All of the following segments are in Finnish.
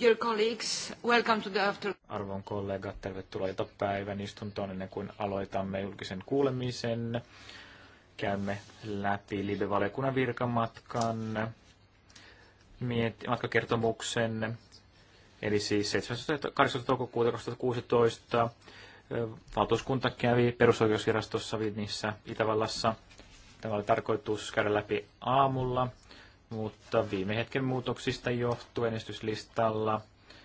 Dear colleagues, welcome to the after... Arvon kollegat, tervetuloa iltapäivän istuntoon ennen kuin aloitamme julkisen kuulemisen. Käymme läpi Libe-valiokunnan virkamatkan matkakertomuksen, eli siis 17. 18. toukokuuta 2016 valtuuskunta kävi perusoikeusvirastossa Vilnissä Itävallassa. Tämä oli tarkoitus käydä läpi aamulla mutta viime hetken muutoksista johtuu ennistyslistalla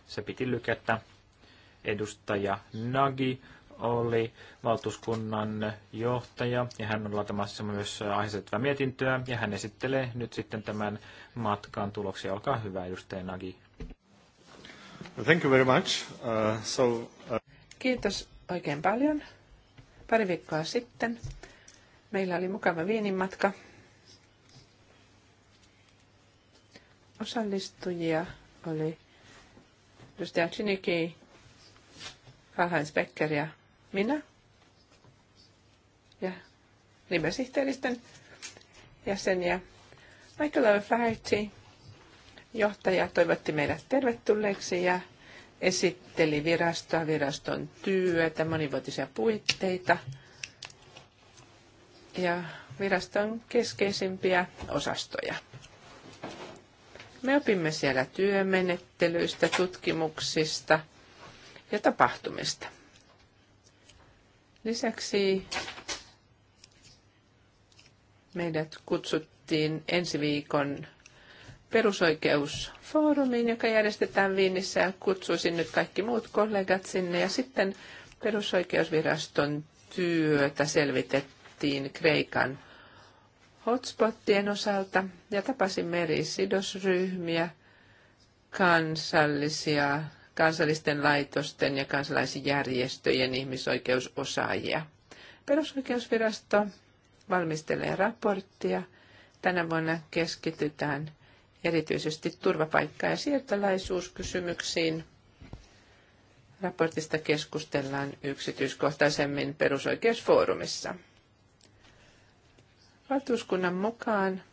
se piti lykätä. Edustaja Nagi oli valtuuskunnan johtaja ja hän on laatamassa myös aiheutettavaa mietintöä ja hän esittelee nyt sitten tämän matkan tuloksia. Olkaa hyvä, edustaja Nagi. Thank you very much. Uh, so, uh... Kiitos oikein paljon. Pari viikkoa sitten meillä oli mukava Viinin matka Osallistujia oli Rustia Chiniki, Karl-Heinz Becker ja minä. Ja nimesihteeristön jäseniä. Michael Flaherty, johtaja, toivotti meidät tervetulleeksi ja esitteli virastoa, viraston työtä, monivuotisia puitteita ja viraston keskeisimpiä osastoja. Me opimme siellä työmenettelyistä, tutkimuksista ja tapahtumista. Lisäksi meidät kutsuttiin ensi viikon perusoikeusfoorumiin, joka järjestetään Viinissä kutsuisin nyt kaikki muut kollegat sinne. Ja sitten perusoikeusviraston työtä selvitettiin Kreikan hotspottien osalta ja tapasimme eri sidosryhmiä, kansallisia, kansallisten laitosten ja kansalaisjärjestöjen ihmisoikeusosaajia. Perusoikeusvirasto valmistelee raporttia. Tänä vuonna keskitytään erityisesti turvapaikka- ja siirtolaisuuskysymyksiin. Raportista keskustellaan yksityiskohtaisemmin perusoikeusfoorumissa. Valtuuskunnan mukaan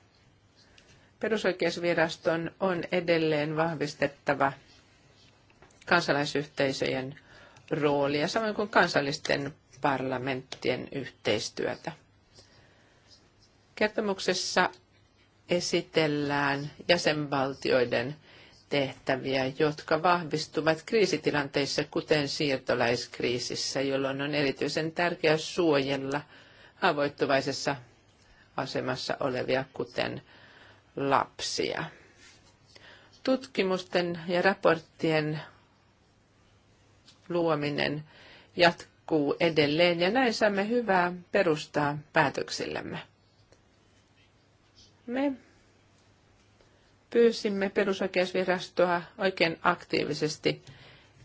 perusoikeusviraston on edelleen vahvistettava kansalaisyhteisöjen roolia, samoin kuin kansallisten parlamenttien yhteistyötä. Kertomuksessa esitellään jäsenvaltioiden tehtäviä, jotka vahvistuvat kriisitilanteissa, kuten siirtolaiskriisissä, jolloin on erityisen tärkeää suojella haavoittuvaisessa asemassa olevia, kuten lapsia. Tutkimusten ja raporttien luominen jatkuu edelleen ja näin saamme hyvää perustaa päätöksillemme. Me pyysimme perusoikeusvirastoa oikein aktiivisesti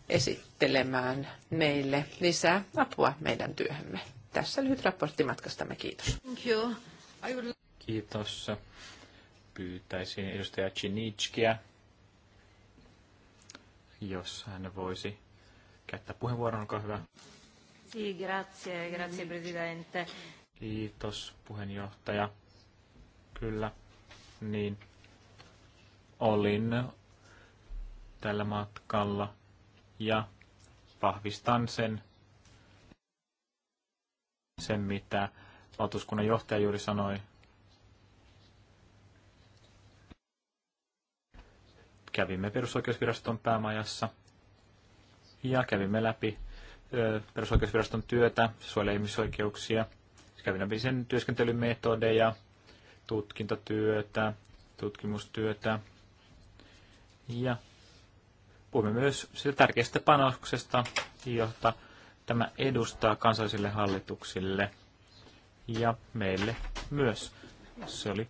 esittelemään meille lisää apua meidän työhömme. Tässä lyhyt raportti matkastamme. Kiitos. Thank you. Kiitos. Pyytäisin edustaja Chinichkiä, jos hän voisi käyttää puheenvuoron, olkaa hyvä. Si, grazie, grazie presidente. Kiitos puheenjohtaja. Kyllä, niin olin tällä matkalla ja vahvistan sen, sen mitä valtuuskunnan johtaja juuri sanoi, kävimme perusoikeusviraston päämajassa ja kävimme läpi perusoikeusviraston työtä, suojelua ihmisoikeuksia, kävin läpi sen työskentelymetodeja, tutkintatyötä, tutkimustyötä ja puhumme myös siitä tärkeästä panoksesta, jota tämä edustaa kansallisille hallituksille – ja meille myös. Se oli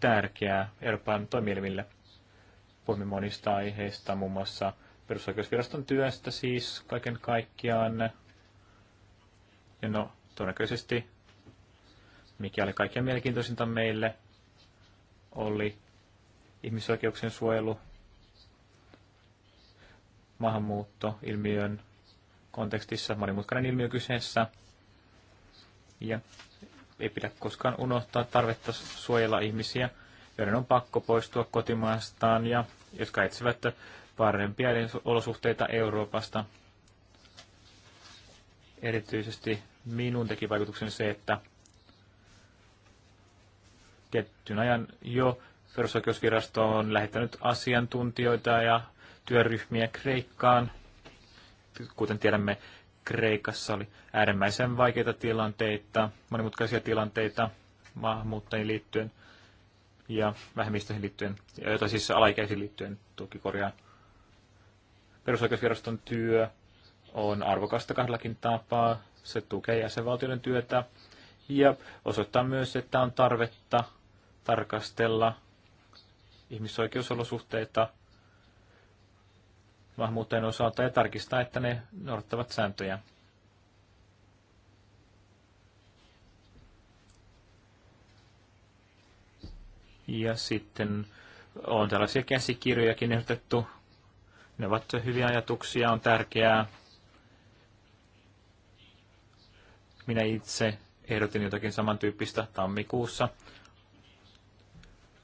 tärkeää Euroopan toimielimille. Puhumme monista aiheista, muun muassa perusoikeusviraston työstä siis kaiken kaikkiaan. Ja no, todennäköisesti, mikä oli kaikkein mielenkiintoisinta meille, oli ihmisoikeuksien suojelu, maahanmuutto ilmiön kontekstissa, monimutkainen ilmiö kyseessä. Ja ei pidä koskaan unohtaa tarvetta suojella ihmisiä, joiden on pakko poistua kotimaastaan ja jotka etsivät parempia olosuhteita Euroopasta. Erityisesti minun teki vaikutuksen se, että tietyn ajan jo perusoikeusvirasto on lähettänyt asiantuntijoita ja työryhmiä Kreikkaan. Kuten tiedämme, Kreikassa oli äärimmäisen vaikeita tilanteita, monimutkaisia tilanteita maahanmuuttajiin liittyen ja vähemmistöihin liittyen, tai siis alaikäisiin liittyen tukikorjaan. Perusoikeusviraston työ on arvokasta kahdellakin tapaa. Se tukee jäsenvaltioiden työtä ja osoittaa myös, että on tarvetta tarkastella ihmisoikeusolosuhteita vahvuuteen osalta ja tarkistaa, että ne noudattavat sääntöjä. Ja sitten on tällaisia käsikirjojakin ehdotettu. Ne ovat hyviä ajatuksia, on tärkeää. Minä itse ehdotin jotakin samantyyppistä tammikuussa.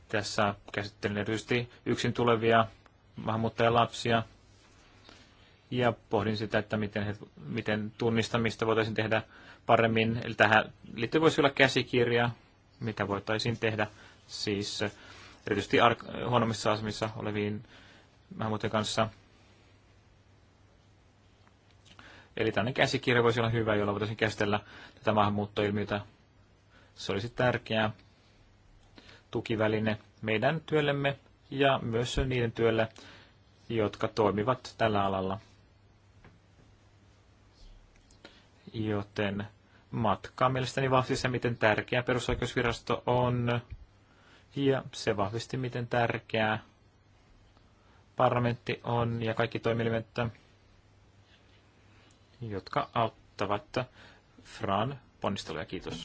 Tässä käsittelen erityisesti yksin tulevia maahanmuuttajalapsia, lapsia ja pohdin sitä, että miten, miten tunnistamista voitaisiin tehdä paremmin. Eli tähän liittyy voisi olla käsikirja, mitä voitaisiin tehdä siis eh, erityisesti ar- huonommissa asemissa oleviin maahanmuuttajien kanssa. Eli tämmöinen käsikirja voisi olla hyvä, jolla voitaisiin käsitellä tätä maahanmuuttoilmiötä. Se olisi tärkeä tukiväline meidän työllemme ja myös niiden työlle, jotka toimivat tällä alalla. joten matkaa mielestäni vahvisti se, miten tärkeä perusoikeusvirasto on, ja se vahvisti, miten tärkeää parlamentti on ja kaikki toimielimet, jotka auttavat Fran ponnisteluja. Kiitos.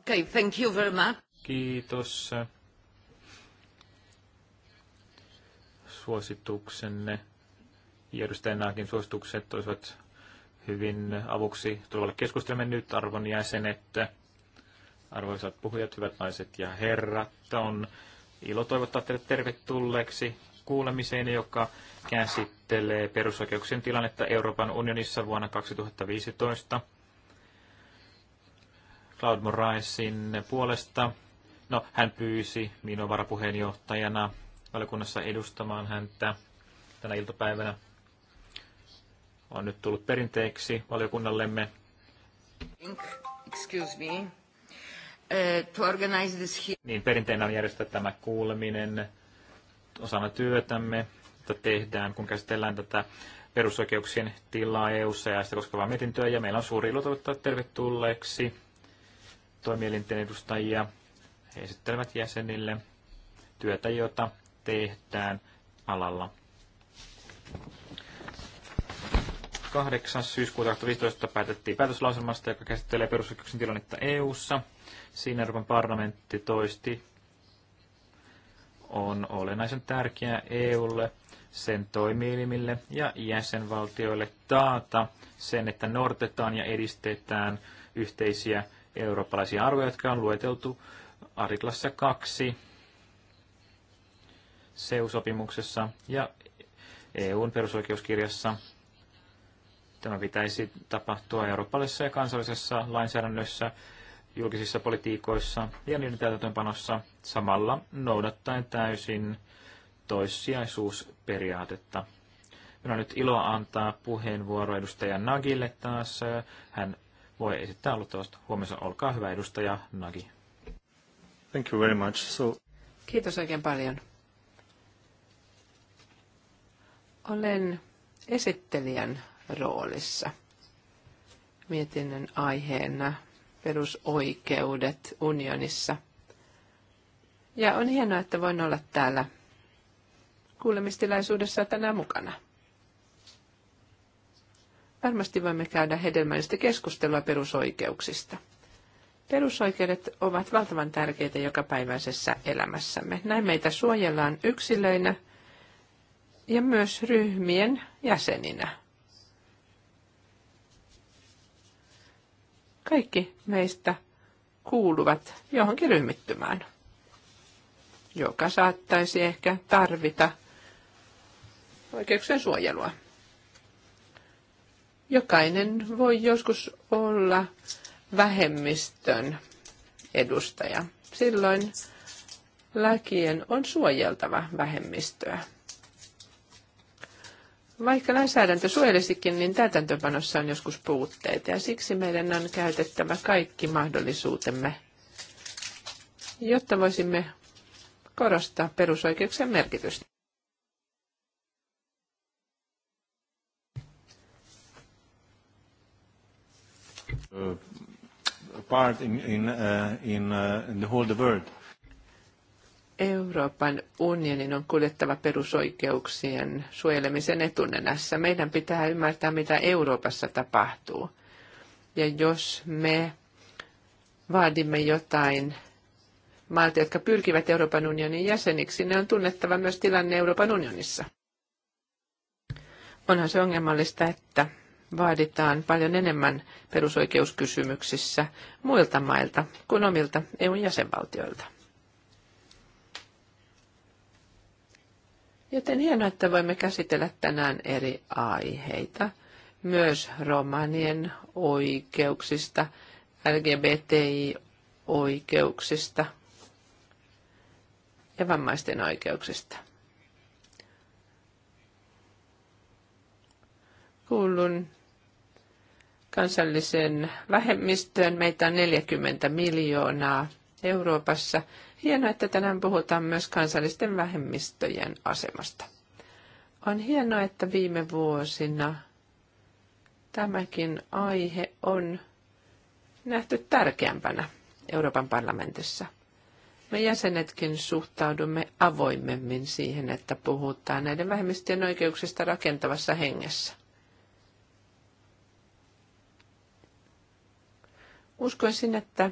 Okay, thank you very much. Kiitos suosituksenne. Ja edustajanaakin suositukset olisivat hyvin avuksi tulevalle keskustelemme nyt arvon jäsenet, arvoisat puhujat, hyvät naiset ja herrat. On ilo toivottaa teille tervetulleeksi kuulemiseen, joka käsittelee perusoikeuksien tilannetta Euroopan unionissa vuonna 2015. Cloud Moraisin puolesta. No, hän pyysi minua varapuheenjohtajana valiokunnassa edustamaan häntä tänä iltapäivänä on nyt tullut perinteeksi valiokunnallemme. Excuse me. Uh, to organize this here. Niin perinteinä on järjestää tämä kuuleminen osana työtämme, jota tehdään, kun käsitellään tätä perusoikeuksien tilaa EU-ssa ja sitä koskevaa mietintöä. Ja meillä on suuri ilo toivottaa tervetulleeksi toimielinten edustajia. He esittelevät jäsenille työtä, jota tehdään alalla. 28. syyskuuta 2015 päätettiin päätöslauselmasta, joka käsittelee perusoikeuksien tilannetta EU-ssa. Siinä Euroopan parlamentti toisti on olennaisen tärkeää EUlle, sen toimielimille ja jäsenvaltioille taata sen, että nortetaan ja edistetään yhteisiä eurooppalaisia arvoja, jotka on lueteltu artiklassa 2 EU-sopimuksessa ja EUn perusoikeuskirjassa Tämä pitäisi tapahtua eurooppalaisessa ja kansallisessa lainsäädännössä, julkisissa politiikoissa ja niiden täytäntöönpanossa samalla noudattaen täysin toissijaisuusperiaatetta. Minä nyt ilo antaa puheenvuoro edustaja Nagille taas. Hän voi esittää aloittavasta huomensa. Olkaa hyvä edustaja Nagi. Thank you very much. So... Kiitos oikein paljon. Olen esittelijän roolissa. Mietinnön aiheena perusoikeudet unionissa. Ja on hienoa, että voin olla täällä kuulemistilaisuudessa tänään mukana. Varmasti voimme käydä hedelmällistä keskustelua perusoikeuksista. Perusoikeudet ovat valtavan tärkeitä jokapäiväisessä elämässämme. Näin meitä suojellaan yksilöinä ja myös ryhmien jäseninä. Kaikki meistä kuuluvat johonkin ryhmittymään, joka saattaisi ehkä tarvita oikeuksien suojelua. Jokainen voi joskus olla vähemmistön edustaja. Silloin lakien on suojeltava vähemmistöä. Vaikka lainsäädäntö suojelisikin, niin täytäntöpanossa on joskus puutteita ja siksi meidän on käytettävä kaikki mahdollisuutemme, jotta voisimme korostaa perusoikeuksien merkitystä. Uh, part in, in, uh, in, uh, in the whole the world. Euroopan unionin on kuljettava perusoikeuksien suojelemisen etunenässä. Meidän pitää ymmärtää, mitä Euroopassa tapahtuu. Ja jos me vaadimme jotain maalta, jotka pyrkivät Euroopan unionin jäseniksi, ne on tunnettava myös tilanne Euroopan unionissa. Onhan se ongelmallista, että vaaditaan paljon enemmän perusoikeuskysymyksissä muilta mailta kuin omilta EU jäsenvaltioilta. Joten hienoa, että voimme käsitellä tänään eri aiheita, myös romanien oikeuksista, LGBTI-oikeuksista ja vammaisten oikeuksista. Kuulun kansallisen vähemmistöön. Meitä on 40 miljoonaa Euroopassa Hienoa, että tänään puhutaan myös kansallisten vähemmistöjen asemasta. On hienoa, että viime vuosina tämäkin aihe on nähty tärkeämpänä Euroopan parlamentissa. Me jäsenetkin suhtaudumme avoimemmin siihen, että puhutaan näiden vähemmistöjen oikeuksista rakentavassa hengessä. Uskoisin, että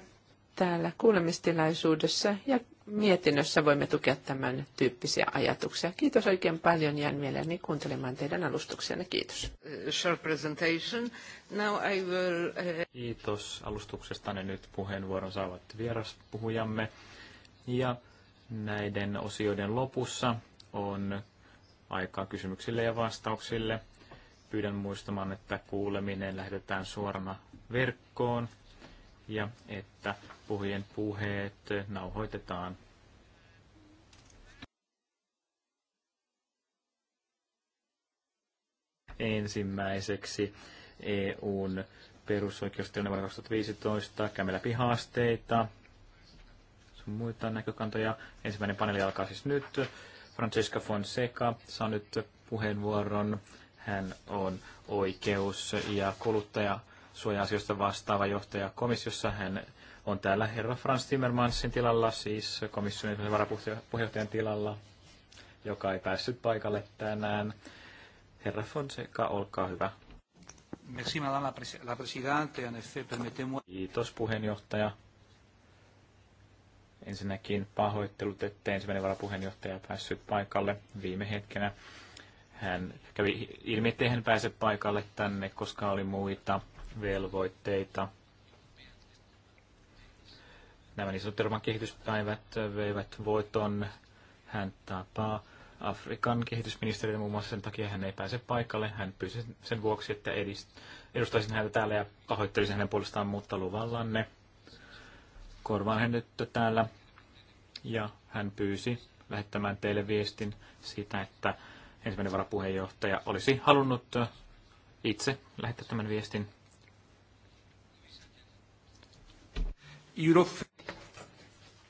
täällä kuulemistilaisuudessa ja mietinnössä voimme tukea tämän tyyppisiä ajatuksia. Kiitos oikein paljon. Jään mielelläni kuuntelemaan teidän alustuksenne. Kiitos. Short presentation. Now I will, eh, Kiitos alustuksestanne. Nyt puheenvuoron saavat vieraspuhujamme. Ja näiden osioiden lopussa on aikaa kysymyksille ja vastauksille. Pyydän muistamaan, että kuuleminen lähetetään suorana verkkoon ja että puhujen puheet nauhoitetaan. Ensimmäiseksi EUn perusoikeustilanne vuonna 2015. Käymme läpi haasteita, sun muita näkökantoja. Ensimmäinen paneeli alkaa siis nyt. Francesca Fonseca saa nyt puheenvuoron. Hän on oikeus- ja kuluttaja suoja-asioista vastaava johtaja komissiossa. Hän on täällä herra Franz Timmermansin tilalla, siis komission varapuheenjohtajan tilalla, joka ei päässyt paikalle tänään. Herra Fonseca, olkaa hyvä. Merci, madame la présidente. En effet, permettez-moi... Kiitos, puheenjohtaja. Ensinnäkin pahoittelut, että ensimmäinen varapuheenjohtaja päässyt paikalle viime hetkenä. Hän kävi ilmi, ettei hän pääse paikalle tänne, koska oli muita velvoitteita. Nämä niin sanotut kehityspäivät veivät voiton. Hän tapaa Afrikan kehitysministeriä muun muassa sen takia hän ei pääse paikalle. Hän pyysi sen vuoksi, että edist- edustaisin häntä täällä ja pahoittelisin hänen puolestaan, mutta luvallanne korvaan hän nyt täällä. Ja hän pyysi lähettämään teille viestin siitä, että ensimmäinen varapuheenjohtaja olisi halunnut itse lähettää tämän viestin.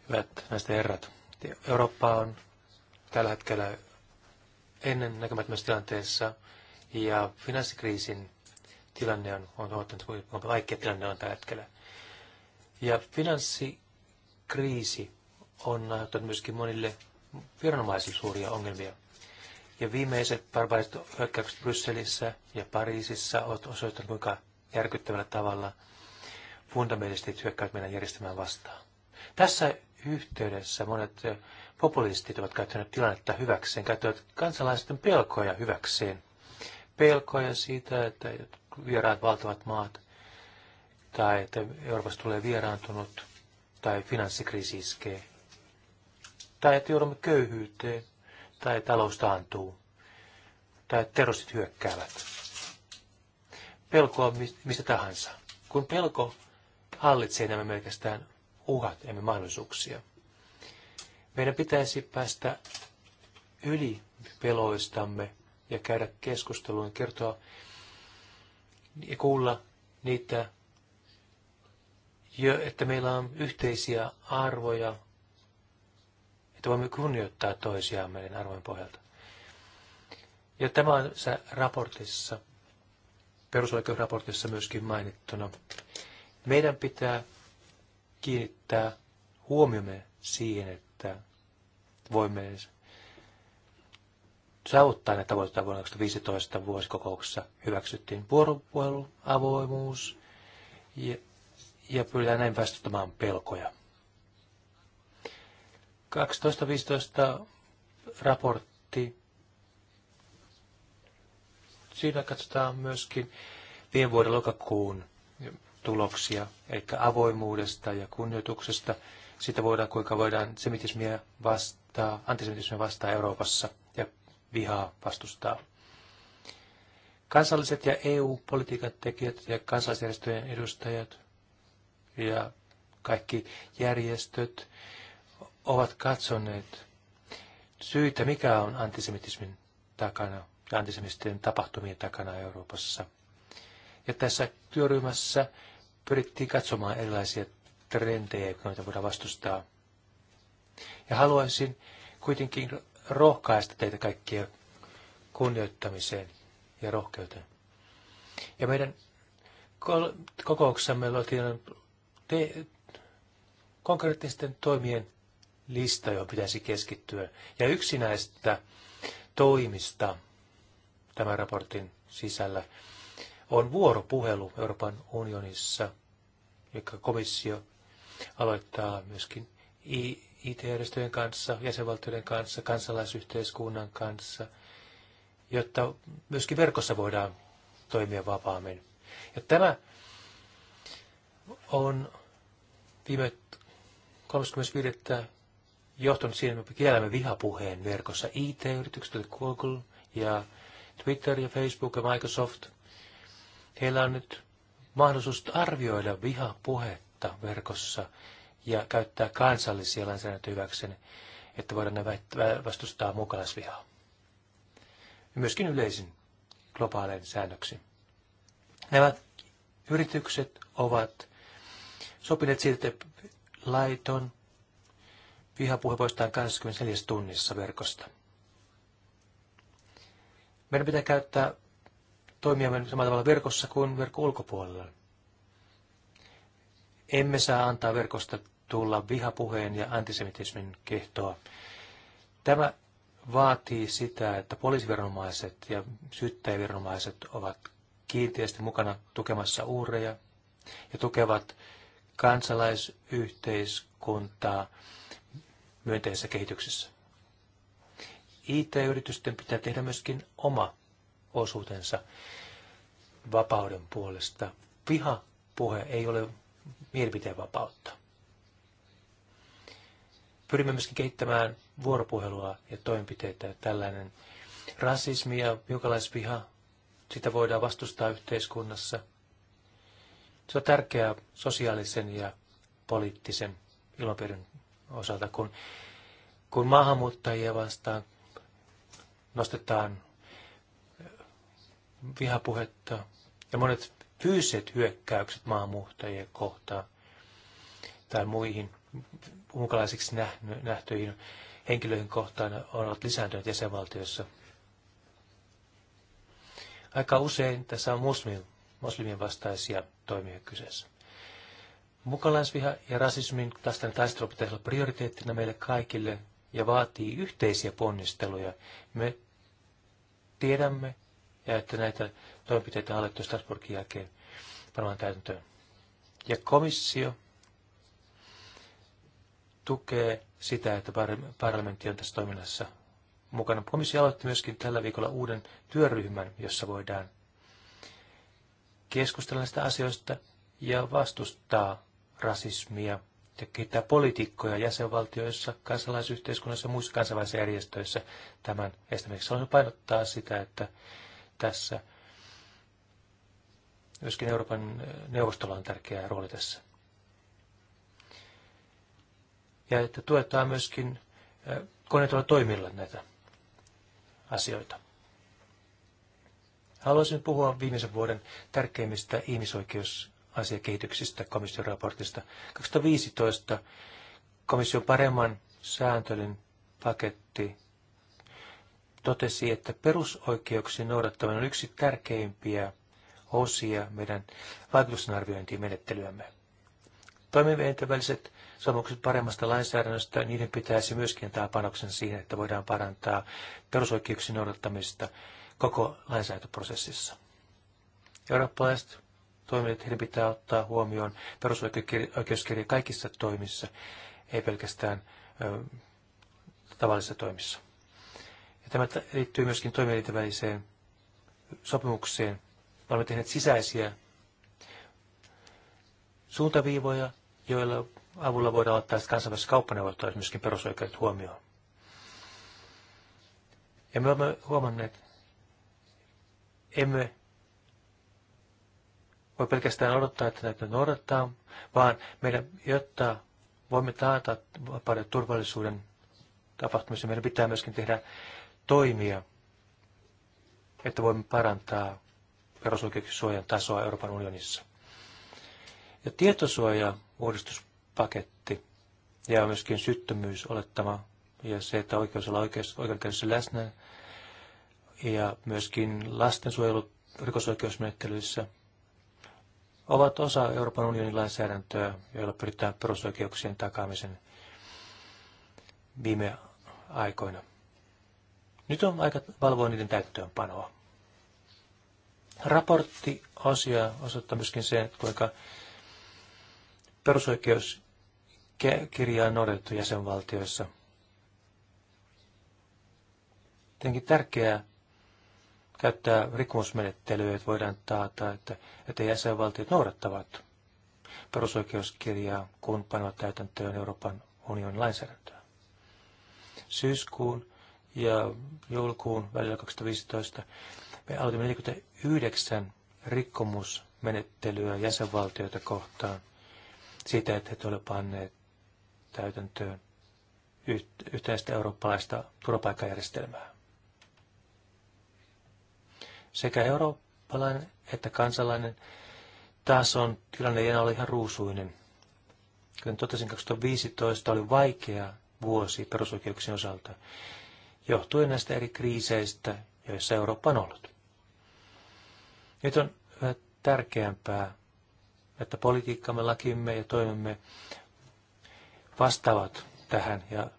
Hyvät näistä herrat, Eurooppa on tällä hetkellä ennen näkemättömässä tilanteessa ja finanssikriisin tilanne on, on huomattanut, kuinka vaikea tilanne on tällä hetkellä. Ja finanssikriisi on aiheuttanut myöskin monille viranomaisille suuria ongelmia. Ja viimeiset barbaariset hyökkäykset Brysselissä ja Pariisissa ovat osoittaneet, kuinka järkyttävällä tavalla – fundamentalistit hyökkäävät meidän järjestelmään vastaan. Tässä yhteydessä monet populistit ovat käyttäneet tilannetta hyväkseen, käyttävät kansalaisten pelkoja hyväkseen. Pelkoja siitä, että vieraat valtavat maat, tai että Euroopasta tulee vieraantunut, tai finanssikriisi iskee, tai että joudumme köyhyyteen, tai talous taantuu, tai että terroristit hyökkäävät. Pelkoa mistä tahansa. Kun pelko hallitsee nämä melkästään uhat, emme mahdollisuuksia. Meidän pitäisi päästä yli peloistamme ja käydä ja kertoa ja kuulla niitä, että meillä on yhteisiä arvoja, että voimme kunnioittaa toisiaan meidän arvojen pohjalta. Ja tämä on raportissa, perusoikeusraportissa myöskin mainittuna. Meidän pitää kiinnittää huomiomme siihen, että voimme saavuttaa ne tavoitteita vuonna 2015 vuosikokouksessa hyväksyttiin vuoropuhelu, avoimuus ja, ja pyritään näin vastustamaan pelkoja. 12.15 raportti. Siinä katsotaan myöskin viime vuoden lokakuun tuloksia, eli avoimuudesta ja kunnioituksesta. Sitä voidaan, kuinka voidaan semitismiä vastaa, antisemitismiä vastaa Euroopassa ja vihaa vastustaa. Kansalliset ja EU-politiikan tekijät ja kansalaisjärjestöjen edustajat ja kaikki järjestöt ovat katsoneet syitä, mikä on antisemitismin takana ja antisemitisten tapahtumien takana Euroopassa – ja tässä työryhmässä pyrittiin katsomaan erilaisia trendejä, joita voidaan vastustaa. Ja haluaisin kuitenkin rohkaista teitä kaikkia kunnioittamiseen ja rohkeuteen. Ja meidän kokouksessamme luotiin te- konkreettisten toimien lista, johon pitäisi keskittyä. Ja yksi näistä toimista tämän raportin sisällä on vuoropuhelu Euroopan unionissa, joka komissio aloittaa myöskin IT-järjestöjen kanssa, jäsenvaltioiden kanssa, kansalaisyhteiskunnan kanssa, jotta myöskin verkossa voidaan toimia vapaammin. Ja tämä on viime 35. johtanut siihen, että me kielämme vihapuheen verkossa. IT-yritykset, Google ja Twitter ja Facebook ja Microsoft – Heillä on nyt mahdollisuus arvioida vihapuhetta verkossa ja käyttää kansallisia lainsäädäntöjä hyväkseen, että voidaan vastustaa mukalaisvihaa. Myöskin yleisin globaalein säännöksi. Nämä yritykset ovat sopineet siitä, että laiton vihapuhe poistetaan 24 tunnissa verkosta. Meidän pitää käyttää toimia samalla tavalla verkossa kuin verkon ulkopuolella. Emme saa antaa verkosta tulla vihapuheen ja antisemitismin kehtoa. Tämä vaatii sitä, että poliisiviranomaiset ja syyttäjäviranomaiset ovat kiinteästi mukana tukemassa uureja ja tukevat kansalaisyhteiskuntaa myönteisessä kehityksessä. IT-yritysten pitää tehdä myöskin oma osuutensa vapauden puolesta. Viha puhe ei ole mielipiteen vapautta. Pyrimme myöskin kehittämään vuoropuhelua ja toimenpiteitä. Tällainen rasismi ja viha, sitä voidaan vastustaa yhteiskunnassa. Se on tärkeää sosiaalisen ja poliittisen ilmapiirin osalta, kun, kun maahanmuuttajia vastaan nostetaan vihapuhetta ja monet fyysiset hyökkäykset maahanmuuttajien kohtaan tai muihin muukalaisiksi nähtyihin henkilöihin kohtaan ovat lisääntyneet jäsenvaltioissa. Aika usein tässä on muslimien, muslimien vastaisia toimia kyseessä. Mukalaisviha ja rasismin vastainen taistelu pitäisi olla prioriteettina meille kaikille ja vaatii yhteisiä ponnisteluja. Me tiedämme, ja että näitä toimenpiteitä on alettu Strasbourgin jälkeen panemaan täytäntöön. Ja komissio tukee sitä, että parlamentti on tässä toiminnassa mukana. Komissio aloitti myöskin tällä viikolla uuden työryhmän, jossa voidaan keskustella näistä asioista ja vastustaa rasismia ja kehittää poliitikkoja jäsenvaltioissa, kansalaisyhteiskunnassa ja muissa kansainvälisissä järjestöissä tämän estämiseksi. Haluan painottaa sitä, että tässä. Myöskin Euroopan neuvostolla on tärkeä rooli tässä. Ja että tuetaan myöskin koneetolla toimilla näitä asioita. Haluaisin puhua viimeisen vuoden tärkeimmistä ihmisoikeusasiakehityksistä komission raportista. 2015 komission paremman sääntelyn paketti totesi, että perusoikeuksien noudattaminen on yksi tärkeimpiä osia meidän vaikutusarviointimenettelyämme. Toimivien väliset sopimukset paremmasta lainsäädännöstä, niiden pitäisi myöskin antaa panoksen siihen, että voidaan parantaa perusoikeuksien noudattamista koko lainsäädäntöprosessissa. Eurooppalaiset toimijat, heidän pitää ottaa huomioon perusoikeuskirja kaikissa toimissa, ei pelkästään ö, tavallisissa toimissa. Tämä liittyy myöskin toimielinten väliseen sopimukseen. Me olemme tehneet sisäisiä suuntaviivoja, joilla avulla voidaan ottaa kansainvälisessä kauppaneuvottelussa myöskin perusoikeudet huomioon. Ja me olemme huomanneet, että emme voi pelkästään odottaa, että näitä noudattaa, vaan meidän, jotta voimme taata vapauden turvallisuuden tapahtumisen, meidän pitää myöskin tehdä toimia, että voimme parantaa perusoikeuksien suojan tasoa Euroopan unionissa. Ja tietosuoja-uudistuspaketti ja myöskin olettama ja se, että oikeus olla oikeudenkäynnissä läsnä ja myöskin lastensuojelu rikosoikeusmenettelyissä ovat osa Euroopan unionin lainsäädäntöä, joilla pyritään perusoikeuksien takaamisen viime aikoina. Nyt on aika valvoa niiden täyttöönpanoa. osia osoittaa myöskin sen, että kuinka perusoikeuskirjaa on noudatettu jäsenvaltioissa. Tietenkin tärkeää käyttää rikkomusmenettelyä, että voidaan taata, että, että jäsenvaltiot noudattavat perusoikeuskirjaa, kun panevat täytäntöön Euroopan unionin lainsäädäntöä. Syyskuun ja joulukuun välillä 2015 me aloitimme 49 rikkomusmenettelyä jäsenvaltioita kohtaan siitä, että he olivat panneet täytäntöön yhteistä eurooppalaista turvapaikkajärjestelmää. Sekä eurooppalainen että kansalainen on tilanne ei enää ole ihan ruusuinen. Kuten totesin, 2015 oli vaikea vuosi perusoikeuksien osalta johtuen näistä eri kriiseistä, joissa Eurooppa on ollut. Nyt on yhä tärkeämpää, että politiikkamme, lakimme ja toimemme vastaavat tähän ja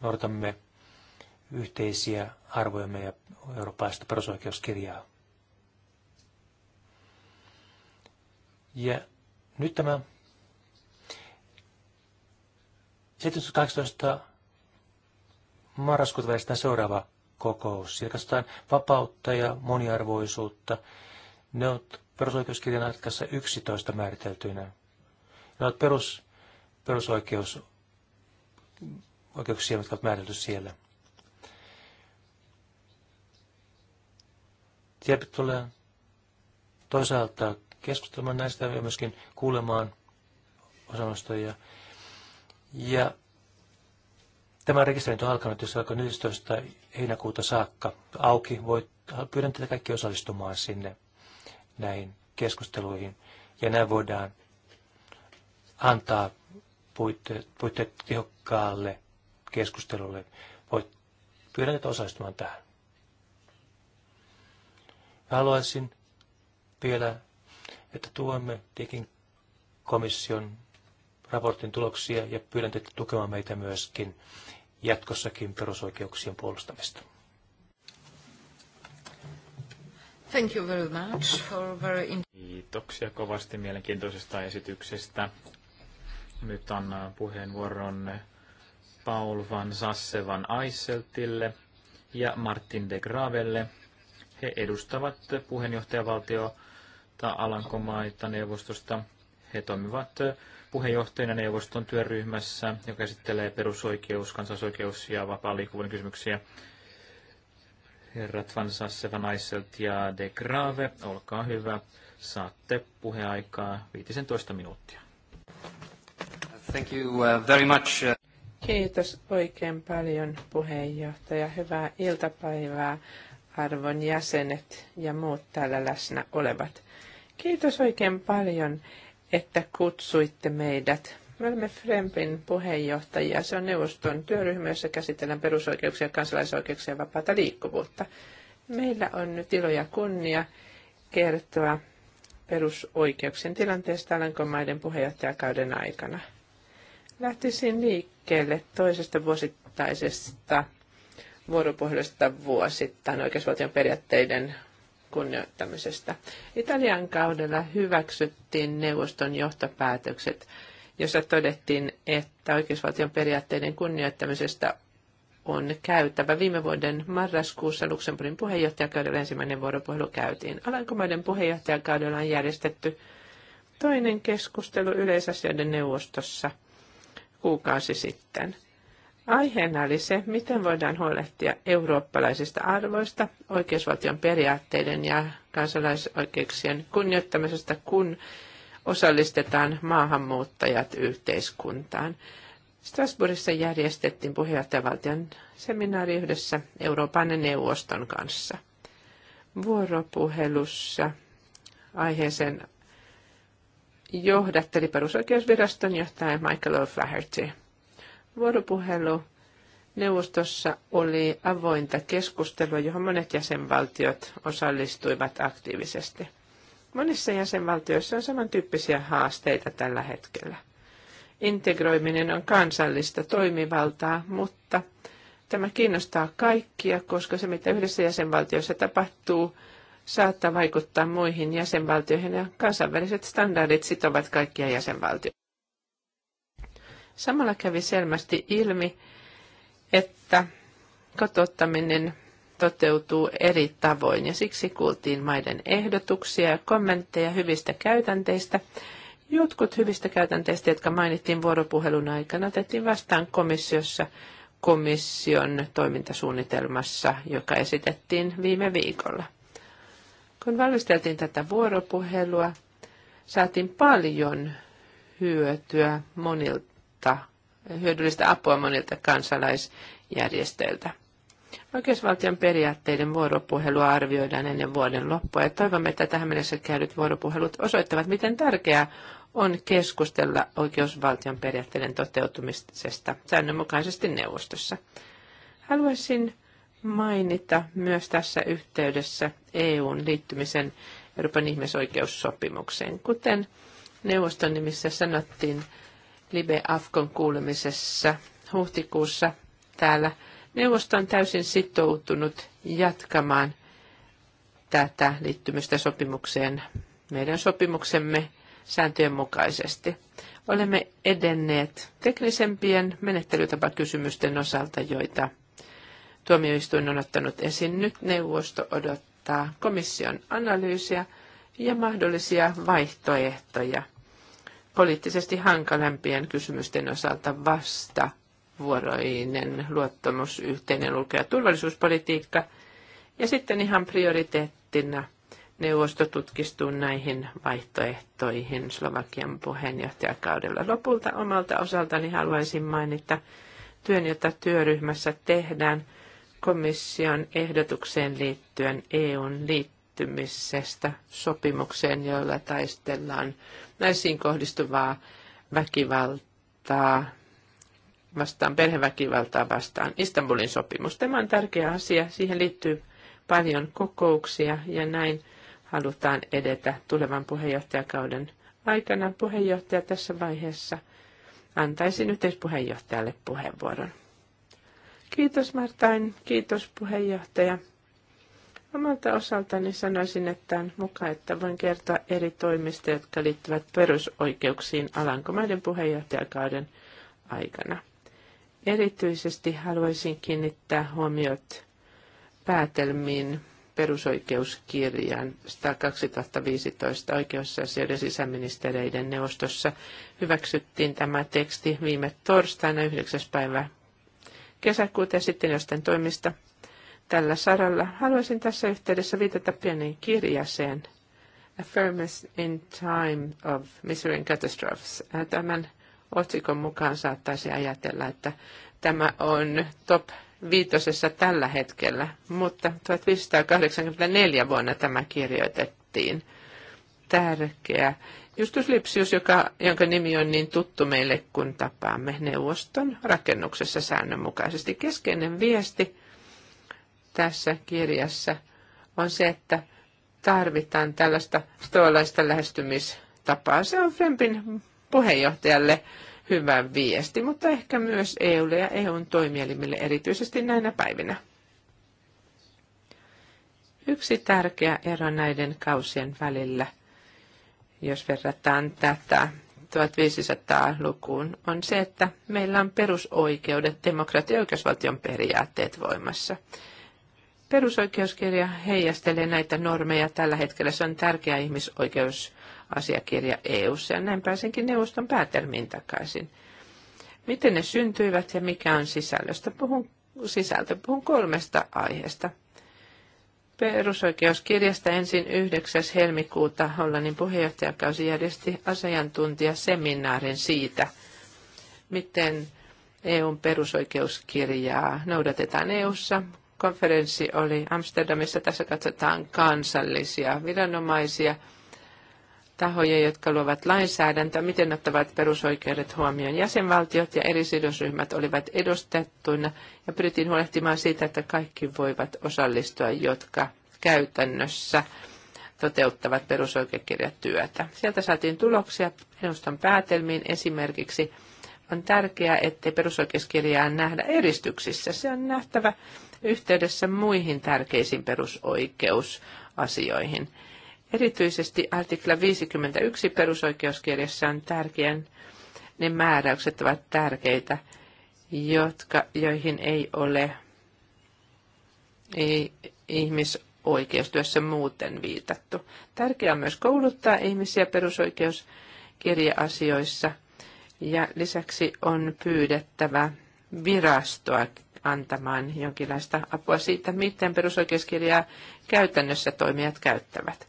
noudatamme yhteisiä arvojamme ja eurooppalaista perusoikeuskirjaa. Ja nyt tämä 1718 marraskuuta järjestetään seuraava kokous. Siellä katsotaan vapautta ja moniarvoisuutta. Ne ovat perusoikeuskirjan artikassa 11 määriteltyinä. Ne ovat perus, perusoikeus, oikeuksia, jotka ovat määritelty siellä. Siellä tulee toisaalta keskustelemaan näistä ja myöskin kuulemaan osanostoja. Ja Tämä rekisteröinti on alkanut jos alkoi 11. heinäkuuta saakka auki. Voit, pyydän teitä kaikki osallistumaan sinne näihin keskusteluihin. Ja näin voidaan antaa puitteet, puitteet tehokkaalle keskustelulle. Voit, pyydän teitä osallistumaan tähän. haluaisin vielä, että tuomme digin komission raportin tuloksia ja pyydän teitä tukemaan meitä myöskin jatkossakin perusoikeuksien puolustamista. Thank you very much for very Kiitoksia kovasti mielenkiintoisesta esityksestä. Nyt annan puheenvuoron Paul van Sassevan Aiseltille ja Martin de Gravelle. He edustavat puheenjohtajavaltiota Alankomaita neuvostosta. He toimivat puheenjohtajana neuvoston työryhmässä, joka käsittelee perusoikeus, kansalaisoikeus ja vapaan liikkuvuuden kysymyksiä. Herrat Van Sassevanaiselt ja De Grave, olkaa hyvä. Saatte puheaikaa 15 minuuttia. Thank you uh, very much. Uh, Kiitos oikein paljon puheenjohtaja. Hyvää iltapäivää arvon jäsenet ja muut täällä läsnä olevat. Kiitos oikein paljon, että kutsuitte meidät. Me olemme Frempin puheenjohtajia. Se on neuvoston työryhmä, jossa käsitellään perusoikeuksia, kansalaisoikeuksia ja vapaata liikkuvuutta. Meillä on nyt ilo ja kunnia kertoa perusoikeuksien tilanteesta Alankomaiden puheenjohtajakauden aikana. Lähtisin liikkeelle toisesta vuosittaisesta vuoropuhelusta vuosittain oikeusvaltion periaatteiden kunnioittamisesta. Italian kaudella hyväksyttiin neuvoston johtopäätökset, jossa todettiin, että oikeusvaltion periaatteiden kunnioittamisesta on käytävä. Viime vuoden marraskuussa Luxemburgin puheenjohtajakaudella ensimmäinen vuoropuhelu käytiin. Alankomaiden puheenjohtajakaudella on järjestetty toinen keskustelu yleisasioiden neuvostossa kuukausi sitten. Aiheena oli se, miten voidaan huolehtia eurooppalaisista arvoista, oikeusvaltion periaatteiden ja kansalaisoikeuksien kunnioittamisesta, kun osallistetaan maahanmuuttajat yhteiskuntaan. Strasbourgissa järjestettiin puheenjohtajavaltion seminaari yhdessä Euroopan neuvoston kanssa. Vuoropuhelussa aiheeseen johdatteli perusoikeusviraston johtaja Michael O'Flaherty – Vuoropuhelu neuvostossa oli avointa keskustelua, johon monet jäsenvaltiot osallistuivat aktiivisesti. Monissa jäsenvaltioissa on samantyyppisiä haasteita tällä hetkellä. Integroiminen on kansallista toimivaltaa, mutta tämä kiinnostaa kaikkia, koska se mitä yhdessä jäsenvaltiossa tapahtuu, saattaa vaikuttaa muihin jäsenvaltioihin ja kansainväliset standardit sitovat kaikkia jäsenvaltioita. Samalla kävi selvästi ilmi, että kotouttaminen toteutuu eri tavoin ja siksi kuultiin maiden ehdotuksia ja kommentteja hyvistä käytänteistä. Jotkut hyvistä käytänteistä, jotka mainittiin vuoropuhelun aikana, otettiin vastaan komissiossa komission toimintasuunnitelmassa, joka esitettiin viime viikolla. Kun valmisteltiin tätä vuoropuhelua, saatiin paljon hyötyä monilta uutta hyödyllistä apua monilta kansalaisjärjestöiltä. Oikeusvaltion periaatteiden vuoropuhelua arvioidaan ennen vuoden loppua ja toivomme, että tähän mennessä käydyt vuoropuhelut osoittavat, miten tärkeää on keskustella oikeusvaltion periaatteiden toteutumisesta säännönmukaisesti neuvostossa. Haluaisin mainita myös tässä yhteydessä EUn liittymisen Euroopan ihmisoikeussopimukseen. Kuten neuvoston nimissä sanottiin, Libe Afkon kuulemisessa huhtikuussa täällä. Neuvosto on täysin sitoutunut jatkamaan tätä liittymistä sopimukseen meidän sopimuksemme sääntöjen mukaisesti. Olemme edenneet teknisempien menettelytapakysymysten osalta, joita tuomioistuin on ottanut esiin. Nyt neuvosto odottaa komission analyysiä ja mahdollisia vaihtoehtoja – poliittisesti hankalampien kysymysten osalta vasta vuoroinen luottamus, yhteinen ulko- ja turvallisuuspolitiikka. Ja sitten ihan prioriteettina neuvosto tutkistuu näihin vaihtoehtoihin Slovakian puheenjohtajakaudella. Lopulta omalta osaltani haluaisin mainita työn, jota työryhmässä tehdään komission ehdotukseen liittyen EUn liittyen liittymisestä sopimukseen, joilla taistellaan naisiin kohdistuvaa väkivaltaa vastaan, perheväkivaltaa vastaan, Istanbulin sopimus. Tämä on tärkeä asia, siihen liittyy paljon kokouksia ja näin halutaan edetä tulevan puheenjohtajakauden aikana. Puheenjohtaja tässä vaiheessa antaisin puheenjohtajalle puheenvuoron. Kiitos Martain, kiitos puheenjohtaja. Omalta osaltani sanoisin, että on mukaan, että voin kertoa eri toimista, jotka liittyvät perusoikeuksiin Alankomaiden puheenjohtajakauden aikana. Erityisesti haluaisin kiinnittää huomiot päätelmiin perusoikeuskirjan 2015 oikeusasioiden sisäministereiden neuvostossa hyväksyttiin tämä teksti viime torstaina 9. päivä kesäkuuta ja sitten jostain toimista tällä saralla. Haluaisin tässä yhteydessä viitata pienen kirjaseen A Firmness in Time of Misery and Catastrophes. Äh, tämän otsikon mukaan saattaisi ajatella, että tämä on top viitosessa tällä hetkellä, mutta 1584 vuonna tämä kirjoitettiin. Tärkeä. Justus Lipsius, joka, jonka nimi on niin tuttu meille, kun tapaamme neuvoston rakennuksessa säännönmukaisesti. Keskeinen viesti tässä kirjassa on se, että tarvitaan tällaista stoalaista lähestymistapaa. Se on Frempin puheenjohtajalle hyvä viesti, mutta ehkä myös EUlle ja EUn toimielimille erityisesti näinä päivinä. Yksi tärkeä ero näiden kausien välillä, jos verrataan tätä 1500-lukuun, on se, että meillä on perusoikeudet, demokratia- ja oikeusvaltion periaatteet voimassa – Perusoikeuskirja heijastelee näitä normeja. Tällä hetkellä se on tärkeä ihmisoikeusasiakirja EU:ssa ja näin pääsenkin neuvoston päätelmiin takaisin. Miten ne syntyivät ja mikä on sisällöstä? Puhun, sisältö. Puhun kolmesta aiheesta. Perusoikeuskirjasta ensin 9. helmikuuta Hollannin puheenjohtajakausi järjesti asiantuntijaseminaarin siitä, miten EUn perusoikeuskirjaa noudatetaan EUssa, konferenssi oli Amsterdamissa. Tässä katsotaan kansallisia viranomaisia, tahoja, jotka luovat lainsäädäntöä, miten ottavat perusoikeudet huomioon. Jäsenvaltiot ja eri sidosryhmät olivat edustettuina ja pyrittiin huolehtimaan siitä, että kaikki voivat osallistua, jotka käytännössä toteuttavat perusoikeuskirjatyötä. Sieltä saatiin tuloksia neuvoston päätelmiin esimerkiksi on tärkeää, ettei perusoikeuskirjaa nähdä eristyksissä. Se on nähtävä yhteydessä muihin tärkeisiin perusoikeusasioihin. Erityisesti artikla 51 perusoikeuskirjassa on tärkeän, ne määräykset ovat tärkeitä, jotka, joihin ei ole ei, ihmisoikeustyössä muuten viitattu. Tärkeää on myös kouluttaa ihmisiä perusoikeuskirja-asioissa ja lisäksi on pyydettävä virastoa antamaan jonkinlaista apua siitä, miten perusoikeuskirjaa käytännössä toimijat käyttävät.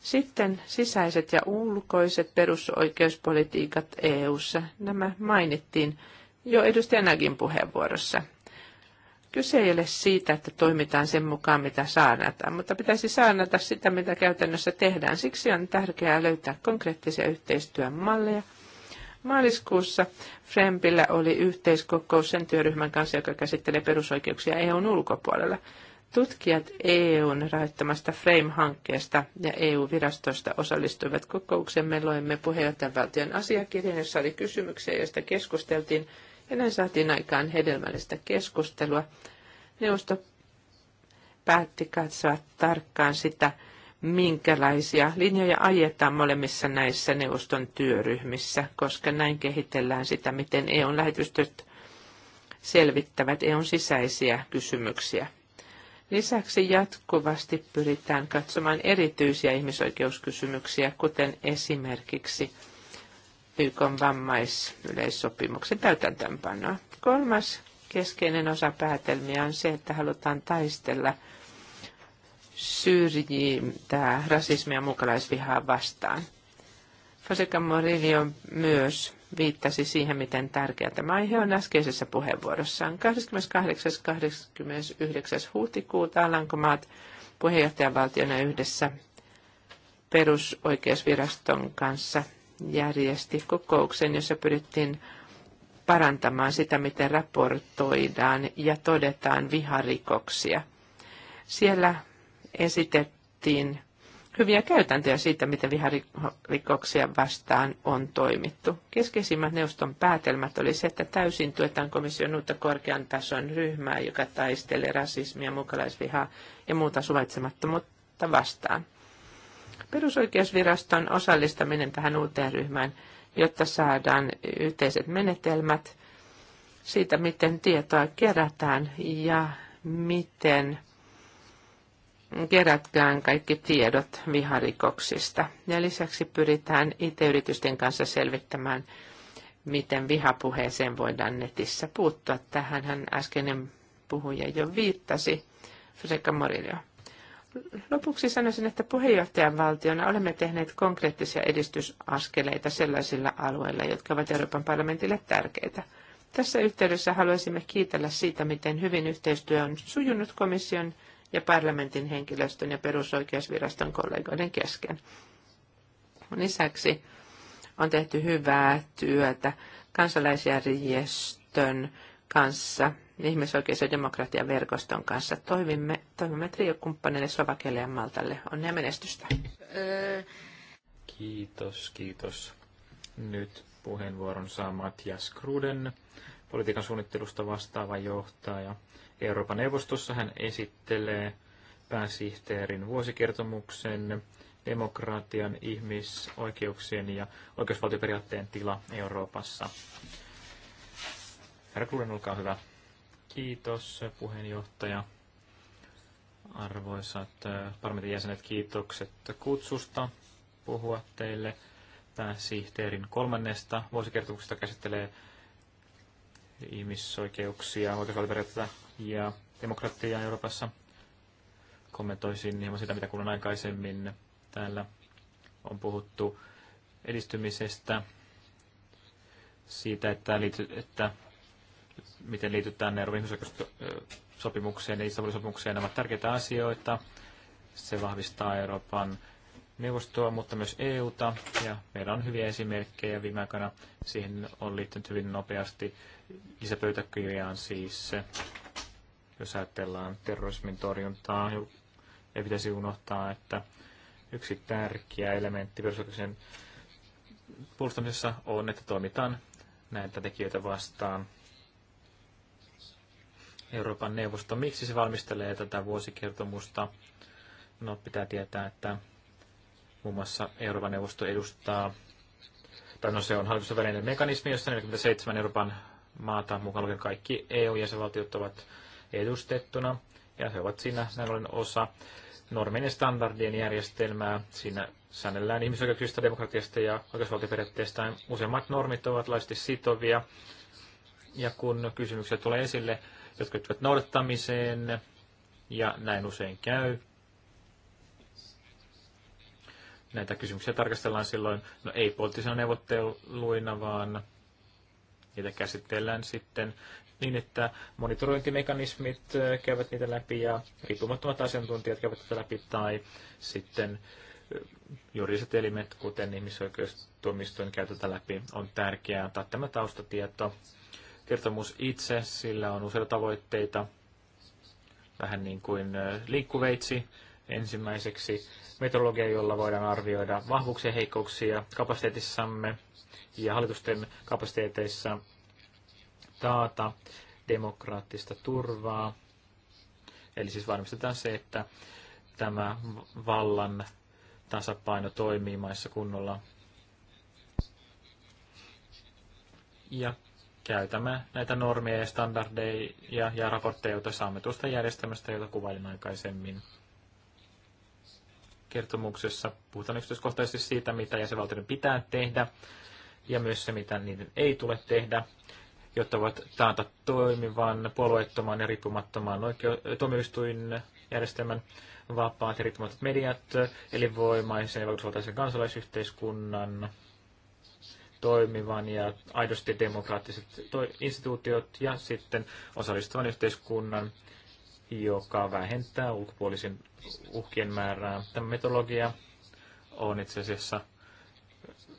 Sitten sisäiset ja ulkoiset perusoikeuspolitiikat EU:ssa. Nämä mainittiin jo edustaja Nagin puheenvuorossa. Kyse ei ole siitä, että toimitaan sen mukaan, mitä saarnataan, mutta pitäisi saanata sitä, mitä käytännössä tehdään. Siksi on tärkeää löytää konkreettisia yhteistyömalleja, Maaliskuussa Frempillä oli yhteiskokous sen työryhmän kanssa, joka käsittelee perusoikeuksia EUn ulkopuolella. Tutkijat EUn rahoittamasta Frame-hankkeesta ja EU-virastosta osallistuivat kokoukseen. Me loimme puheenjohtajavaltion asiakirjan, jossa oli kysymyksiä, joista keskusteltiin, ja näin saatiin aikaan hedelmällistä keskustelua. Neuvosto päätti katsoa tarkkaan sitä, minkälaisia linjoja ajetaan molemmissa näissä neuvoston työryhmissä, koska näin kehitellään sitä, miten eu lähetystöt selvittävät EUn sisäisiä kysymyksiä. Lisäksi jatkuvasti pyritään katsomaan erityisiä ihmisoikeuskysymyksiä, kuten esimerkiksi YK vammaisyleissopimuksen täytäntöönpanoa. Kolmas keskeinen osa päätelmiä on se, että halutaan taistella – syrjintää rasismia ja muukalaisvihaa vastaan. Foseka Morillo myös viittasi siihen, miten tärkeä tämä aihe on äskeisessä puheenvuorossaan. 28.–29. huhtikuuta Alankomaat puheenjohtajavaltiona yhdessä perusoikeusviraston kanssa järjesti kokouksen, jossa pyrittiin parantamaan sitä, miten raportoidaan ja todetaan viharikoksia. Siellä esitettiin hyviä käytäntöjä siitä, miten viharikoksia vastaan on toimittu. Keskeisimmät neuvoston päätelmät oli se, että täysin tuetaan komission uutta korkean tason ryhmää, joka taistelee rasismia, mukalaisvihaa ja muuta suvaitsemattomuutta vastaan. Perusoikeusviraston osallistaminen tähän uuteen ryhmään, jotta saadaan yhteiset menetelmät siitä, miten tietoa kerätään ja miten kerätkään kaikki tiedot viharikoksista. Ja lisäksi pyritään IT-yritysten kanssa selvittämään, miten vihapuheeseen voidaan netissä puuttua. Tähän hän äskeinen puhuja jo viittasi, Frederica Morillo. Lopuksi sanoisin, että puheenjohtajan valtiona olemme tehneet konkreettisia edistysaskeleita sellaisilla alueilla, jotka ovat Euroopan parlamentille tärkeitä. Tässä yhteydessä haluaisimme kiitellä siitä, miten hyvin yhteistyö on sujunut komission ja parlamentin henkilöstön ja perusoikeusviraston kollegoiden kesken. Lisäksi on tehty hyvää työtä kansalaisjärjestön kanssa, ihmisoikeus- ja demokratian verkoston kanssa. Toivimme, toivimme triokumppaneille Slovakialle ja Maltalle. Onnea menestystä. Kiitos, kiitos. Nyt puheenvuoron saa Matias Kruden, politiikan suunnittelusta vastaava johtaja Euroopan neuvostossa. Hän esittelee pääsihteerin vuosikertomuksen demokratian, ihmisoikeuksien ja oikeusvaltioperiaatteen tila Euroopassa. Herra Kluren, olkaa hyvä. Kiitos puheenjohtaja. Arvoisat äh, parlamentin jäsenet, kiitokset kutsusta puhua teille. Pääsihteerin kolmannesta vuosikertomuksesta käsittelee ihmisoikeuksia, oikeusvaltioperiaatteita, ja demokratiaa Euroopassa. Kommentoisin hieman sitä, mitä kuulun aikaisemmin. Täällä on puhuttu edistymisestä, siitä, että, liity, että miten liitytään Euroopan ihmisoikeussopimukseen ja Istanbulin sopimukseen. Nämä ovat tärkeitä asioita. Se vahvistaa Euroopan neuvostoa, mutta myös EUta. Ja meillä on hyviä esimerkkejä viime aikoina. Siihen on liittynyt hyvin nopeasti lisäpöytäkirjaan siis jos ajatellaan terrorismin torjuntaa. Niin ei pitäisi unohtaa, että yksi tärkeä elementti perusoikeuksien puolustamisessa on, että toimitaan näitä tekijöitä vastaan. Euroopan neuvosto, miksi se valmistelee tätä vuosikertomusta? No, pitää tietää, että muun muassa Euroopan neuvosto edustaa, tai no se on hallitusten välinen mekanismi, jossa 47 Euroopan maata, mukaan lukien kaikki EU-jäsenvaltiot ovat edustettuna, ja he ovat siinä näin ollen osa normien ja standardien järjestelmää. Siinä säännellään ihmisoikeuksista, demokratiasta ja oikeusvaltioperiaatteesta. Useimmat normit ovat laajasti sitovia, ja kun kysymykset tulee esille, jotka liittyvät noudattamiseen, ja näin usein käy, näitä kysymyksiä tarkastellaan silloin, no ei poliittisena neuvotteluina, vaan niitä käsitellään sitten niin, että monitorointimekanismit äh, käyvät niitä läpi ja riippumattomat asiantuntijat käyvät niitä läpi tai sitten äh, juridiset elimet, kuten ihmisoikeustuomioistuin käy läpi, on tärkeää antaa tämä taustatieto. Kertomus itse, sillä on useita tavoitteita, vähän niin kuin äh, liikkuveitsi ensimmäiseksi, metodologia, jolla voidaan arvioida vahvuuksia ja heikkouksia kapasiteetissamme ja hallitusten kapasiteeteissa taata demokraattista turvaa. Eli siis varmistetaan se, että tämä vallan tasapaino toimii maissa kunnolla. Ja käytämme näitä normeja ja standardeja ja, raportteja, joita saamme tuosta järjestelmästä, jota kuvailin aikaisemmin. Kertomuksessa puhutaan yksityiskohtaisesti siitä, mitä jäsenvaltioiden pitää tehdä ja myös se, mitä niiden ei tule tehdä jotta voivat taata toimivan, puolueettoman ja riippumattoman oikeu- järjestelmän vapaat ja riippumattomat mediat, elinvoimaisen ja vaikutusvaltaisen kansalaisyhteiskunnan, toimivan ja aidosti demokraattiset instituutiot ja sitten osallistuvan yhteiskunnan, joka vähentää ulkopuolisen uhkien määrää. Tämä metodologia on itse asiassa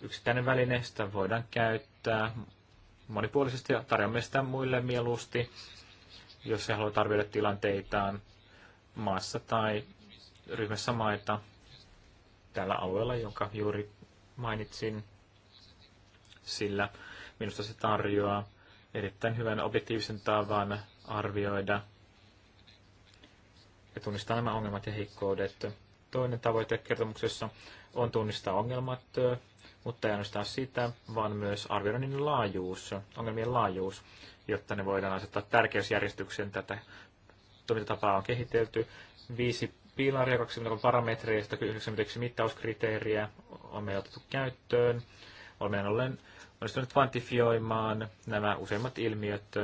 yksittäinen väline, sitä voidaan käyttää monipuolisesti ja tarjoamme sitä muille mieluusti, jos he haluavat arvioida tilanteitaan maassa tai ryhmässä maita tällä alueella, jonka juuri mainitsin, sillä minusta se tarjoaa erittäin hyvän objektiivisen tavan arvioida ja tunnistaa nämä ongelmat ja heikkoudet. Toinen tavoite kertomuksessa on tunnistaa ongelmat mutta ei ainoastaan sitä, vaan myös arvioinnin laajuus, ongelmien laajuus, jotta ne voidaan asettaa tärkeysjärjestykseen. Tätä toimintatapaa on kehitelty. Viisi piilaria, 23 parametreja, 191 mittauskriteeriä on meillä otettu käyttöön. Olemme ollen onnistunut kvantifioimaan nämä useimmat ilmiöt,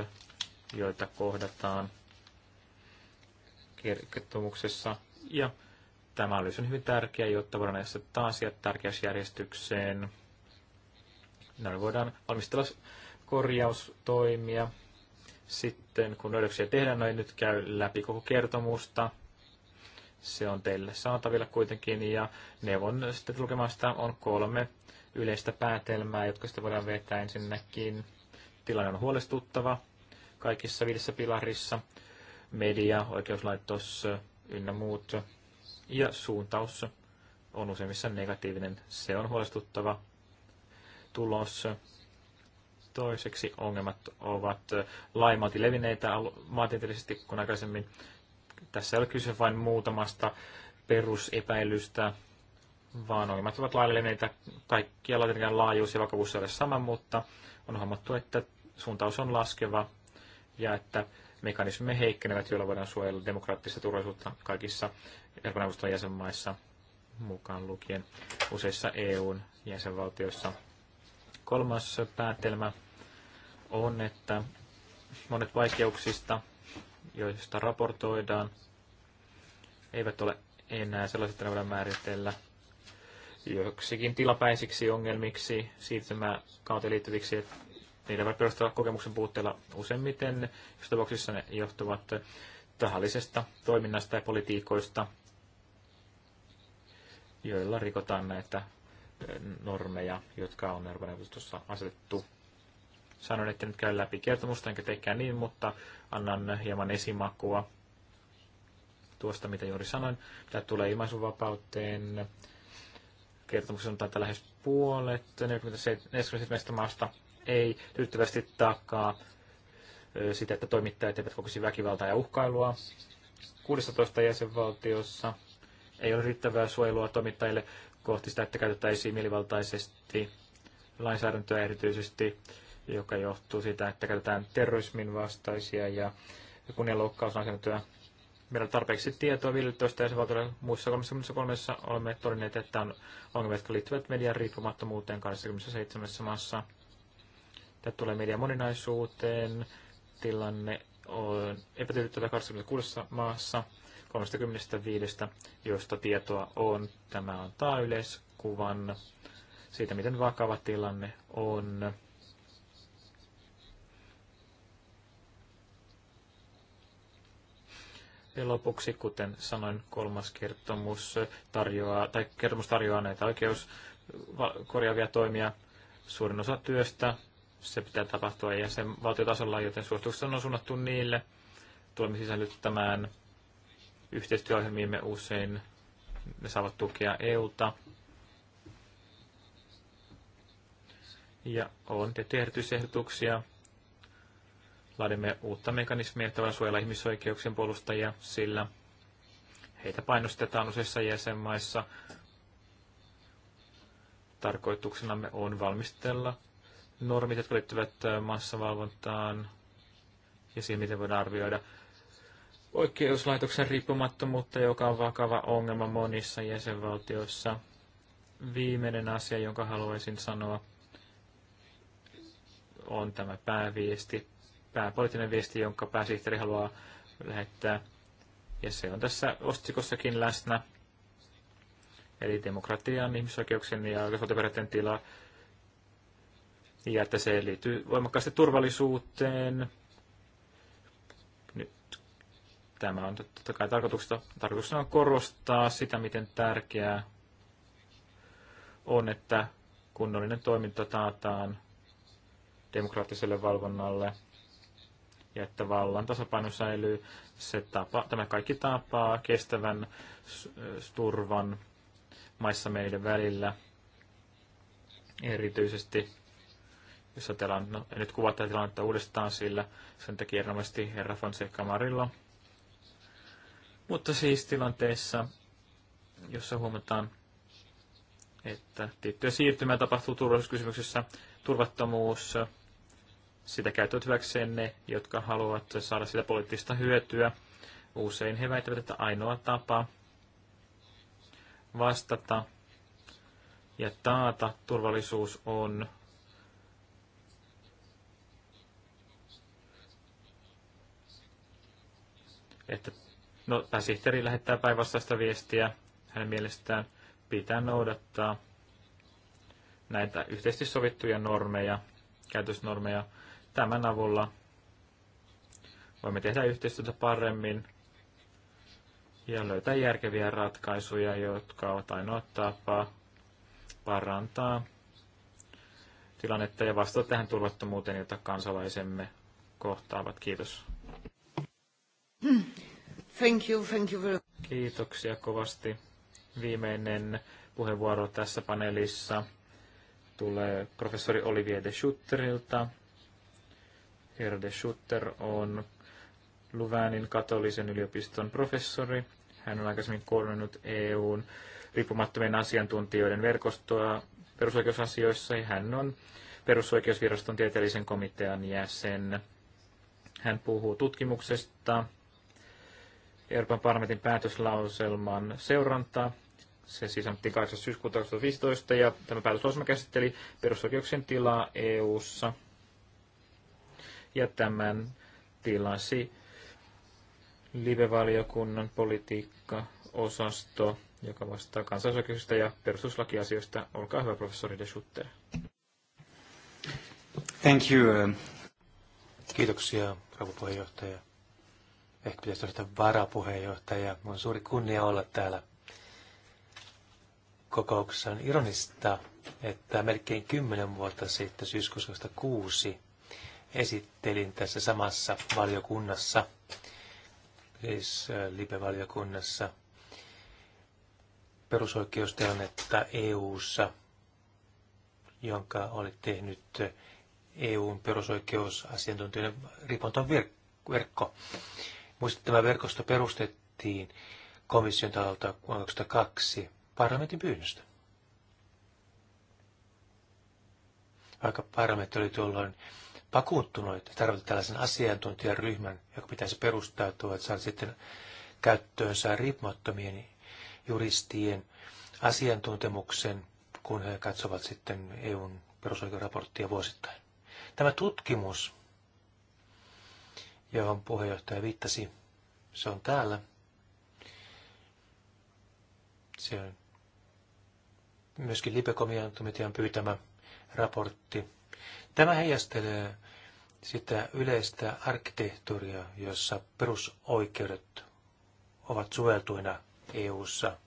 joita kohdataan kertomuksessa. Ja Tämä analyysi on hyvin tärkeä, jotta voidaan asettaa asiat järjestykseen. Näin voidaan valmistella korjaustoimia. Sitten kun löydöksiä tehdään, noin nyt käy läpi koko kertomusta. Se on teille saatavilla kuitenkin ja neuvon sitten lukemasta on kolme yleistä päätelmää, jotka sitten voidaan vetää ensinnäkin. Tilanne on huolestuttava kaikissa viidessä pilarissa. Media, oikeuslaitos ynnä muut ja suuntaus on useimmissa negatiivinen. Se on huolestuttava tulos. Toiseksi ongelmat ovat laajalti levinneitä maantieteellisesti kuin aikaisemmin. Tässä ei ole kyse vain muutamasta perusepäilystä, vaan ongelmat ovat laajalle levinneitä. Kaikkialla tietenkään laajuus ja vakavuus ei ole sama, mutta on huomattu, että suuntaus on laskeva ja että mekanismimme heikkenevät, joilla voidaan suojella demokraattista turvallisuutta kaikissa Euroopan neuvoston jäsenmaissa mukaan lukien useissa EUn jäsenvaltioissa. Kolmas päätelmä on, että monet vaikeuksista, joista raportoidaan, eivät ole enää sellaiset, että voidaan määritellä joksikin tilapäisiksi ongelmiksi, siirtymäkauteen liittyviksi, että niitä voi perustella kokemuksen puutteella useimmiten, jos tapauksissa ne johtuvat tahallisesta toiminnasta ja politiikoista, joilla rikotaan näitä normeja, jotka on Euroopan neuvostossa asetettu. Sanon, että nyt käy läpi kertomusta, enkä teekään niin, mutta annan hieman esimakua tuosta, mitä juuri sanoin. Tämä tulee ilmaisuvapauteen. Kertomuksessa on tätä lähes puolet 47 maasta ei tyyttävästi takaa sitä, että toimittajat eivät kokisi väkivaltaa ja uhkailua. 16 jäsenvaltiossa ei ole riittävää suojelua toimittajille kohti sitä, että käytettäisiin mielivaltaisesti lainsäädäntöä erityisesti, joka johtuu siitä, että käytetään terrorismin vastaisia ja kunnianloukkauslainsäädäntöä. Meillä on tarpeeksi tietoa 15 jäsenvaltioiden muissa 33 olemme todenneet, että on ongelmia, jotka liittyvät median riippumattomuuteen 27 maassa. Tämä tulee median moninaisuuteen, tilanne on epätyydyttävä 26 maassa 35, josta tietoa on. Tämä on antaa yleiskuvan siitä, miten vakava tilanne on. Ja lopuksi, kuten sanoin, kolmas kertomus tarjoaa, tai kertomus tarjoaa näitä oikeus korjaavia toimia. Suurin osa työstä se pitää tapahtua jäsenvaltiotasolla, joten suositukset on suunnattu niille. Tulemme sisällyttämään yhteistyöohjelmiimme usein ne saavat tukea EUta. Ja on tehty erityisehdotuksia. Laadimme uutta mekanismia, että suojella ihmisoikeuksien puolustajia, sillä heitä painostetaan useissa jäsenmaissa. Tarkoituksenamme on valmistella normit, jotka liittyvät massavalvontaan ja siihen, miten voidaan arvioida oikeuslaitoksen riippumattomuutta, joka on vakava ongelma monissa jäsenvaltioissa. Viimeinen asia, jonka haluaisin sanoa, on tämä pääviesti, pääpoliittinen viesti, jonka pääsihteeri haluaa lähettää. Ja se on tässä ostikossakin läsnä. Eli demokratian, ihmisoikeuksien ja oikeusvaltioperiaatteen tila. Ja että se liittyy voimakkaasti turvallisuuteen, Tämä on totta kai tarkoituksena, on korostaa sitä, miten tärkeää on, että kunnollinen toiminta taataan demokraattiselle valvonnalle ja että vallan tasapaino säilyy. Se tapa, tämä kaikki tapaa kestävän turvan maissa meidän välillä. Erityisesti, jos ajatellaan, no, en nyt kuvata tilannetta uudestaan, sillä sen takia erinomaisesti herra Fonseca Marilla – mutta siis tilanteessa, jossa huomataan, että tiettyä siirtymää tapahtuu turvallisuuskysymyksessä, turvattomuus, sitä käyttävät hyväkseen ne, jotka haluavat saada sitä poliittista hyötyä. Usein he väittävät, että ainoa tapa vastata ja taata turvallisuus on että No, pääsihteeri lähettää päinvastaista viestiä. Hänen mielestään pitää noudattaa näitä yhteisesti sovittuja normeja, käytösnormeja. Tämän avulla voimme tehdä yhteistyötä paremmin ja löytää järkeviä ratkaisuja, jotka ovat ainoa tapa parantaa tilannetta ja vastata tähän turvattomuuteen, jota kansalaisemme kohtaavat. Kiitos. Thank you, thank you very... Kiitoksia kovasti. Viimeinen puheenvuoro tässä paneelissa tulee professori Olivier de Schutterilta. Herr de Schutter on Luvänin katolisen yliopiston professori. Hän on aikaisemmin koordinoinut EUn riippumattomien asiantuntijoiden verkostoa perusoikeusasioissa ja hän on perusoikeusviraston tieteellisen komitean jäsen. Hän puhuu tutkimuksesta, Euroopan parlamentin päätöslauselman seurantaa. Se siis annettiin 8. syyskuuta 2015 ja tämä päätöslauselma käsitteli perusoikeuksien tilaa EU:ssa. Ja tämän tilasi live-valiokunnan politiikka-osasto, joka vastaa kansallisoikeuksista ja perustuslakiasioista. Olkaa hyvä, professori De Schutter. Thank you. Uh, kiitoksia, rouva puheenjohtaja. Ehkä pitäisi olla varapuheenjohtaja. Minun suuri kunnia olla täällä kokouksessa. On ironista, että melkein kymmenen vuotta sitten syyskuussa kuusi esittelin tässä samassa valiokunnassa, siis LIPE-valiokunnassa, perusoikeustilannetta EU-ssa, jonka oli tehnyt EUn perusoikeusasiantuntijan riponton verkko. Muista tämä verkosto perustettiin komission taholta vuonna 2002 parlamentin pyynnöstä. Vaikka parlamentti oli tuolloin että tarvitaan tällaisen asiantuntijaryhmän, joka pitäisi perustautua, että saa sitten käyttöönsä riippumattomien juristien asiantuntemuksen, kun he katsovat sitten EUn perusoikeuraporttia vuosittain. Tämä tutkimus johon puheenjohtaja viittasi. Se on täällä. Se on myöskin Libekomitean pyytämä raportti. Tämä heijastelee sitä yleistä arkkitehtuuria, jossa perusoikeudet ovat suveltuina EU:ssa.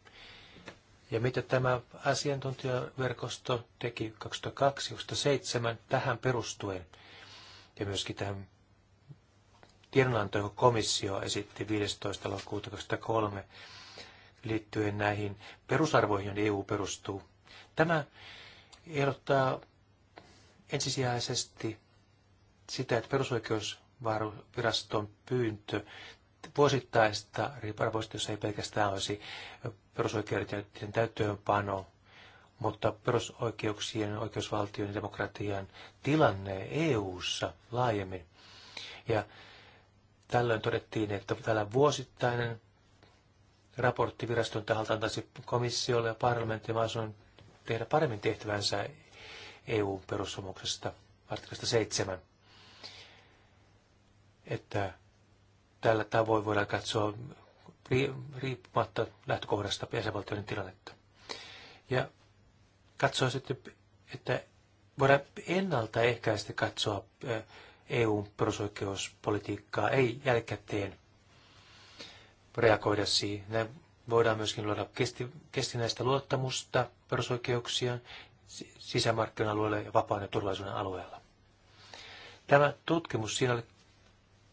Ja mitä tämä asiantuntijaverkosto teki 2002-2007 tähän perustuen ja myöskin tähän tiedonanto, jonka komissio esitti 15. lokakuuta 2003 liittyen näihin perusarvoihin, joihin EU perustuu. Tämä ehdottaa ensisijaisesti sitä, että perusoikeusviraston pyyntö vuosittaista riippuvasti, jos ei pelkästään olisi perusoikeuden ja täyttöönpano, mutta perusoikeuksien, oikeusvaltion ja demokratian tilanne EU-ssa laajemmin. Ja Tällöin todettiin, että tällä vuosittainen raportti viraston taholta antaisi komissiolle ja parlamentille mahdollisuuden tehdä paremmin tehtävänsä EU-perussomuksesta, artiklasta 7. Että tällä tavoin voidaan katsoa riippumatta lähtökohdasta jäsenvaltioiden tilannetta. Ja katsoa sitten, että voidaan ennaltaehkäisesti katsoa eu perusoikeuspolitiikkaa ei jälkikäteen reagoida siihen. Näin voidaan myöskin luoda kesti, kestinäistä luottamusta perusoikeuksia sisämarkkina-alueella ja vapaan ja turvallisuuden alueella. Tämä tutkimus, siinä oli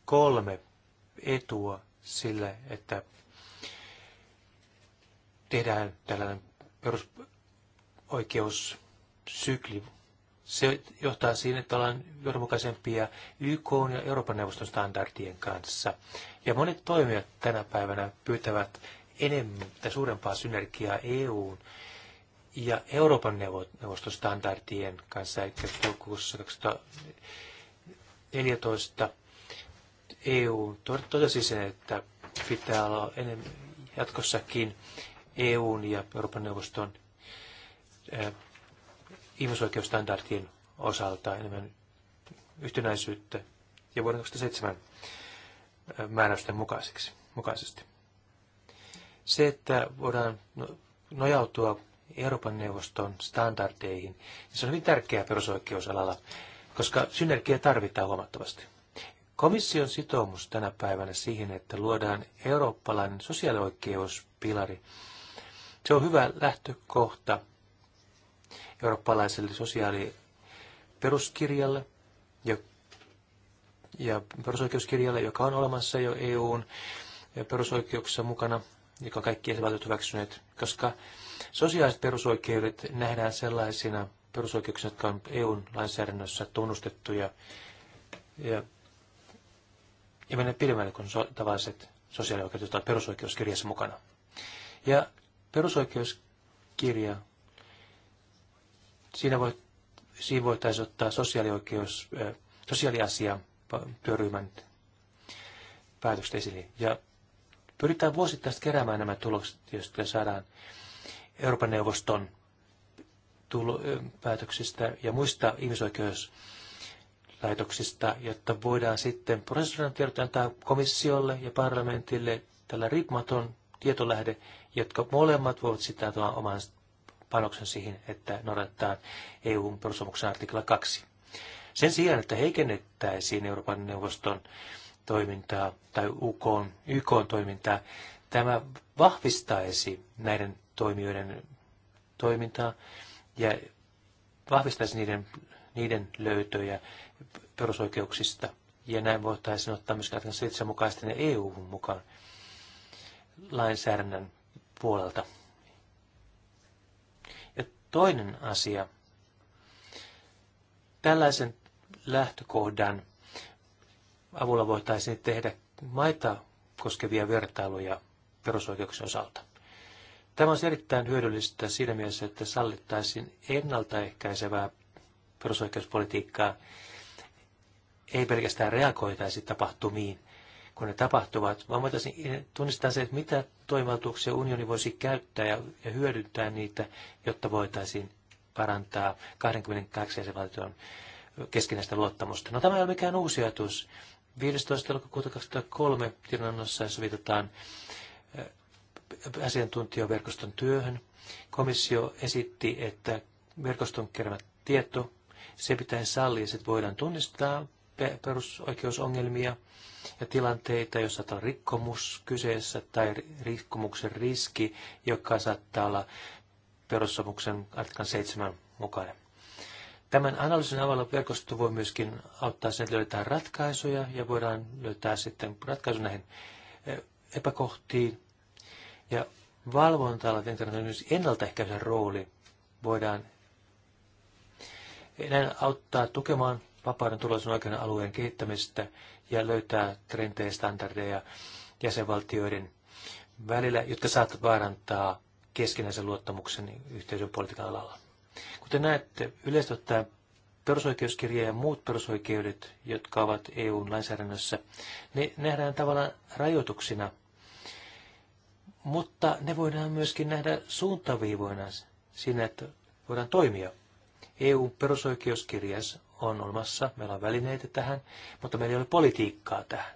kolme etua sille, että tehdään tällainen perusoikeussykli se johtaa siihen, että ollaan johdonmukaisempia YK ja Euroopan neuvoston standardien kanssa. Ja monet toimijat tänä päivänä pyytävät enemmän tai suurempaa synergiaa EUn ja Euroopan neuvoston standardien kanssa, eli toukokuussa 2014 EU totesi sen, että pitää olla enemmän jatkossakin EUn ja Euroopan neuvoston ihmisoikeusstandardien osalta enemmän yhtenäisyyttä ja vuoden 2007 määräysten mukaiseksi, mukaisesti. Se, että voidaan no, nojautua Euroopan neuvoston standardeihin, niin se on hyvin tärkeää perusoikeusalalla, koska synergiaa tarvitaan huomattavasti. Komission sitoumus tänä päivänä siihen, että luodaan eurooppalainen sosiaalioikeuspilari, se on hyvä lähtökohta eurooppalaiselle sosiaaliperuskirjalle ja, ja perusoikeuskirjalle, joka on olemassa jo EUn perusoikeuksissa mukana, joka kaikki jäsenvaltiot hyväksyneet, koska sosiaaliset perusoikeudet nähdään sellaisina perusoikeuksina, jotka on EUn lainsäädännössä tunnustettu ja, ja, ja mennä pidemmälle kuin so, tavalliset sosiaalioikeudet, jotka on perusoikeuskirjassa mukana. Ja perusoikeuskirja siinä, voi, siinä voitaisiin ottaa sosiaalioikeus, sosiaaliasia työryhmän päätökset esille. Ja pyritään vuosittain keräämään nämä tulokset, joista saadaan Euroopan neuvoston päätöksistä ja muista ihmisoikeuslaitoksista, jotta voidaan sitten prosessoidaan tiedot antaa komissiolle ja parlamentille tällä riippumaton tietolähde, jotka molemmat voivat sitä oman panoksen siihen, että noudatetaan EUn perussopimuksen artikla 2. Sen sijaan, että heikennettäisiin Euroopan neuvoston toimintaa tai UK, YK toimintaa, tämä vahvistaisi näiden toimijoiden toimintaa ja vahvistaisi niiden, niiden löytöjä perusoikeuksista. Ja näin voitaisiin ottaa myös katkaisen 7 mukaisesti EU-mukaan e lainsäädännön puolelta. Toinen asia. Tällaisen lähtökohdan avulla voitaisiin tehdä maita koskevia vertailuja perusoikeuksien osalta. Tämä on erittäin hyödyllistä siinä mielessä, että sallittaisiin ennaltaehkäisevää perusoikeuspolitiikkaa, ei pelkästään reagoitaisi tapahtumiin, kun ne tapahtuvat, vaan voitaisiin tunnistaa se, että mitä toimivaltuuksia unioni voisi käyttää ja, ja hyödyntää niitä, jotta voitaisiin parantaa 28 jäsenvaltion keskinäistä luottamusta. No tämä ei ole mikään uusi ajatus. 15. lokakuuta 2003 tiedonannossa, jossa viitataan äh, asiantuntijaverkoston työhön, komissio esitti, että verkoston keräämä tieto, se pitäisi sallia, että voidaan tunnistaa perusoikeusongelmia ja tilanteita, joissa on rikkomus kyseessä tai rikkomuksen riski, joka saattaa olla perussopimuksen artiklan 7 mukainen. Tämän analyysin avulla verkosto voi myöskin auttaa sen, että löydetään ratkaisuja ja voidaan löytää sitten ratkaisu näihin e, epäkohtiin. Ja valvonta-alalla on myös ennaltaehkäisen rooli. Voidaan näin auttaa tukemaan vapauden turvallisuuden oikeuden alueen kehittämistä ja löytää trendejä standardeja jäsenvaltioiden välillä, jotka saattavat vaarantaa keskinäisen luottamuksen yhteisön politiikan alalla. Kuten näette, yleisesti ottaen perusoikeuskirja ja muut perusoikeudet, jotka ovat EUn lainsäädännössä, ne nähdään tavallaan rajoituksina, mutta ne voidaan myöskin nähdä suuntaviivoina siinä, että voidaan toimia. EUn perusoikeuskirjas on olemassa, meillä on välineitä tähän, mutta meillä ei ole politiikkaa tähän.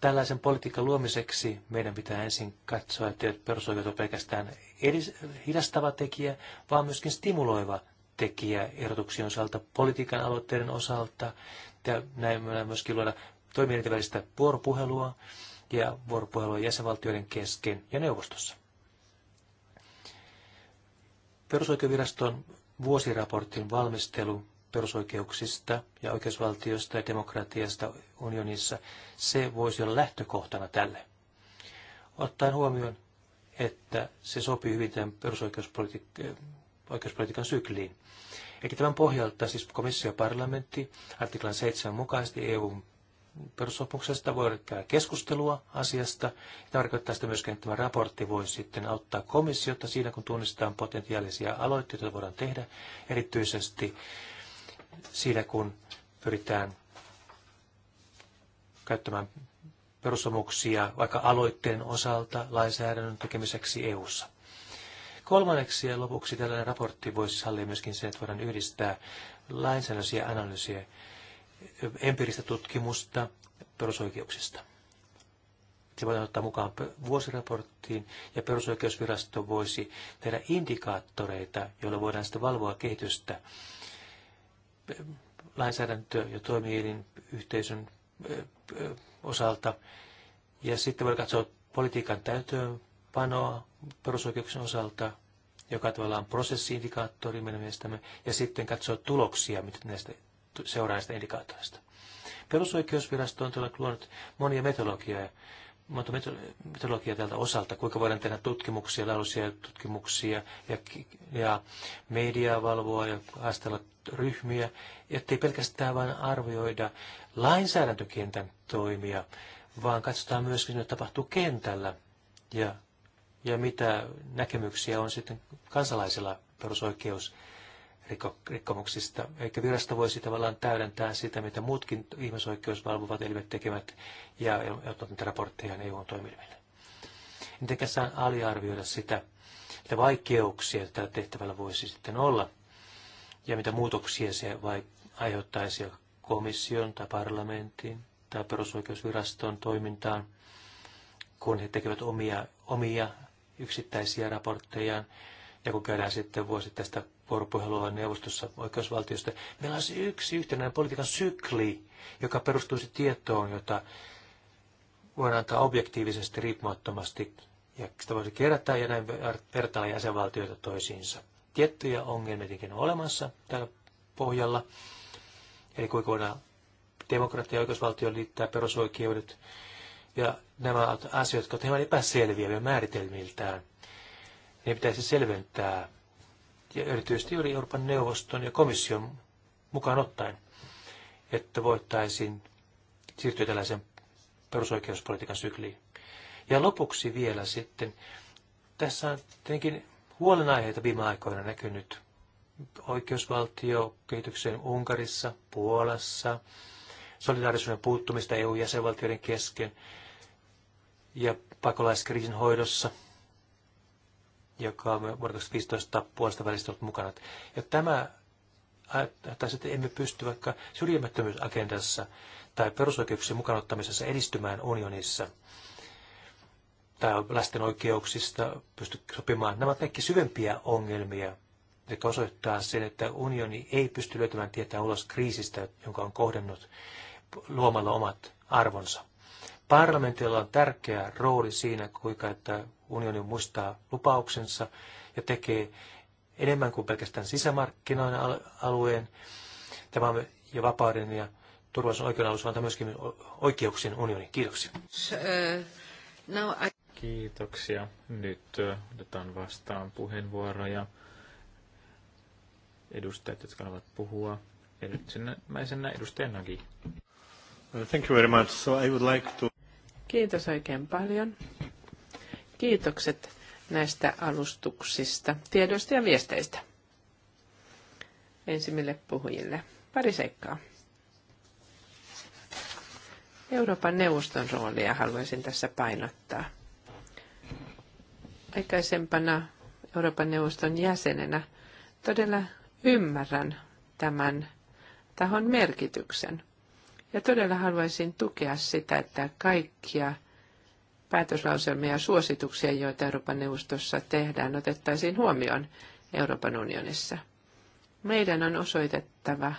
Tällaisen politiikan luomiseksi meidän pitää ensin katsoa, että perusoikeudet on pelkästään edis, hidastava tekijä, vaan myöskin stimuloiva tekijä erotuksien osalta, politiikan aloitteiden osalta. Ja näin me myöskin luoda toimijoiden välistä vuoropuhelua ja vuoropuhelua jäsenvaltioiden kesken ja neuvostossa. Perusoikeuviraston vuosiraportin valmistelu perusoikeuksista ja oikeusvaltiosta ja demokratiasta unionissa, se voisi olla lähtökohtana tälle. Ottaen huomioon, että se sopii hyvin tämän perusoikeuspolitiikan eh, sykliin. Eli tämän pohjalta siis komissio ja parlamentti artiklan 7 mukaisesti eu perussopimuksesta voi käydä keskustelua asiasta. Ja tarkoittaa sitä myöskin, että tämä raportti voi sitten auttaa komissiota siinä, kun tunnistetaan potentiaalisia aloitteita, joita voidaan tehdä, erityisesti siinä, kun pyritään käyttämään perussomuksia vaikka aloitteen osalta lainsäädännön tekemiseksi EU-ssa. Kolmanneksi ja lopuksi tällainen raportti voisi siis sallia myöskin sen, että voidaan yhdistää lainsäädännöllisiä analyysiä, empiiristä tutkimusta perusoikeuksista. Se voidaan ottaa mukaan vuosiraporttiin ja perusoikeusvirasto voisi tehdä indikaattoreita, joilla voidaan sitten valvoa kehitystä lainsäädäntö ja toimielin yhteisön osalta. Ja sitten voidaan katsoa politiikan täytöönpanoa perusoikeuksien osalta, joka tavallaan on prosessiindikaattori meidän mielestämme, ja sitten katsoa tuloksia mitä näistä seuraavista indikaattoreista. Perusoikeusvirasto on tuolla luonut monia metodologiaa. Mutta metodologiaa tältä osalta, kuinka voidaan tehdä tutkimuksia, laulusia tutkimuksia ja, ja mediaa valvoa ja haastella ryhmiä, ettei pelkästään vain arvioida lainsäädäntökentän toimia, vaan katsotaan myöskin, mitä tapahtuu kentällä ja, ja mitä näkemyksiä on sitten kansalaisilla perusoikeus rikkomuksista. Eikä virasto voisi tavallaan täydentää sitä, mitä muutkin ihmisoikeusvalvovat elimet tekevät ja ottaa niitä raportteja EUn toimille. Miten saan aliarvioida sitä, että vaikeuksia että tällä tehtävällä voisi sitten olla ja mitä muutoksia se vai aiheuttaisi komission tai parlamentin tai perusoikeusviraston toimintaan, kun he tekevät omia, omia yksittäisiä raporttejaan ja kun käydään sitten vuosittaista vuoropuhelua neuvostossa oikeusvaltiosta. Meillä se yksi yhtenäinen politiikan sykli, joka perustuu se tietoon, jota voidaan antaa objektiivisesti, riippumattomasti, ja sitä voisi kerätä ja näin vertailla jäsenvaltioita toisiinsa. Tiettyjä ongelmia on olemassa täällä pohjalla, eli kuinka voidaan demokratia ja oikeusvaltio liittää perusoikeudet, ja nämä asiat, jotka ovat hieman epäselviä vielä määritelmiltään, ne pitäisi selventää ja erityisesti oli Euroopan neuvoston ja komission mukaan ottaen, että voittaisiin siirtyä tällaisen perusoikeuspolitiikan sykliin. Ja lopuksi vielä sitten, tässä on tietenkin huolenaiheita viime aikoina näkynyt. Oikeusvaltio kehityksen Unkarissa, Puolassa, solidaarisuuden puuttumista EU-jäsenvaltioiden kesken ja pakolaiskriisin hoidossa – joka on vuonna 2015 puolesta välistä ollut mukana. Ja tämä tai sitten emme pysty vaikka syrjimättömyysagendassa tai perusoikeuksien mukaan ottamisessa edistymään unionissa tai lasten oikeuksista pysty sopimaan. Nämä ovat kaikki syvempiä ongelmia, jotka osoittaa sen, että unioni ei pysty löytämään tietää ulos kriisistä, jonka on kohdennut luomalla omat arvonsa. Parlamentilla on tärkeä rooli siinä, kuinka että unioni muistaa lupauksensa ja tekee enemmän kuin pelkästään sisämarkkinoiden alueen. Tämä on ja vapauden ja turvallisuuden oikeuden alus, vaan myöskin oikeuksien unioni. Kiitoksia. Uh, Kiitoksia. Nyt uh, otetaan vastaan puheenvuoroja edustajat, jotka haluavat puhua. Ensimmäisenä edustaja Nagi. Uh, thank you very much. So I would like to... Kiitos oikein paljon. Kiitokset näistä alustuksista, tiedoista ja viesteistä ensimmille puhujille. Pari seikkaa. Euroopan neuvoston roolia haluaisin tässä painottaa. Aikaisempana Euroopan neuvoston jäsenenä todella ymmärrän tämän tahon merkityksen. Ja todella haluaisin tukea sitä, että kaikkia – päätöslauselmia ja suosituksia, joita Euroopan neuvostossa tehdään, otettaisiin huomioon Euroopan unionissa. Meidän on osoitettava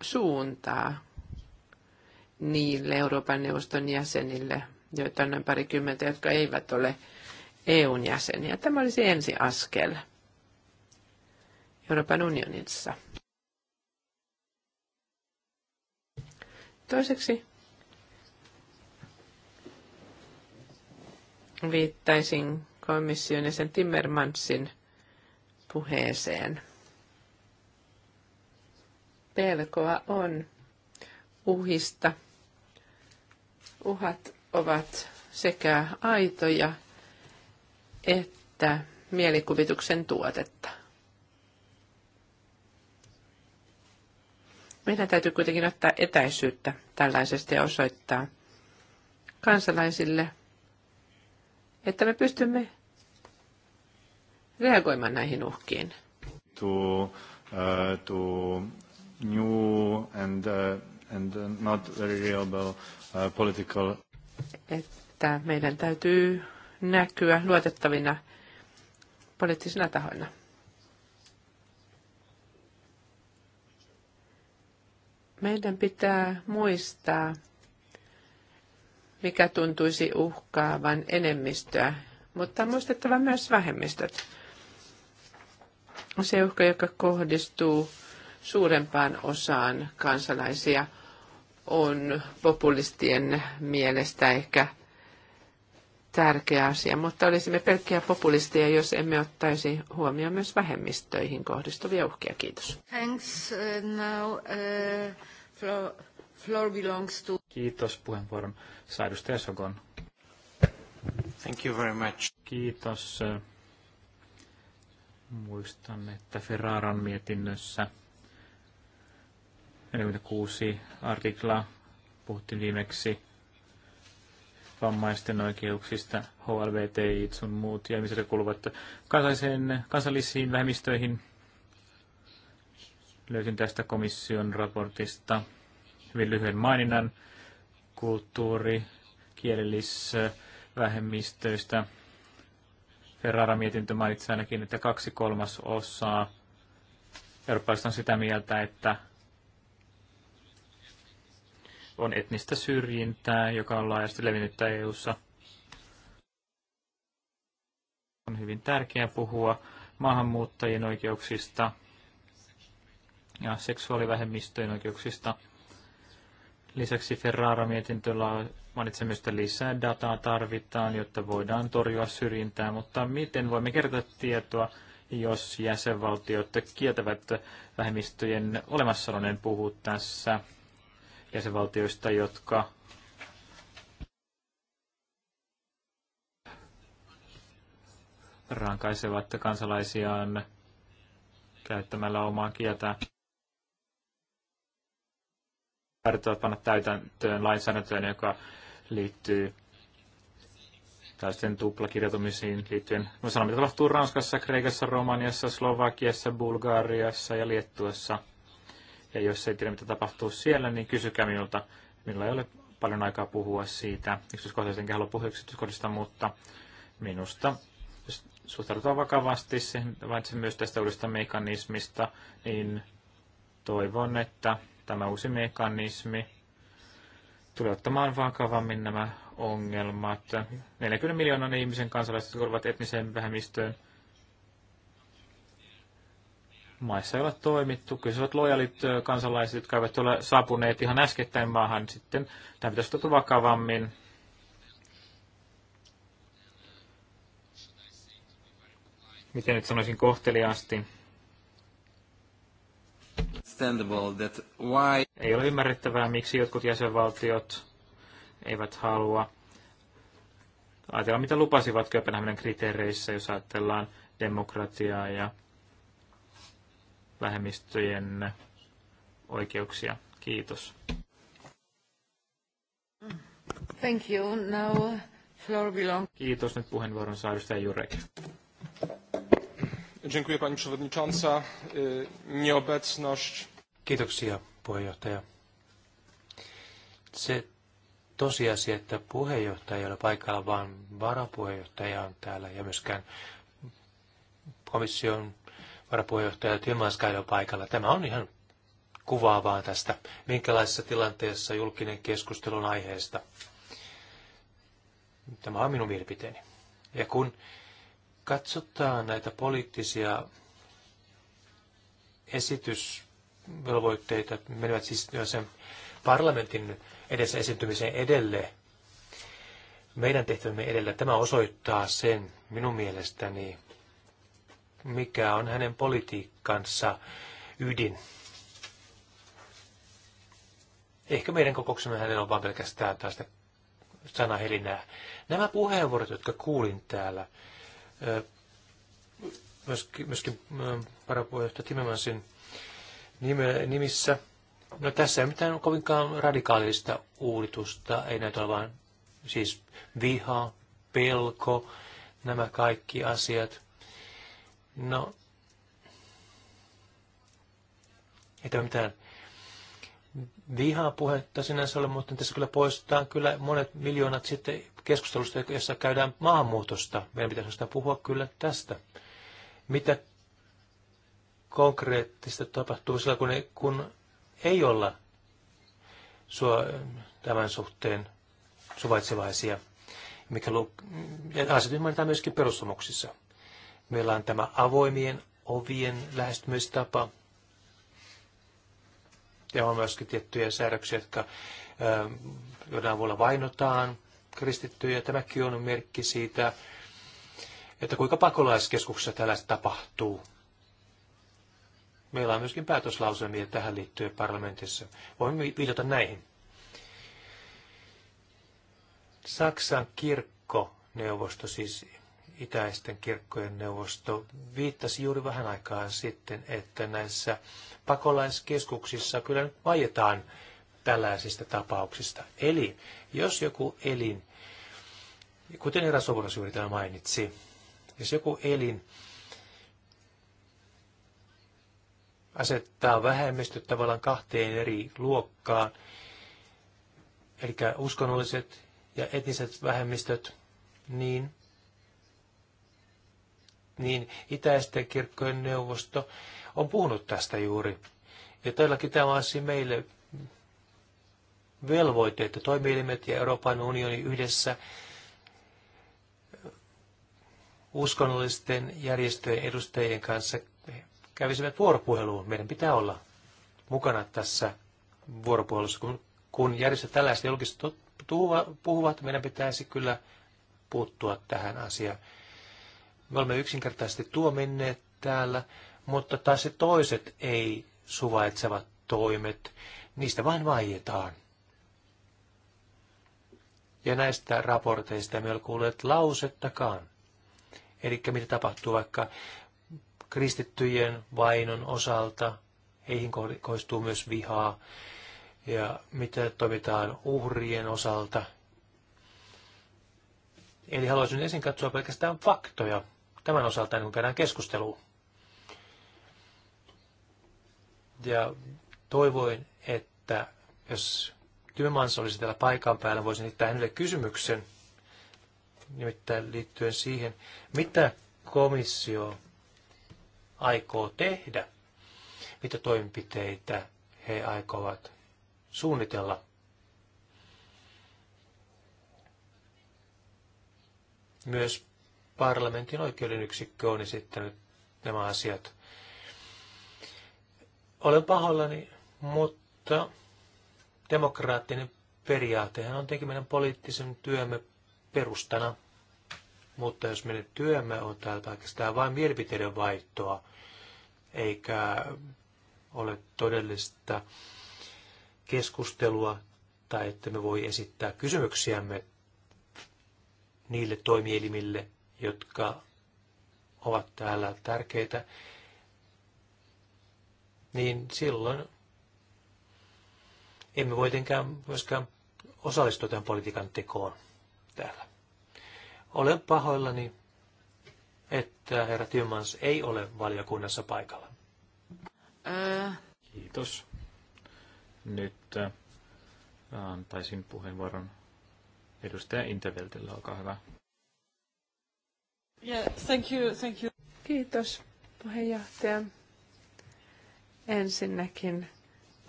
suuntaa niille Euroopan neuvoston jäsenille, joita on noin parikymmentä, jotka eivät ole EUn jäseniä. Tämä olisi ensi askel Euroopan unionissa. Toiseksi viittaisin komission ja sen Timmermansin puheeseen. Pelkoa on uhista. Uhat ovat sekä aitoja että mielikuvituksen tuotetta. Meidän täytyy kuitenkin ottaa etäisyyttä tällaisesta ja osoittaa kansalaisille – että me pystymme reagoimaan näihin uhkiin. To, uh, to new and, uh, and not very reliable uh, political... Että meidän täytyy näkyä luotettavina poliittisina tahoina. Meidän pitää muistaa mikä tuntuisi uhkaavan enemmistöä, mutta on muistettava myös vähemmistöt. Se uhka, joka kohdistuu suurempaan osaan kansalaisia, on populistien mielestä ehkä tärkeä asia, mutta olisimme pelkkiä populisteja, jos emme ottaisi huomioon myös vähemmistöihin kohdistuvia uhkia. Kiitos. Thanks, uh, now, uh, Floor belongs to... Kiitos puheenvuoron. Saa edustaja Sogon. Thank you very much. Kiitos. Muistan, että Ferraran mietinnössä 46 artikla puhuttiin viimeksi vammaisten oikeuksista, HLVT, sun muut ja missä kuuluvat kansallisiin vähemmistöihin. Löysin tästä komission raportista hyvin lyhyen maininnan kulttuuri, kielellisvähemmistöistä. Äh, Ferrara-mietintö mainitsi ainakin, että kaksi kolmasosaa eurooppalaiset on sitä mieltä, että on etnistä syrjintää, joka on laajasti levinnyt EU-ssa. On hyvin tärkeää puhua maahanmuuttajien oikeuksista ja seksuaalivähemmistöjen oikeuksista – Lisäksi Ferrara-mietintöllä että lisää dataa tarvitaan, jotta voidaan torjua syrjintää, mutta miten voimme kertoa tietoa, jos jäsenvaltiot kieltävät vähemmistöjen olemassaolon, en puhu tässä jäsenvaltioista, jotka rankaisevat kansalaisiaan käyttämällä omaa kieltä tarvittavat panna täytäntöön lainsäädäntöön, joka liittyy täysin tuplakirjoitumisiin liittyen. Mä sanon, mitä tapahtuu Ranskassa, Kreikassa, Romaniassa, Slovakiassa, Bulgariassa ja Liettuassa. Ja jos ei tiedä, mitä tapahtuu siellä, niin kysykää minulta. Minulla ei ole paljon aikaa puhua siitä yksityiskohtaisesti, enkä halua puhua yksityiskohdista, mutta minusta jos suhtaudutaan vakavasti, se, vain se myös tästä uudesta mekanismista, niin toivon, että tämä uusi mekanismi tulee ottamaan vakavammin nämä ongelmat. 40 miljoonan ihmisen kansalaiset kuuluvat etniseen vähemmistöön. Maissa ei ole toimittu. Kyse ovat lojalit kansalaiset, jotka eivät ole saapuneet ihan äskettäin maahan. Sitten tämä pitäisi ottaa vakavammin. Miten nyt sanoisin kohteliaasti? why... Ei ole ymmärrettävää, miksi jotkut jäsenvaltiot eivät halua ajatella, mitä lupasivat Kööpenhaminan kriteereissä, jos ajatellaan demokratiaa ja vähemmistöjen oikeuksia. Kiitos. Thank you. Now floor belong. Kiitos. Nyt puheenvuoron saadusta ja Jurek. Dziękuję pani przewodnicząca. Nieobecność. Kiitoksia puheenjohtaja. Se tosiasia, että puheenjohtaja ei ole paikalla, vaan varapuheenjohtaja on täällä ja myöskään komission varapuheenjohtaja Tilmanska ei ole paikalla. Tämä on ihan kuvaavaa tästä, minkälaisessa tilanteessa julkinen keskustelun aiheesta. Tämä on minun mielipiteeni. Ja kun katsotaan näitä poliittisia esitysvelvoitteita, menevät siis sen parlamentin edessä esiintymiseen edelle, meidän tehtävämme edellä, tämä osoittaa sen minun mielestäni, mikä on hänen politiikkansa ydin. Ehkä meidän kokouksemme hänellä on vain pelkästään tästä sanahelinää. Nämä puheenvuorot, jotka kuulin täällä, myöskin, myöskin varapuheenjohtaja Timemansin nimissä. No tässä ei mitään kovinkaan radikaalista uudistusta, ei näytä vain, siis viha, pelko, nämä kaikki asiat. No, ei tämä mitään vihaa puhetta sinänsä ole, mutta tässä kyllä poistetaan kyllä monet miljoonat sitten keskustelusta, jossa käydään maahanmuutosta. Meidän pitäisi sitä puhua kyllä tästä. Mitä konkreettista tapahtuu sillä, kun ei, kun ei olla sua, tämän suhteen suvaitsevaisia, mikä lu, ja asiat ymmärretään myöskin perussomuksissa. Meillä on tämä avoimien ovien lähestymistapa, ja on myöskin tiettyjä säädöksiä, jotka joiden avulla vainotaan kristittyjä. Tämäkin on merkki siitä, että kuinka pakolaiskeskuksessa tällaista tapahtuu. Meillä on myöskin päätöslauselmia tähän liittyen parlamentissa. Voimme viitata näihin. Saksan kirkkoneuvosto, siis itäisten kirkkojen neuvosto, viittasi juuri vähän aikaa sitten, että näissä pakolaiskeskuksissa kyllä nyt vaietaan tällaisista tapauksista. Eli jos joku elin, kuten eräs sovulas juuri tämä mainitsi, jos joku elin asettaa vähemmistöt tavallaan kahteen eri luokkaan, eli uskonnolliset ja etniset vähemmistöt, niin, niin itäisten kirkkojen neuvosto on puhunut tästä juuri. Ja todellakin tämä on meille velvoite, että toimielimet ja Euroopan unioni yhdessä uskonnollisten järjestöjen edustajien kanssa kävisivät vuoropuheluun. Meidän pitää olla mukana tässä vuoropuhelussa. Kun, kun järjestöt tällaista julkista puhuvat, meidän pitäisi kyllä puuttua tähän asiaan. Me olemme yksinkertaisesti menneet täällä, mutta taas se toiset ei suvaitsevat toimet, niistä vain vaietaan. Ja näistä raporteista emme ole kuulleet lausettakaan. Eli mitä tapahtuu vaikka kristittyjen vainon osalta, heihin kohdistuu myös vihaa, ja mitä toimitaan uhrien osalta. Eli haluaisin ensin katsoa pelkästään faktoja tämän osalta, ennen kuin käydään keskusteluun. Ja toivoin, että jos Työmans olisi täällä paikan päällä, voisin esittää hänelle kysymyksen, nimittäin liittyen siihen, mitä komissio aikoo tehdä, mitä toimenpiteitä he aikovat suunnitella. Myös parlamentin oikeuden yksikkö on esittänyt nämä asiat. Olen pahoillani, mutta Demokraattinen periaatehan on tietenkin meidän poliittisen työmme perustana. Mutta jos meidän työmme on täältä oikeastaan vain mielipiteiden vaihtoa, eikä ole todellista keskustelua tai että me voi esittää kysymyksiämme niille toimielimille, jotka ovat täällä tärkeitä, niin silloin emme voi tietenkään myöskään osallistua tämän politiikan tekoon täällä. Olen pahoillani, että herra Timmans ei ole valiokunnassa paikalla. Ää... Kiitos. Nyt äh, antaisin puheenvuoron edustaja Interveltille. Olkaa hyvä. Yeah, thank you, thank you. Kiitos puheenjohtaja. Ensinnäkin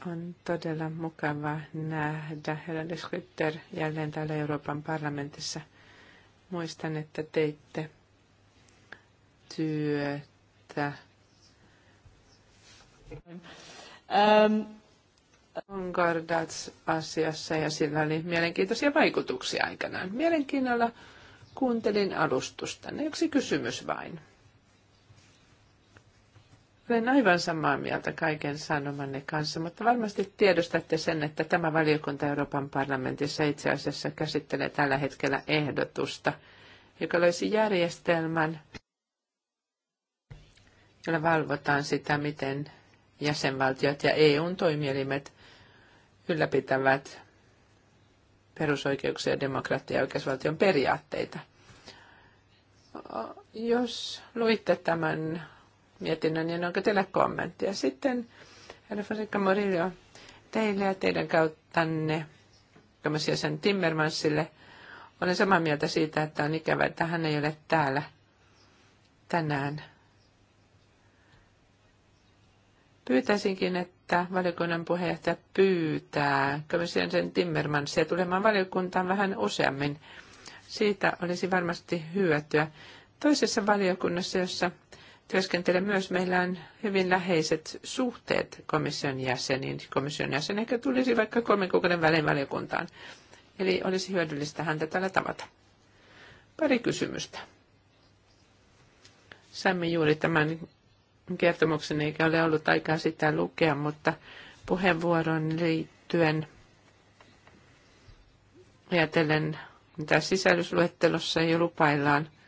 on todella mukava nähdä herra de Schütter jälleen täällä Euroopan parlamentissa. Muistan, että teitte työtä. Ähm, Ongardats asiassa ja sillä oli mielenkiintoisia vaikutuksia aikanaan. Mielenkiinnolla kuuntelin alustusta. Yksi kysymys vain. Olen aivan samaa mieltä kaiken sanomanne kanssa, mutta varmasti tiedostatte sen, että tämä valiokunta Euroopan parlamentissa itse asiassa käsittelee tällä hetkellä ehdotusta, joka löysi järjestelmän, jolla valvotaan sitä, miten jäsenvaltiot ja EUn toimielimet ylläpitävät perusoikeuksia, demokratia- ja oikeusvaltion periaatteita. Jos luitte tämän mietinnön, ja niin onko teillä kommenttia? Sitten, herra Fasikka Morillo, teille ja teidän kauttanne tämmöisiä sen Timmermansille. Olen samaa mieltä siitä, että on ikävä, että hän ei ole täällä tänään. Pyytäisinkin, että valiokunnan puheenjohtaja pyytää komission sen Timmermansia tulemaan valiokuntaan vähän useammin. Siitä olisi varmasti hyötyä. Toisessa valiokunnassa, jossa työskentelen myös. Meillä on hyvin läheiset suhteet komission jäseniin. Komission jäsen ehkä tulisi vaikka kolmen kuukauden välein valiokuntaan. Eli olisi hyödyllistä häntä tällä tavata. Pari kysymystä. Saimme juuri tämän kertomuksen, eikä ole ollut aikaa sitä lukea, mutta puheenvuoron liittyen ajatellen, mitä sisällysluettelossa jo lupaillaan –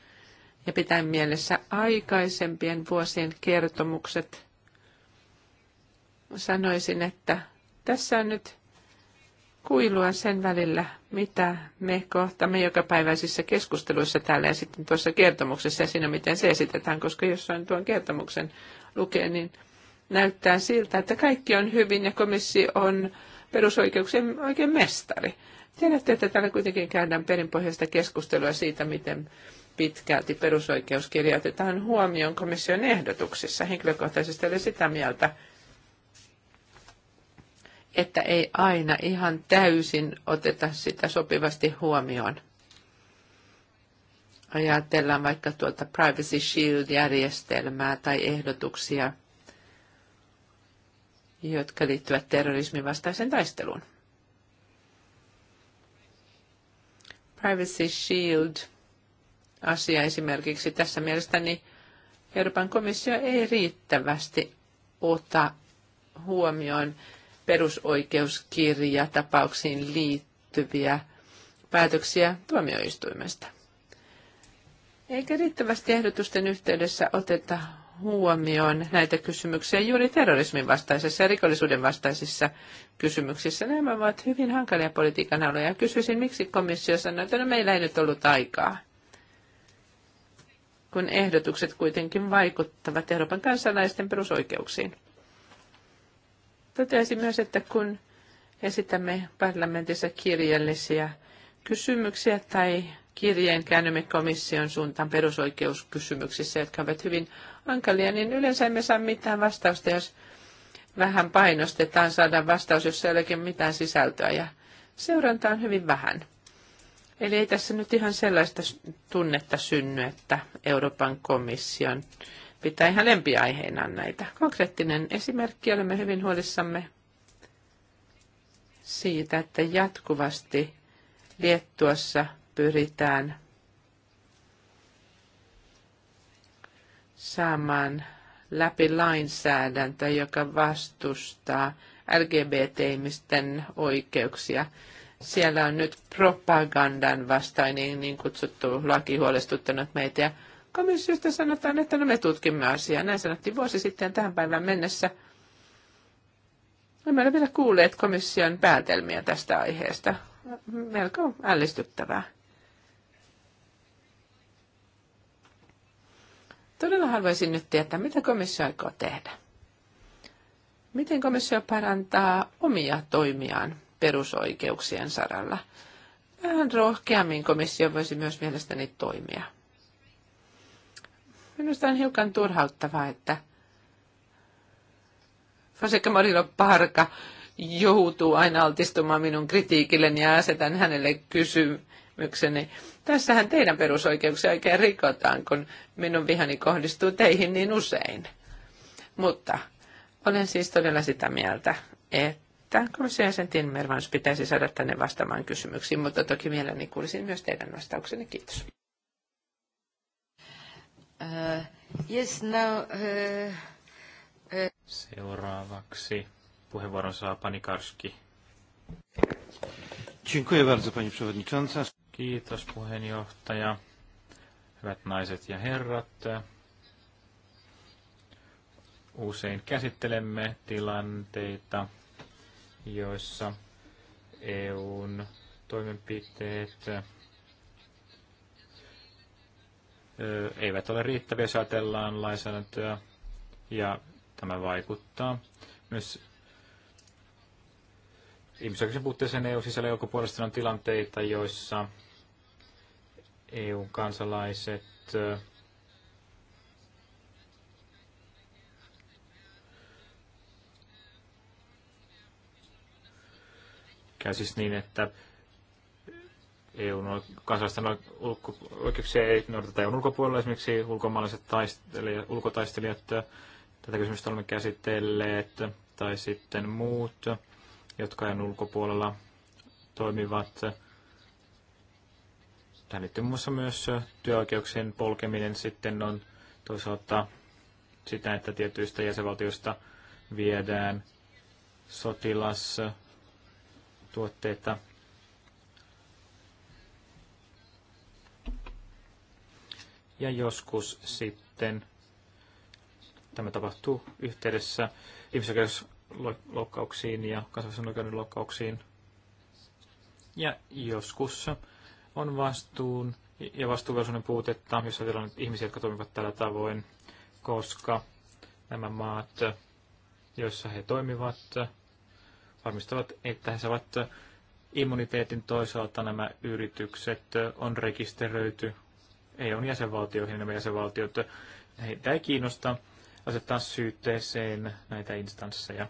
ja pitää mielessä aikaisempien vuosien kertomukset, sanoisin, että tässä on nyt kuilua sen välillä, mitä me kohtamme jokapäiväisissä keskusteluissa täällä ja sitten tuossa kertomuksessa ja siinä, miten se esitetään, koska jos on tuon kertomuksen lukee, niin näyttää siltä, että kaikki on hyvin ja komissio on perusoikeuksien oikein mestari. Tiedätte, että täällä kuitenkin käydään perinpohjaista keskustelua siitä, miten pitkälti perusoikeuskirja otetaan huomioon komission ehdotuksissa. Henkilökohtaisesti olen sitä mieltä, että ei aina ihan täysin oteta sitä sopivasti huomioon. Ajatellaan vaikka tuota Privacy Shield-järjestelmää tai ehdotuksia, jotka liittyvät terrorismin vastaiseen taisteluun. Privacy Shield – asia esimerkiksi. Tässä mielestäni Euroopan komissio ei riittävästi ota huomioon perusoikeuskirja tapauksiin liittyviä päätöksiä tuomioistuimesta. Eikä riittävästi ehdotusten yhteydessä oteta huomioon näitä kysymyksiä juuri terrorismin vastaisessa ja rikollisuuden vastaisissa kysymyksissä. Nämä ovat hyvin hankalia politiikan aloja. Kysyisin, miksi komissio sanoi, että no meillä ei nyt ollut aikaa kun ehdotukset kuitenkin vaikuttavat Euroopan kansalaisten perusoikeuksiin. Toteaisin myös, että kun esitämme parlamentissa kirjallisia kysymyksiä tai kirjeen käännymme komission suuntaan perusoikeuskysymyksissä, jotka ovat hyvin hankalia, niin yleensä emme saa mitään vastausta, jos vähän painostetaan, saadaan vastaus, jos ei olekin mitään sisältöä ja seuranta on hyvin vähän. Eli ei tässä nyt ihan sellaista tunnetta synny, että Euroopan komission pitää ihan lempiaiheena näitä. Konkreettinen esimerkki, olemme hyvin huolissamme siitä, että jatkuvasti Liettuassa pyritään saamaan läpi lainsäädäntö, joka vastustaa LGBT-ihmisten oikeuksia. Siellä on nyt propagandan vastainen niin kutsuttu laki huolestuttanut meitä ja komissiosta sanotaan, että no me tutkimme asiaa. Näin sanottiin vuosi sitten tähän päivään mennessä. Emme ole vielä kuulleet komission päätelmiä tästä aiheesta. Melko ällistyttävää. Todella haluaisin nyt tietää, mitä komissio aikoo tehdä. Miten komissio parantaa omia toimiaan perusoikeuksien saralla. Vähän rohkeammin komissio voisi myös mielestäni toimia. Minusta on hiukan turhauttavaa, että Fonseca Morillo Parka joutuu aina altistumaan minun kritiikilleni ja asetan hänelle kysymykseni. Tässähän teidän perusoikeuksia oikein rikotaan, kun minun vihani kohdistuu teihin niin usein. Mutta olen siis todella sitä mieltä, että että tien jäsen Timmermans pitäisi saada tänne vastaamaan kysymyksiin, mutta toki mielelläni kuulisin myös teidän vastauksenne. Kiitos. Uh, yes, now, uh, uh. Seuraavaksi puheenvuoron saa Panikarski. pani Karski. Kiitos puheenjohtaja. Hyvät naiset ja herrat, usein käsittelemme tilanteita, joissa EUn toimenpiteet eivät ole riittäviä, jos ajatellaan lainsäädäntöä, ja tämä vaikuttaa myös ihmisoikeuksien puutteeseen EU-sisällä puolesta on tilanteita, joissa EU-kansalaiset käy siis niin, että EUn kansalaisten oikeuksia ei noudateta EUn ulkopuolella, esimerkiksi ulkomaalaiset taistelijat, ulkotaistelijat, tätä kysymystä olemme käsitelleet, tai sitten muut, jotka EUn ulkopuolella toimivat. Tähän liittyy muun muassa myös työoikeuksien polkeminen sitten on toisaalta sitä, että tietyistä jäsenvaltioista viedään sotilas- tuotteita. Ja joskus sitten tämä tapahtuu yhteydessä ihmisoikeusloukkauksiin ja kansainvälisen oikeuden loukkauksiin. Ja joskus on vastuun ja vastuuvelvollisuuden puutetta, jos ajatellaan ihmisiä, jotka toimivat tällä tavoin, koska nämä maat, joissa he toimivat, varmistavat, että he saavat immuniteetin toisaalta nämä yritykset on rekisteröity EUn jäsenvaltioihin, nämä jäsenvaltiot, heitä ei kiinnosta asettaa syytteeseen näitä instansseja.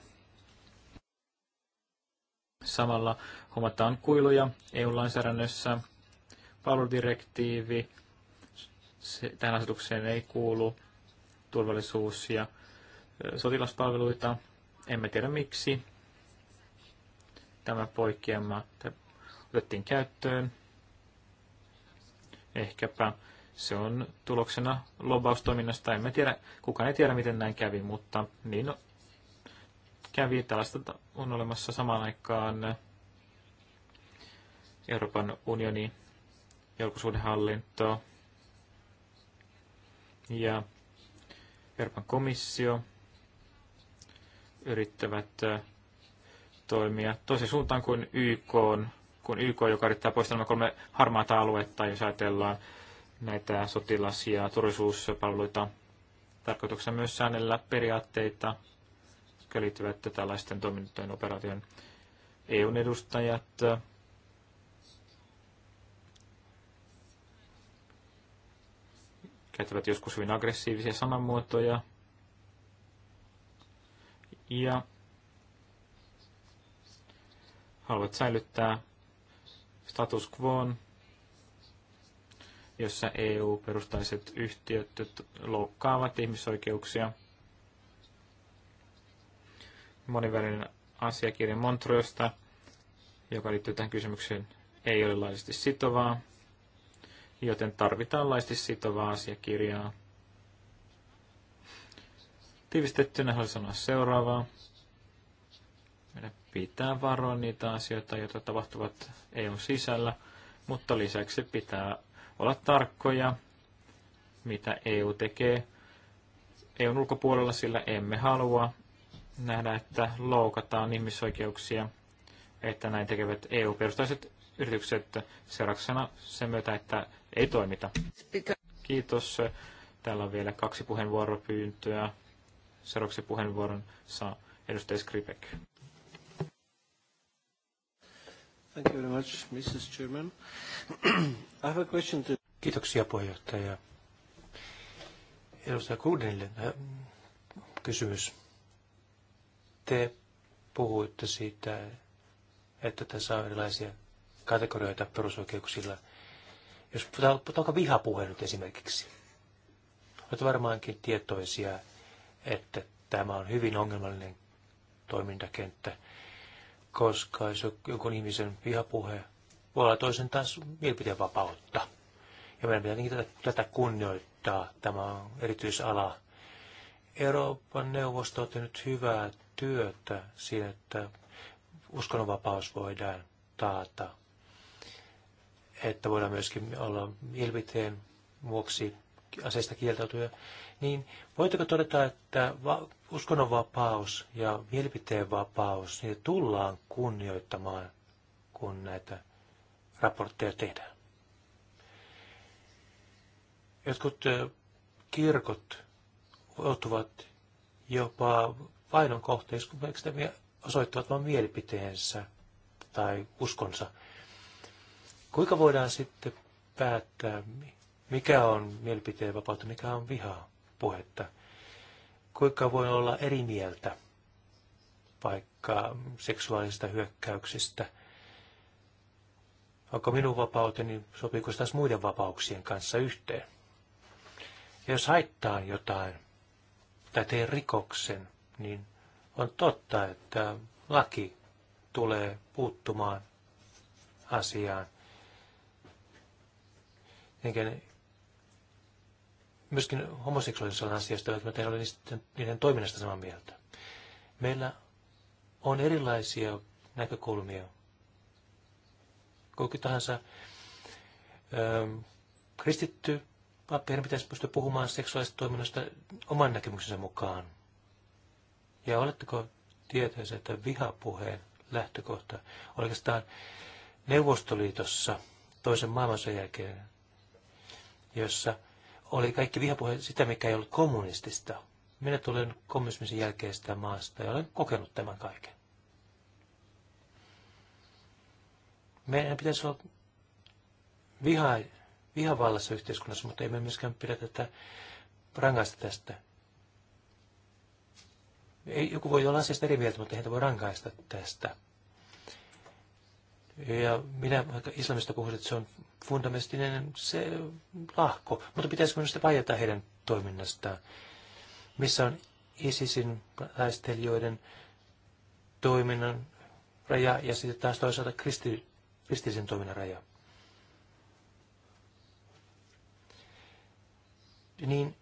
Samalla huomataan kuiluja EU-lainsäädännössä. Palveludirektiivi, se, tähän asetukseen ei kuulu turvallisuus ja sotilaspalveluita. Emme tiedä miksi tämä poikkeama otettiin käyttöön. Ehkäpä se on tuloksena lobaustoiminnasta. En tiedä, kukaan ei tiedä, miten näin kävi, mutta niin kävi. Tällaista on olemassa samaan aikaan Euroopan unionin julkisuudenhallinto ja Euroopan komissio yrittävät äh, toimia toisen suuntaan kuin YK, on, kun YK, joka yrittää poistaa nämä kolme harmaata aluetta, jos ajatellaan näitä sotilas- ja turvallisuuspalveluita. Tarkoituksena myös säännellä periaatteita, jotka liittyvät tällaisten toimintojen operaation EUn edustajat. käyttävät joskus hyvin aggressiivisia sanamuotoja. Ja haluat säilyttää status quoon, jossa EU-perustaiset yhtiöt loukkaavat ihmisoikeuksia. Monivälinen asiakirja Montreosta, joka liittyy tähän kysymykseen, ei ole laillisesti sitovaa, joten tarvitaan laillisesti sitovaa asiakirjaa. Tiivistettynä haluan sanoa seuraavaa pitää varoa niitä asioita, joita tapahtuvat EUn sisällä, mutta lisäksi pitää olla tarkkoja, mitä EU tekee EUn ulkopuolella, sillä emme halua nähdä, että loukataan ihmisoikeuksia, että näin tekevät EU-perustaiset yritykset seurauksena sen myötä, että ei toimita. Kiitos. Täällä on vielä kaksi puheenvuoropyyntöä. Seuraavaksi puheenvuoron saa edustaja Skripek. Thank you very much, Mrs. Chairman. I have a question to... Kiitoksia puheenjohtaja. Edustaja Kudenille äh, kysymys. Te puhuitte siitä, että tässä on erilaisia kategorioita perusoikeuksilla. Jos puhutaanko vihapuhe nyt esimerkiksi, olette varmaankin tietoisia, että tämä on hyvin ongelmallinen toimintakenttä koska jos jonkun ihmisen vihapuhe voi olla toisen taas mielipiteen vapautta. Ja meidän pitää tätä, tätä kunnioittaa. Tämä on erityisala. Euroopan neuvosto on tehnyt hyvää työtä siinä, että uskonnonvapaus voidaan taata. Että voidaan myöskin olla mielipiteen vuoksi aseista kieltäytyjä niin voitteko todeta, että uskonnonvapaus ja mielipiteenvapaus, niitä tullaan kunnioittamaan, kun näitä raportteja tehdään? Jotkut kirkot joutuvat jopa vainon kohteeksi, kun osoittavat vain mielipiteensä tai uskonsa. Kuinka voidaan sitten päättää, mikä on mielipiteen vapautta, mikä on vihaa? puhetta. Kuinka voi olla eri mieltä vaikka seksuaalista hyökkäyksistä? Onko minun vapauteni, sopiiko se taas muiden vapauksien kanssa yhteen? Ja jos haittaa jotain tai teen rikoksen, niin on totta, että laki tulee puuttumaan asiaan. Enkä myöskin homoseksuaalisuuden asioista, että mä ole niiden, niiden toiminnasta samaa mieltä. Meillä on erilaisia näkökulmia. Kuinka tahansa ö, ähm, kristitty pappi, pitäisi pystyä puhumaan seksuaalista toiminnasta oman näkemyksensä mukaan. Ja oletteko tietoisia, että vihapuheen lähtökohta oikeastaan Neuvostoliitossa toisen maailmansodan jälkeen, jossa oli kaikki vihapuhe sitä, mikä ei ollut kommunistista. Minä tulen kommunismin jälkeistä maasta ja olen kokenut tämän kaiken. Meidän pitäisi olla viha, vihavallassa yhteiskunnassa, mutta emme myöskään pidä tätä rangaista tästä. Ei, joku voi olla asiasta eri mieltä, mutta heitä voi rangaista tästä. Ja minä, vaikka islamista puhuisin, että se on fundamentistinen se lahko, mutta pitäisikö minusta vaieta heidän toiminnastaan? Missä on ISISin taistelijoiden toiminnan raja ja sitten taas toisaalta kristi, kristillisen toiminnan raja? Niin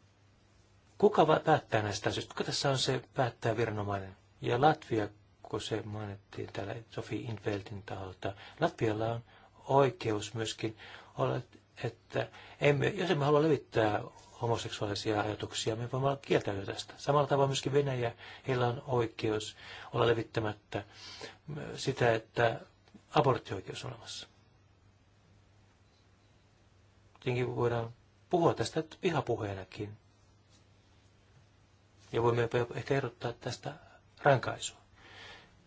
kuka päättää näistä asioista? Kuka tässä on se päättää viranomainen? Ja Latvia kun se mainittiin täällä Sofi Infeltin taholta. Latvialla on oikeus myöskin olla, että emme, jos emme halua levittää homoseksuaalisia ajatuksia, me voimme olla kieltäytyä tästä. Samalla tavalla myöskin Venäjä, heillä on oikeus olla levittämättä sitä, että aborttioikeus on olemassa. Tietenkin voidaan puhua tästä vihapuheenakin. Ja voimme ehkä erottaa tästä rankaisua.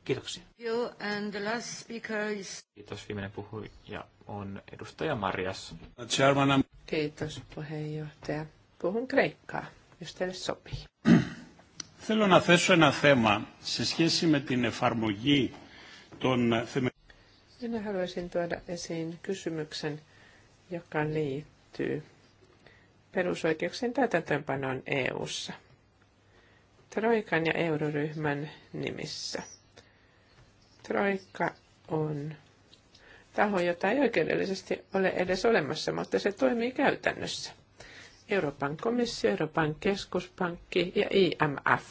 Kiitoksia. You and the last speaker is... Kiitos, viimeinen puhuja on edustaja Marias. Chairman, Kiitos puheenjohtaja. Puhun kreikkaa, jos teille sopii. Θέλω να θέσω ένα θέμα σε σχέση με την εφαρμογή των Minä haluaisin tuoda esiin kysymyksen, joka liittyy perusoikeuksien täytäntöönpanoon EU-ssa. Troikan ja euroryhmän nimissä. Troikka on taho, jota ei oikeudellisesti ole edes olemassa, mutta se toimii käytännössä. Euroopan komissio, Euroopan keskuspankki ja IMF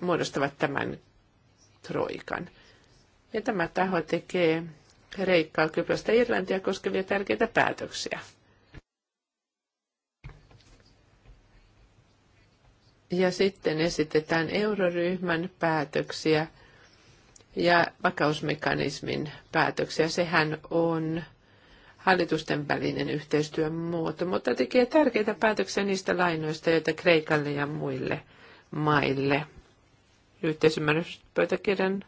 muodostavat tämän troikan. Ja tämä taho tekee Kreikkaa, Kyprosta Irlantia koskevia tärkeitä päätöksiä. Ja sitten esitetään euroryhmän päätöksiä – ja vakausmekanismin päätöksiä. Sehän on hallitusten välinen yhteistyön muoto, mutta tekee tärkeitä päätöksiä niistä lainoista, joita Kreikalle ja muille maille yhteisymmärryspöytäkirjan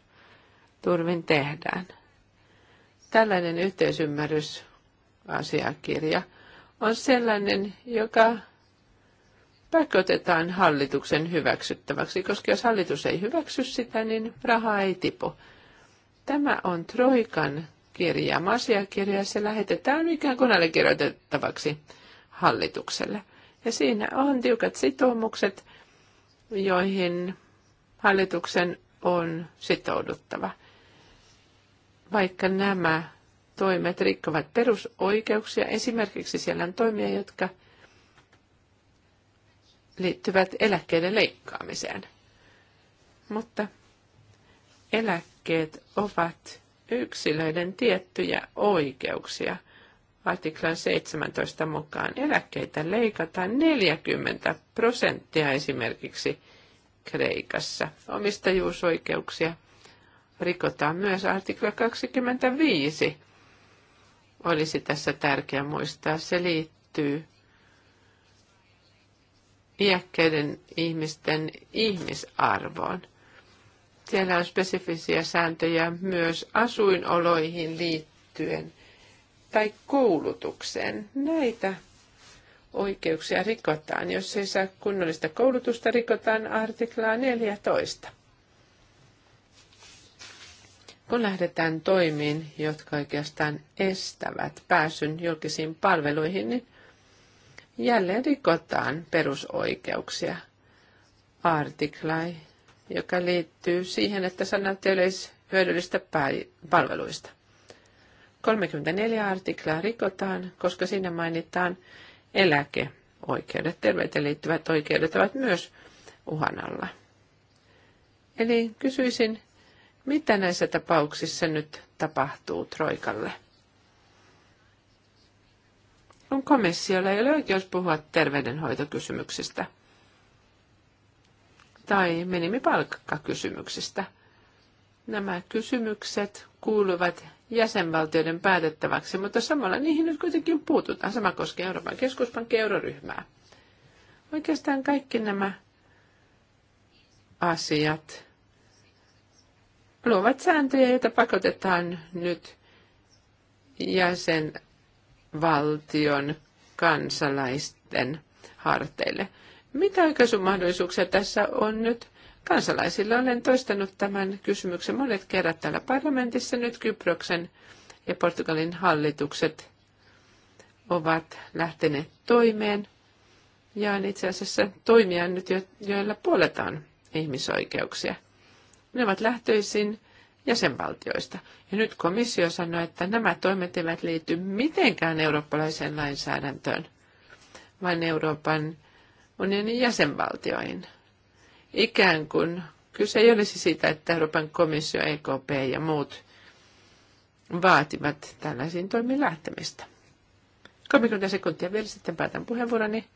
turvin tehdään. Tällainen yhteisymmärrysasiakirja on sellainen, joka pakotetaan hallituksen hyväksyttäväksi, koska jos hallitus ei hyväksy sitä, niin raha ei tipu. Tämä on Troikan kirja, asiakirja ja se lähetetään ikään kuin allekirjoitettavaksi hallitukselle. Ja siinä on tiukat sitoumukset, joihin hallituksen on sitouduttava. Vaikka nämä toimet rikkovat perusoikeuksia, esimerkiksi siellä on toimia, jotka – liittyvät eläkkeiden leikkaamiseen. Mutta eläkkeet ovat yksilöiden tiettyjä oikeuksia. Artiklan 17 mukaan eläkkeitä leikataan 40 prosenttia esimerkiksi Kreikassa. Omistajuusoikeuksia rikotaan myös artikla 25. Olisi tässä tärkeää muistaa, se liittyy iäkkäiden ihmisten ihmisarvoon. Siellä on spesifisiä sääntöjä myös asuinoloihin liittyen tai koulutukseen. Näitä oikeuksia rikotaan. Jos ei saa kunnollista koulutusta, rikotaan artiklaa 14. Kun lähdetään toimiin, jotka oikeastaan estävät pääsyn julkisiin palveluihin, niin jälleen rikotaan perusoikeuksia. Artikla, joka liittyy siihen, että sanat hyödyllistä palveluista. 34 artiklaa rikotaan, koska siinä mainitaan eläkeoikeudet. Terveyteen liittyvät oikeudet ovat myös uhan alla. Eli kysyisin, mitä näissä tapauksissa nyt tapahtuu Troikalle? kun komissiolla ei ole oikeus puhua terveydenhoitokysymyksistä tai minimipalkkakysymyksistä. Nämä kysymykset kuuluvat jäsenvaltioiden päätettäväksi, mutta samalla niihin nyt kuitenkin puututaan. Sama koskee Euroopan keskuspankin euroryhmää. Oikeastaan kaikki nämä asiat luovat sääntöjä, joita pakotetaan nyt jäsen valtion kansalaisten harteille. Mitä oikaisumahdollisuuksia tässä on nyt kansalaisilla? Olen toistanut tämän kysymyksen monet kerrat täällä parlamentissa. Nyt Kyproksen ja Portugalin hallitukset ovat lähteneet toimeen. Ja on itse asiassa toimia nyt, jo, joilla puoletaan ihmisoikeuksia. Ne ovat lähtöisin jäsenvaltioista. Ja nyt komissio sanoi, että nämä toimet eivät liity mitenkään eurooppalaiseen lainsäädäntöön, vaan Euroopan unionin jäsenvaltioihin. Ikään kuin kyse ei olisi siitä, että Euroopan komissio, EKP ja muut vaativat tällaisiin toimiin lähtemistä. 30 sekuntia vielä sitten päätän puheenvuoroni.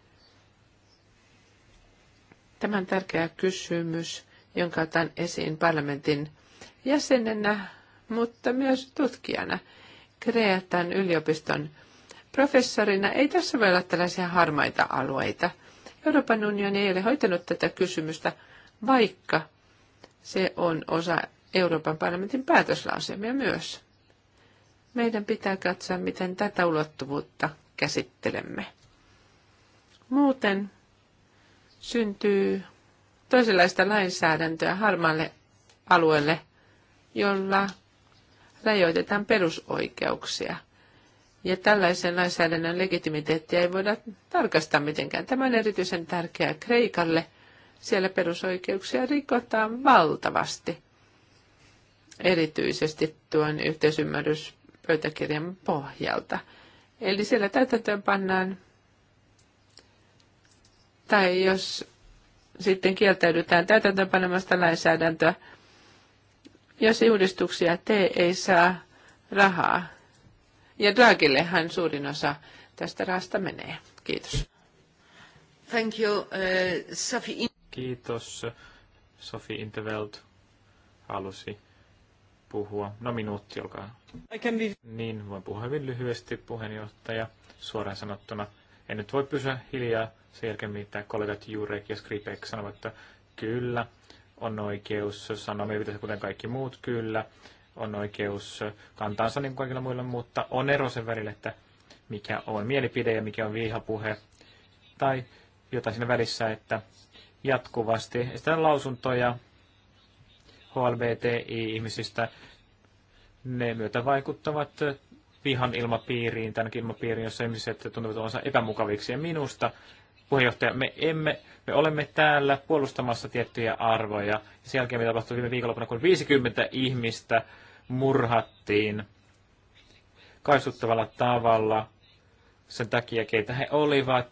Tämä on tärkeä kysymys, jonka otan esiin parlamentin jäsenenä, mutta myös tutkijana Kreatan yliopiston professorina. Ei tässä voi olla tällaisia harmaita alueita. Euroopan unioni ei ole hoitanut tätä kysymystä, vaikka se on osa Euroopan parlamentin päätöslausemia myös. Meidän pitää katsoa, miten tätä ulottuvuutta käsittelemme. Muuten syntyy toisenlaista lainsäädäntöä harmaalle alueelle – jolla rajoitetaan perusoikeuksia. Ja tällaisen lainsäädännön legitimiteettiä ei voida tarkastaa mitenkään. Tämä on erityisen tärkeää Kreikalle. Siellä perusoikeuksia rikotaan valtavasti, erityisesti tuon yhteisymmärryspöytäkirjan pohjalta. Eli siellä täytäntöön pannaan, tai jos sitten kieltäydytään täytäntöönpanemasta lainsäädäntöä, jos uudistuksia tee, ei saa rahaa. Ja Draghillehan suurin osa tästä rahasta menee. Kiitos. Thank you, uh, Sophie. Kiitos. Sofi Intervelt halusi puhua. No minuutti, olkaa. be... Niin, voin puhua hyvin lyhyesti, puheenjohtaja, suoraan sanottuna. En nyt voi pysyä hiljaa sen jälkeen, mitä kollegat Jurek ja Skripek sanovat, että kyllä, on oikeus sanoa mielipiteensä kuten kaikki muut, kyllä, on oikeus kantaansa niin kuin kaikilla muilla, mutta on ero sen välillä, että mikä on mielipide ja mikä on vihapuhe, tai jotain siinä välissä, että jatkuvasti esitetään lausuntoja HLBTI-ihmisistä, ne myötä vaikuttavat vihan ilmapiiriin, tänäkin ilmapiiriin, jossa ihmiset tuntuvat olevansa epämukaviksi. Ja minusta puheenjohtaja, me emme me olemme täällä puolustamassa tiettyjä arvoja. Ja sen jälkeen mitä tapahtui viime viikonloppuna, kun 50 ihmistä murhattiin kaisuttavalla tavalla sen takia, keitä he olivat.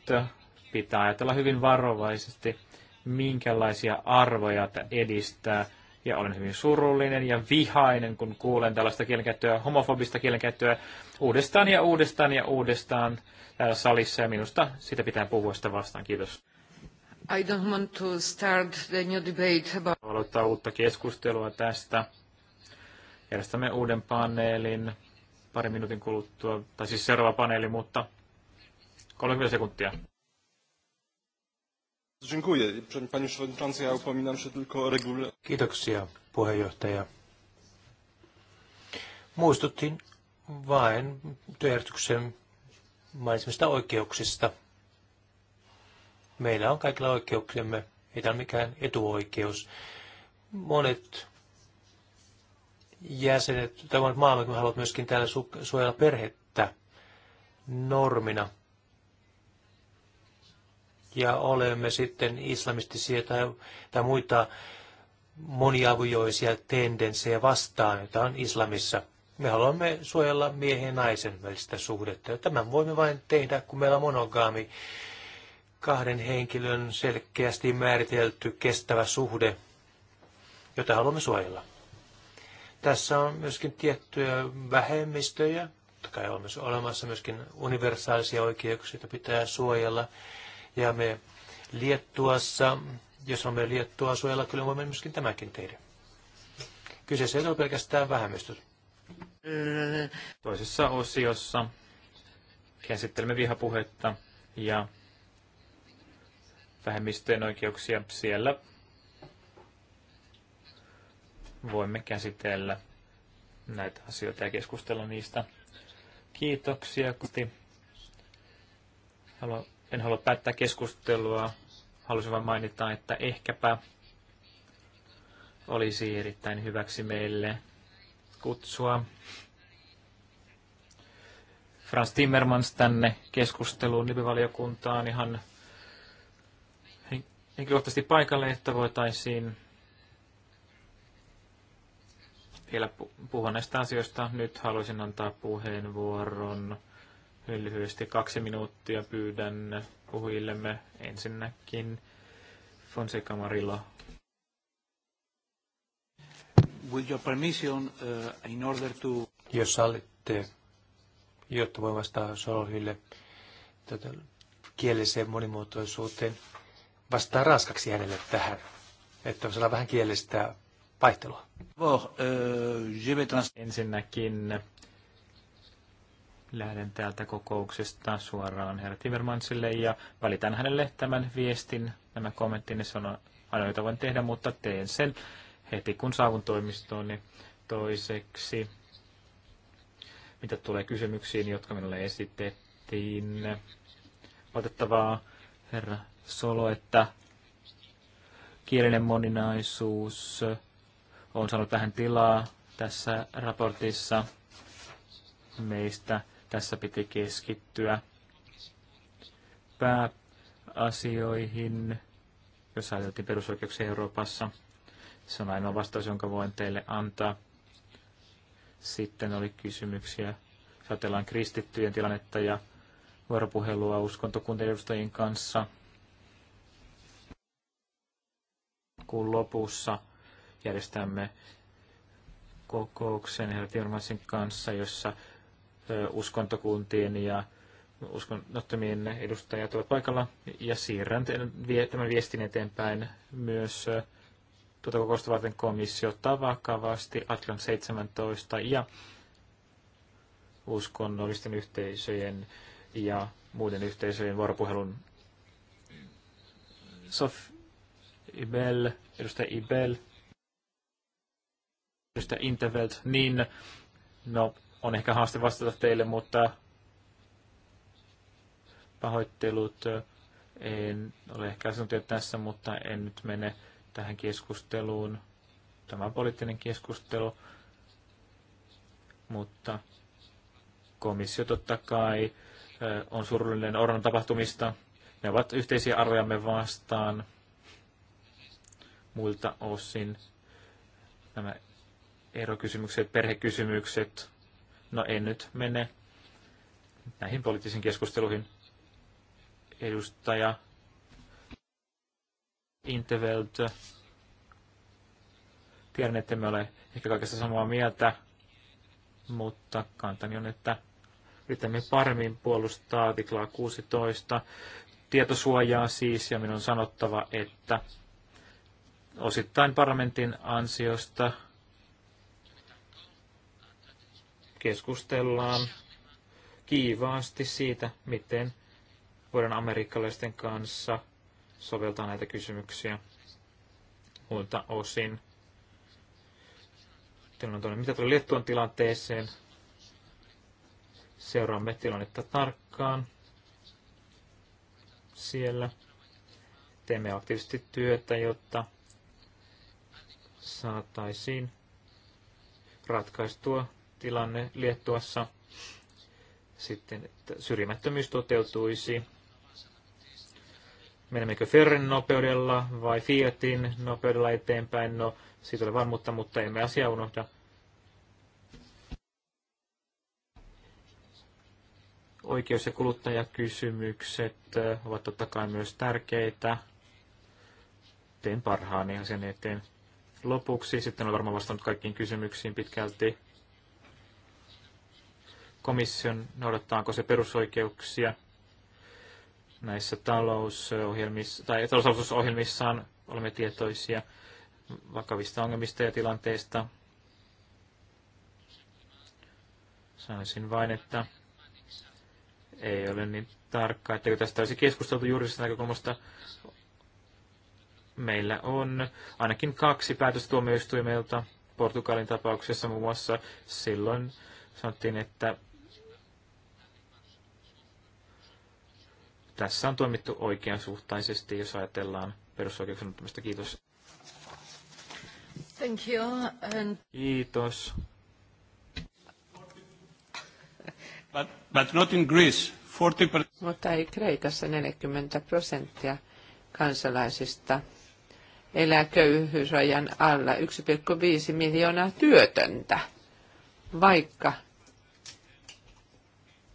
Pitää ajatella hyvin varovaisesti, minkälaisia arvoja edistää ja olen hyvin surullinen ja vihainen, kun kuulen tällaista kielenkäyttöä, homofobista kielenkäyttöä uudestaan ja uudestaan ja uudestaan täällä salissa, ja minusta sitä pitää puhua sitä vastaan. Kiitos. I don't want to start the new debate about... Aloittaa uutta keskustelua tästä. Järjestämme uuden paneelin pari minuutin kuluttua, tai siis seuraava paneeli, mutta 30 sekuntia. Dziękuję. Panie Przewodniczący, ja upominam się tylko o Kiitoksia, puheenjohtaja. Muistutin vain työjärjestyksen mainitsemista oikeuksista. Meillä on kaikilla oikeuksiamme, ei tämä mikään etuoikeus. Monet jäsenet, tai monet maailmat haluavat myöskin täällä suojella perhettä normina – ja olemme sitten islamistisia tai, tai muita moniavioisia tendenssejä vastaan, joita on islamissa. Me haluamme suojella miehen ja naisen välistä suhdetta. Ja tämän voimme vain tehdä, kun meillä on monogaami, kahden henkilön selkeästi määritelty kestävä suhde, jota haluamme suojella. Tässä on myöskin tiettyjä vähemmistöjä, totta kai on myös olemassa myöskin universaalisia oikeuksia, joita pitää suojella, ja me Liettuassa, jos on me Liettua suojella, kyllä voimme myöskin tämäkin tehdä. Kyseessä ei ole pelkästään vähemmistöt. Toisessa osiossa käsittelemme vihapuhetta ja vähemmistöjen oikeuksia siellä voimme käsitellä näitä asioita ja keskustella niistä. Kiitoksia. Haluan en halua päättää keskustelua. Halusin vain mainita, että ehkäpä olisi erittäin hyväksi meille kutsua Frans Timmermans tänne keskusteluun libivaliokuntaan ihan henkilökohtaisesti paikalle, että voitaisiin vielä puhua näistä asioista. Nyt haluaisin antaa puheenvuoron niin lyhyesti kaksi minuuttia pyydän puhujillemme ensinnäkin Fonseca Marilla. With your permission, uh, in order to... Jos sallitte, jotta voi vastata Solohille tätä kieliseen monimuotoisuuteen, vastaa raskaksi hänelle tähän, että on vähän kielistä vaihtelua. Euh, ensinnäkin lähden täältä kokouksesta suoraan herra Timmermansille ja välitän hänelle tämän viestin. Nämä kommenttini on aina joita voin tehdä, mutta teen sen heti kun saavun toimistoon. Niin toiseksi, mitä tulee kysymyksiin, jotka minulle esitettiin. Otettavaa herra Solo, että kielinen moninaisuus on saanut vähän tilaa tässä raportissa meistä – tässä piti keskittyä pääasioihin, jos ajateltiin perusoikeuksia Euroopassa. Se on ainoa vastaus, jonka voin teille antaa. Sitten oli kysymyksiä. Ajatellaan kristittyjen tilannetta ja vuoropuhelua uskontokunnan edustajien kanssa. Kuun lopussa järjestämme kokouksen Herra kanssa, jossa uskontokuntiin ja uskonnottomien edustajat ovat paikalla ja siirrän tämän viestin eteenpäin myös tuota kokousta varten komissio ottaa vakavasti Atlan 17 ja uskonnollisten yhteisöjen ja muiden yhteisöjen vuoropuhelun Sof Ibel, edustaja Ibel, edustaja Intervelt, niin no on ehkä haaste vastata teille, mutta pahoittelut. En ole ehkä asiantuntija tässä, mutta en nyt mene tähän keskusteluun. Tämä on poliittinen keskustelu, mutta komissio totta kai on surullinen Ornon tapahtumista. Ne ovat yhteisiä arvojamme vastaan muilta osin. Nämä erokysymykset, perhekysymykset No en nyt mene näihin poliittisiin keskusteluihin. Edustaja Intervelt. Tiedän, että me ole ehkä kaikesta samaa mieltä, mutta kantani on, että yritämme paremmin puolustaa artiklaa 16 tietosuojaa siis, ja minun on sanottava, että osittain parlamentin ansiosta keskustellaan kiivaasti siitä, miten voidaan amerikkalaisten kanssa soveltaa näitä kysymyksiä muilta osin. Tilanne, mitä tulee Liettuan tilanteeseen? Seuraamme tilannetta tarkkaan siellä. Teemme aktiivisesti työtä, jotta saataisiin ratkaistua tilanne Liettuassa sitten syrjimättömyys toteutuisi. Menemmekö Ferrin nopeudella vai Fiatin nopeudella eteenpäin? No, siitä oli varmuutta, mutta emme asiaa unohda. Oikeus- ja kuluttajakysymykset äh, ovat totta kai myös tärkeitä. Teen parhaani sen eteen. Lopuksi sitten on varmaan vastannut kaikkiin kysymyksiin pitkälti komission, noudattaako se perusoikeuksia näissä talousohjelmissa, tai olemme tietoisia vakavista ongelmista ja tilanteista. Sanoisin vain, että ei ole niin tarkkaa, että tästä olisi keskusteltu juridisesta näkökulmasta. Meillä on ainakin kaksi päätöstuomioistuimelta Portugalin tapauksessa muun muassa silloin sanottiin, että tässä on toimittu oikeansuhtaisesti, jos ajatellaan perusoikeuksien ottamista. Kiitos. Thank you. And... Kiitos. But, but not in Greece. 40... Mutta ei Kreikassa 40 prosenttia kansalaisista elää köyhyysrajan alla 1,5 miljoonaa työtöntä, vaikka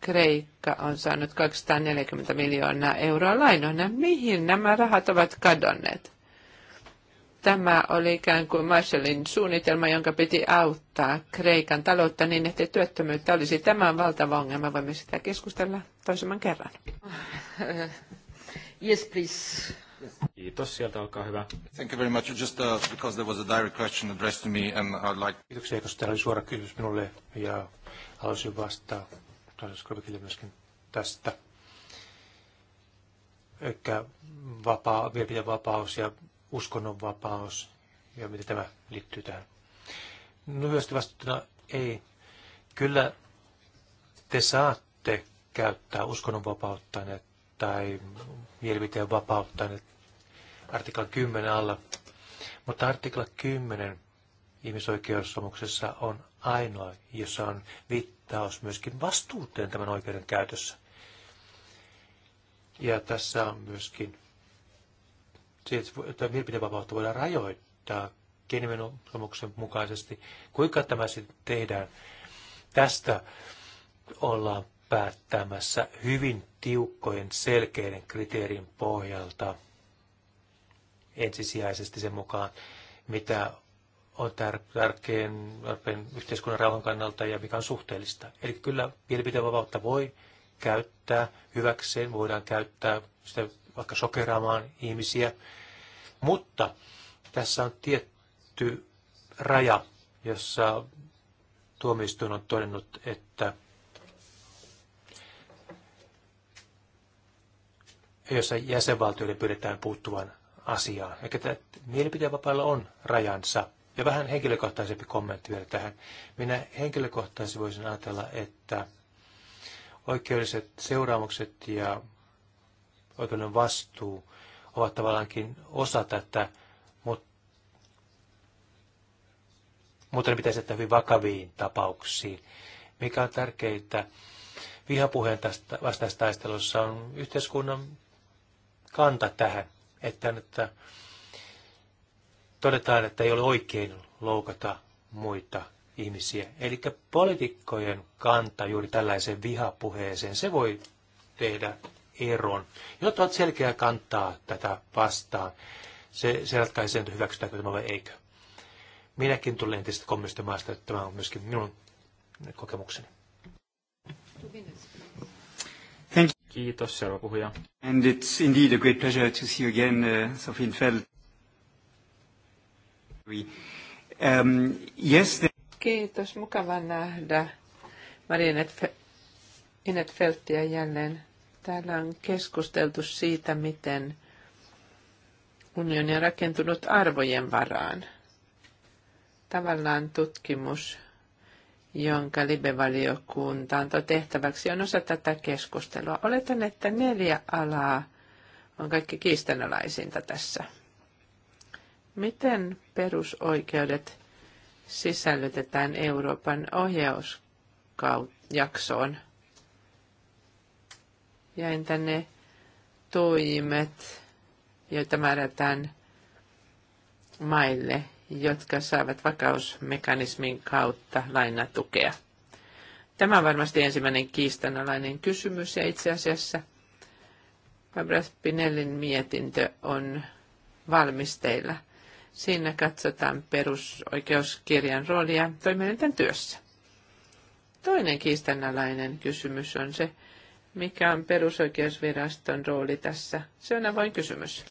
Kreikka joka on saanut 240 miljoonaa euroa lainoina. Mihin nämä rahat ovat kadonneet? Tämä oli ikään kuin Marshallin suunnitelma, jonka piti auttaa Kreikan taloutta niin, että työttömyyttä olisi. tämän valtava ongelma. Voimme sitä keskustella toisemman kerran. Yes, please. Kiitos, sieltä olkaa hyvä. Thank you very much. Just uh, because there was a direct question addressed to me and I'd like... Kiitoksia, koska täällä oli suora kysymys minulle ja halusin vastaa Toisuskovikille myöskin tästä. Eli vapaa, vapaus ja uskonnonvapaus ja miten tämä liittyy tähän. Lyhyesti vastattuna ei. Kyllä te saatte käyttää uskonnonvapautta tai mielipiteen vapautta artikla 10 alla. Mutta artikla 10 ihmisoikeussomuksessa on ainoa, jossa on viittaus myöskin vastuuteen tämän oikeuden käytössä. Ja tässä on myöskin se, että mielipidevapautta voidaan rajoittaa kenimenomuksen mukaisesti. Kuinka tämä sitten tehdään? Tästä ollaan päättämässä hyvin tiukkojen, selkeiden kriteerin pohjalta ensisijaisesti sen mukaan, mitä on tärkein tarpeen yhteiskunnan rauhan kannalta ja mikä on suhteellista. Eli kyllä mielipiteenvapautta voi käyttää hyväkseen, voidaan käyttää sitä vaikka sokeraamaan ihmisiä, mutta tässä on tietty raja, jossa tuomioistuin on todennut, että jossa jäsenvaltioiden pyydetään puuttuvan asiaan. Eli mielipiteenvapailla on rajansa. Ja vähän henkilökohtaisempi kommentti vielä tähän. Minä henkilökohtaisesti voisin ajatella, että oikeudelliset seuraamukset ja oikeudellinen vastuu ovat tavallaankin osa tätä, mutta ne pitäisi jättää hyvin vakaviin tapauksiin. Mikä on tärkeintä, vihapuheen vastaistaistelussa on yhteiskunnan kanta tähän, että, että todetaan, että ei ole oikein loukata muita ihmisiä. Eli poliitikkojen kanta juuri tällaiseen vihapuheeseen, se voi tehdä eron. Jotta olet selkeä kantaa tätä vastaan, se, se ratkaisee, että hyväksytäänkö tämä vai eikö. Minäkin tulen entistä kommunista maasta, että tämä on myöskin minun kokemukseni. Kiitos, seuraava puhuja. And it's indeed a great pleasure to see you again, uh, Sophie Feld. Um, Kiitos, mukava nähdä Maria, Inet Felttiä jälleen. Täällä on keskusteltu siitä, miten unioni on rakentunut arvojen varaan. Tavallaan tutkimus, jonka libevaliokunta antoi tehtäväksi, on osa tätä keskustelua. Oletan, että neljä alaa on kaikki kiistanalaisinta tässä Miten perusoikeudet sisällytetään Euroopan ohjausjaksoon? Ja entä ne toimet, joita määrätään maille, jotka saavat vakausmekanismin kautta lainatukea? Tämä on varmasti ensimmäinen kiistanalainen kysymys ja itse asiassa Fabra Spinellin mietintö on valmisteilla – Siinä katsotaan perusoikeuskirjan roolia toimielinten työssä. Toinen kiistanalainen kysymys on se, mikä on perusoikeusviraston rooli tässä. Se on avoin kysymys.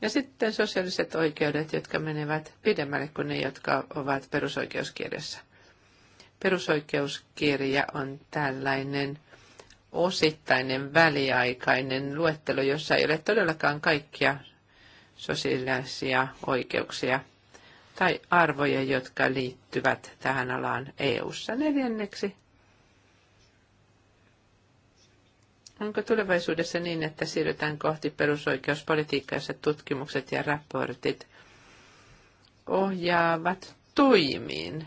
Ja sitten sosiaaliset oikeudet, jotka menevät pidemmälle kuin ne, jotka ovat perusoikeuskirjassa. Perusoikeuskirja on tällainen osittainen väliaikainen luettelo, jossa ei ole todellakaan kaikkia sosiaalisia oikeuksia tai arvoja, jotka liittyvät tähän alaan EU-ssa. Neljänneksi, onko tulevaisuudessa niin, että siirrytään kohti perusoikeuspolitiikkaa, jossa tutkimukset ja raportit ohjaavat toimiin,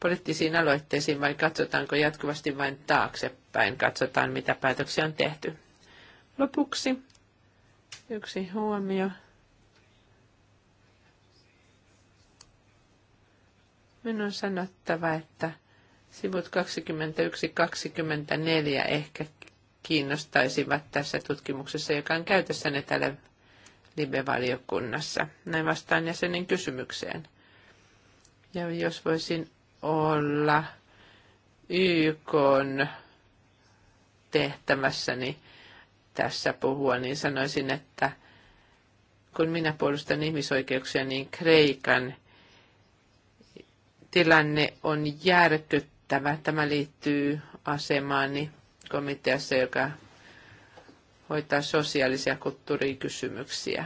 poliittisiin aloitteisiin vai katsotaanko jatkuvasti vain taaksepäin, katsotaan mitä päätöksiä on tehty. Lopuksi yksi huomio. Minun on sanottava, että sivut 21-24 ehkä kiinnostaisivat tässä tutkimuksessa, joka on käytössäne täällä live-valiokunnassa. Näin vastaan jäsenen kysymykseen. Ja jos voisin olla YK tehtävässäni tässä puhua, niin sanoisin, että kun minä puolustan ihmisoikeuksia, niin Kreikan – tilanne on järkyttävä. Tämä liittyy asemaani komiteassa, joka hoitaa sosiaalisia kulttuurikysymyksiä.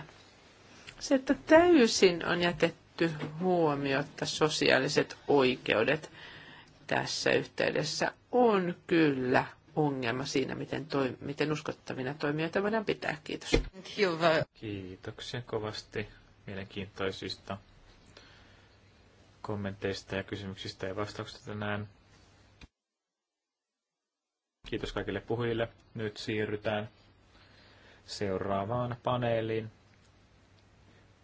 Se, että täysin on jätetty huomiota sosiaaliset oikeudet tässä yhteydessä, on kyllä ongelma siinä, miten, toi, miten uskottavina toimijoita voidaan pitää. Kiitos. Kiitoksia kovasti mielenkiintoisista kommenteista ja kysymyksistä ja vastauksista tänään. Kiitos kaikille puhujille. Nyt siirrytään seuraavaan paneeliin.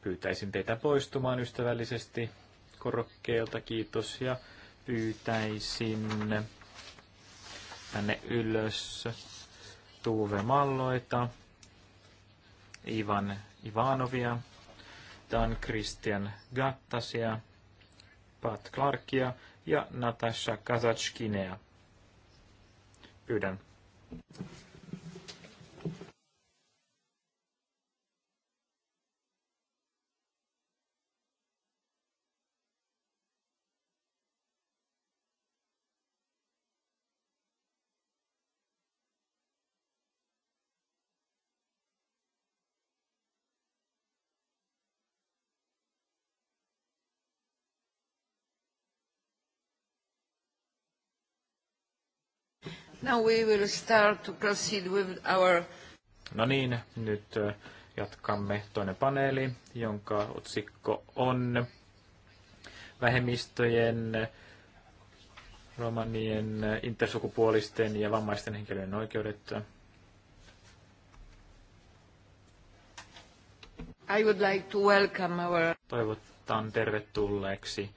Pyytäisin teitä poistumaan ystävällisesti korokkeelta. Kiitos ja pyytäisin tänne ylös Tuve Malloita, Ivan Ivanovia, Dan Christian Gattasia, Pat Clarkia ja Natasha Kazachkinea. Pyydän. Now we will start to proceed with our... No niin, nyt äh, jatkamme toinen paneeli, jonka otsikko on vähemmistöjen, romanien, intersukupuolisten ja vammaisten henkilöiden oikeudet. I would like to welcome our... Toivotan tervetulleeksi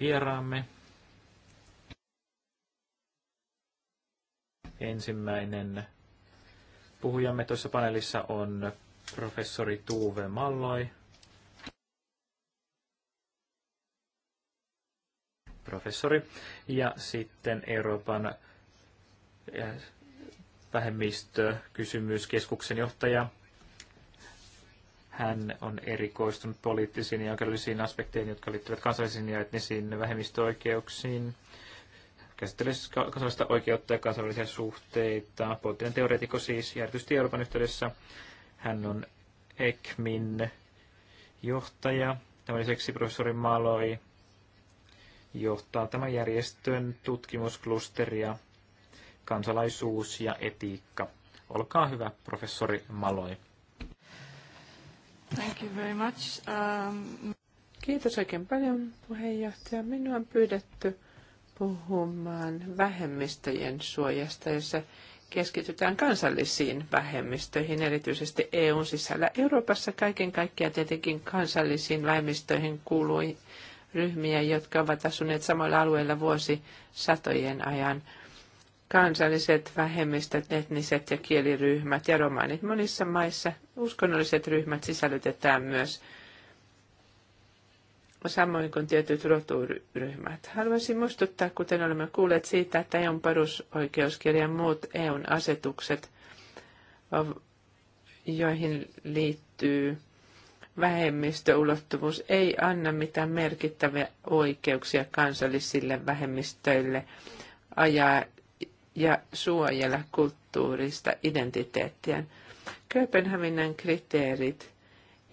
vieraamme, Ensimmäinen puhujamme tuossa paneelissa on professori Tuuve Malloi. Professori. Ja sitten Euroopan eh, vähemmistökysymyskeskuksen johtaja. Hän on erikoistunut poliittisiin ja oikeudellisiin aspekteihin, jotka liittyvät kansallisiin ja etnisiin vähemmistöoikeuksiin käsittelee siis kansallista oikeutta ja kansainvälisiä suhteita. Poliittinen teoreetikko siis, järjestysti Euroopan yhteydessä. Hän on ECMin johtaja. Tämän lisäksi professori Maloi johtaa tämän järjestön tutkimusklusteria kansalaisuus ja etiikka. Olkaa hyvä, professori Maloi. Thank you very much. Um... Kiitos oikein paljon, puheenjohtaja. Minua on pyydetty puhumaan vähemmistöjen suojasta, jossa keskitytään kansallisiin vähemmistöihin, erityisesti EUn sisällä. Euroopassa kaiken kaikkiaan tietenkin kansallisiin vähemmistöihin kuuluu ryhmiä, jotka ovat asuneet samalla alueella vuosisatojen ajan. Kansalliset vähemmistöt, etniset ja kieliryhmät ja romaanit monissa maissa, uskonnolliset ryhmät sisällytetään myös samoin kuin tietyt roturyhmät. Haluaisin muistuttaa, kuten olemme kuulleet siitä, että EUn perusoikeuskirjan muut EUn asetukset, joihin liittyy vähemmistöulottuvuus, ei anna mitään merkittäviä oikeuksia kansallisille vähemmistöille ajaa ja suojella kulttuurista identiteettiä. Kööpenhaminan kriteerit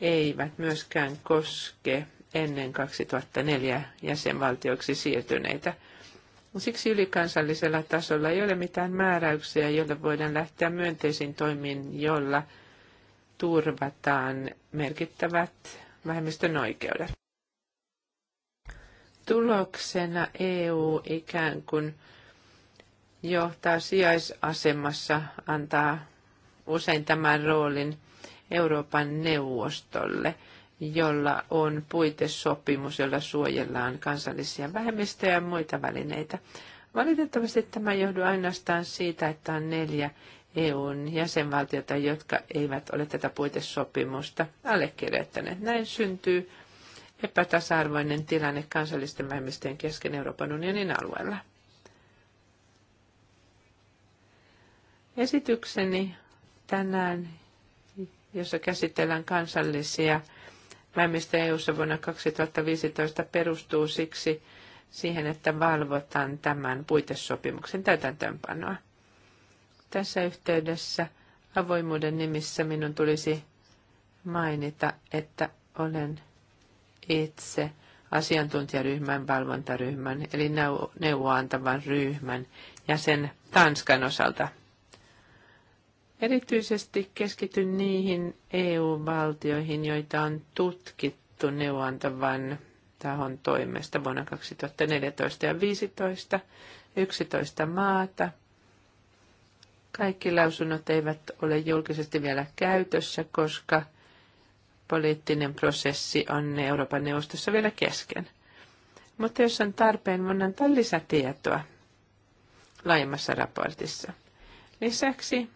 eivät myöskään koske ennen 2004 jäsenvaltioiksi siirtyneitä. Siksi ylikansallisella tasolla ei ole mitään määräyksiä, joilla voidaan lähteä myönteisiin toimiin, jolla turvataan merkittävät vähemmistön oikeudet. Tuloksena EU ikään kuin johtaa sijaisasemassa, antaa usein tämän roolin Euroopan neuvostolle – jolla on puitesopimus, jolla suojellaan kansallisia vähemmistöjä ja muita välineitä. Valitettavasti tämä johdu ainoastaan siitä, että on neljä EUn jäsenvaltiota, jotka eivät ole tätä puitesopimusta allekirjoittaneet. Näin syntyy epätasa-arvoinen tilanne kansallisten vähemmistöjen kesken Euroopan unionin alueella. Esitykseni tänään, jossa käsitellään kansallisia vähemmistö EU-ssa vuonna 2015 perustuu siksi siihen, että valvotaan tämän puitesopimuksen täytäntöönpanoa. Tässä yhteydessä avoimuuden nimissä minun tulisi mainita, että olen itse asiantuntijaryhmän, valvontaryhmän eli neuvoantavan ryhmän ja sen Tanskan osalta Erityisesti keskityn niihin EU-valtioihin, joita on tutkittu neuvontavan tahon toimesta vuonna 2014 ja 2015, 11 maata. Kaikki lausunnot eivät ole julkisesti vielä käytössä, koska poliittinen prosessi on Euroopan neuvostossa vielä kesken. Mutta jos on tarpeen, voin antaa lisätietoa laajemmassa raportissa. Lisäksi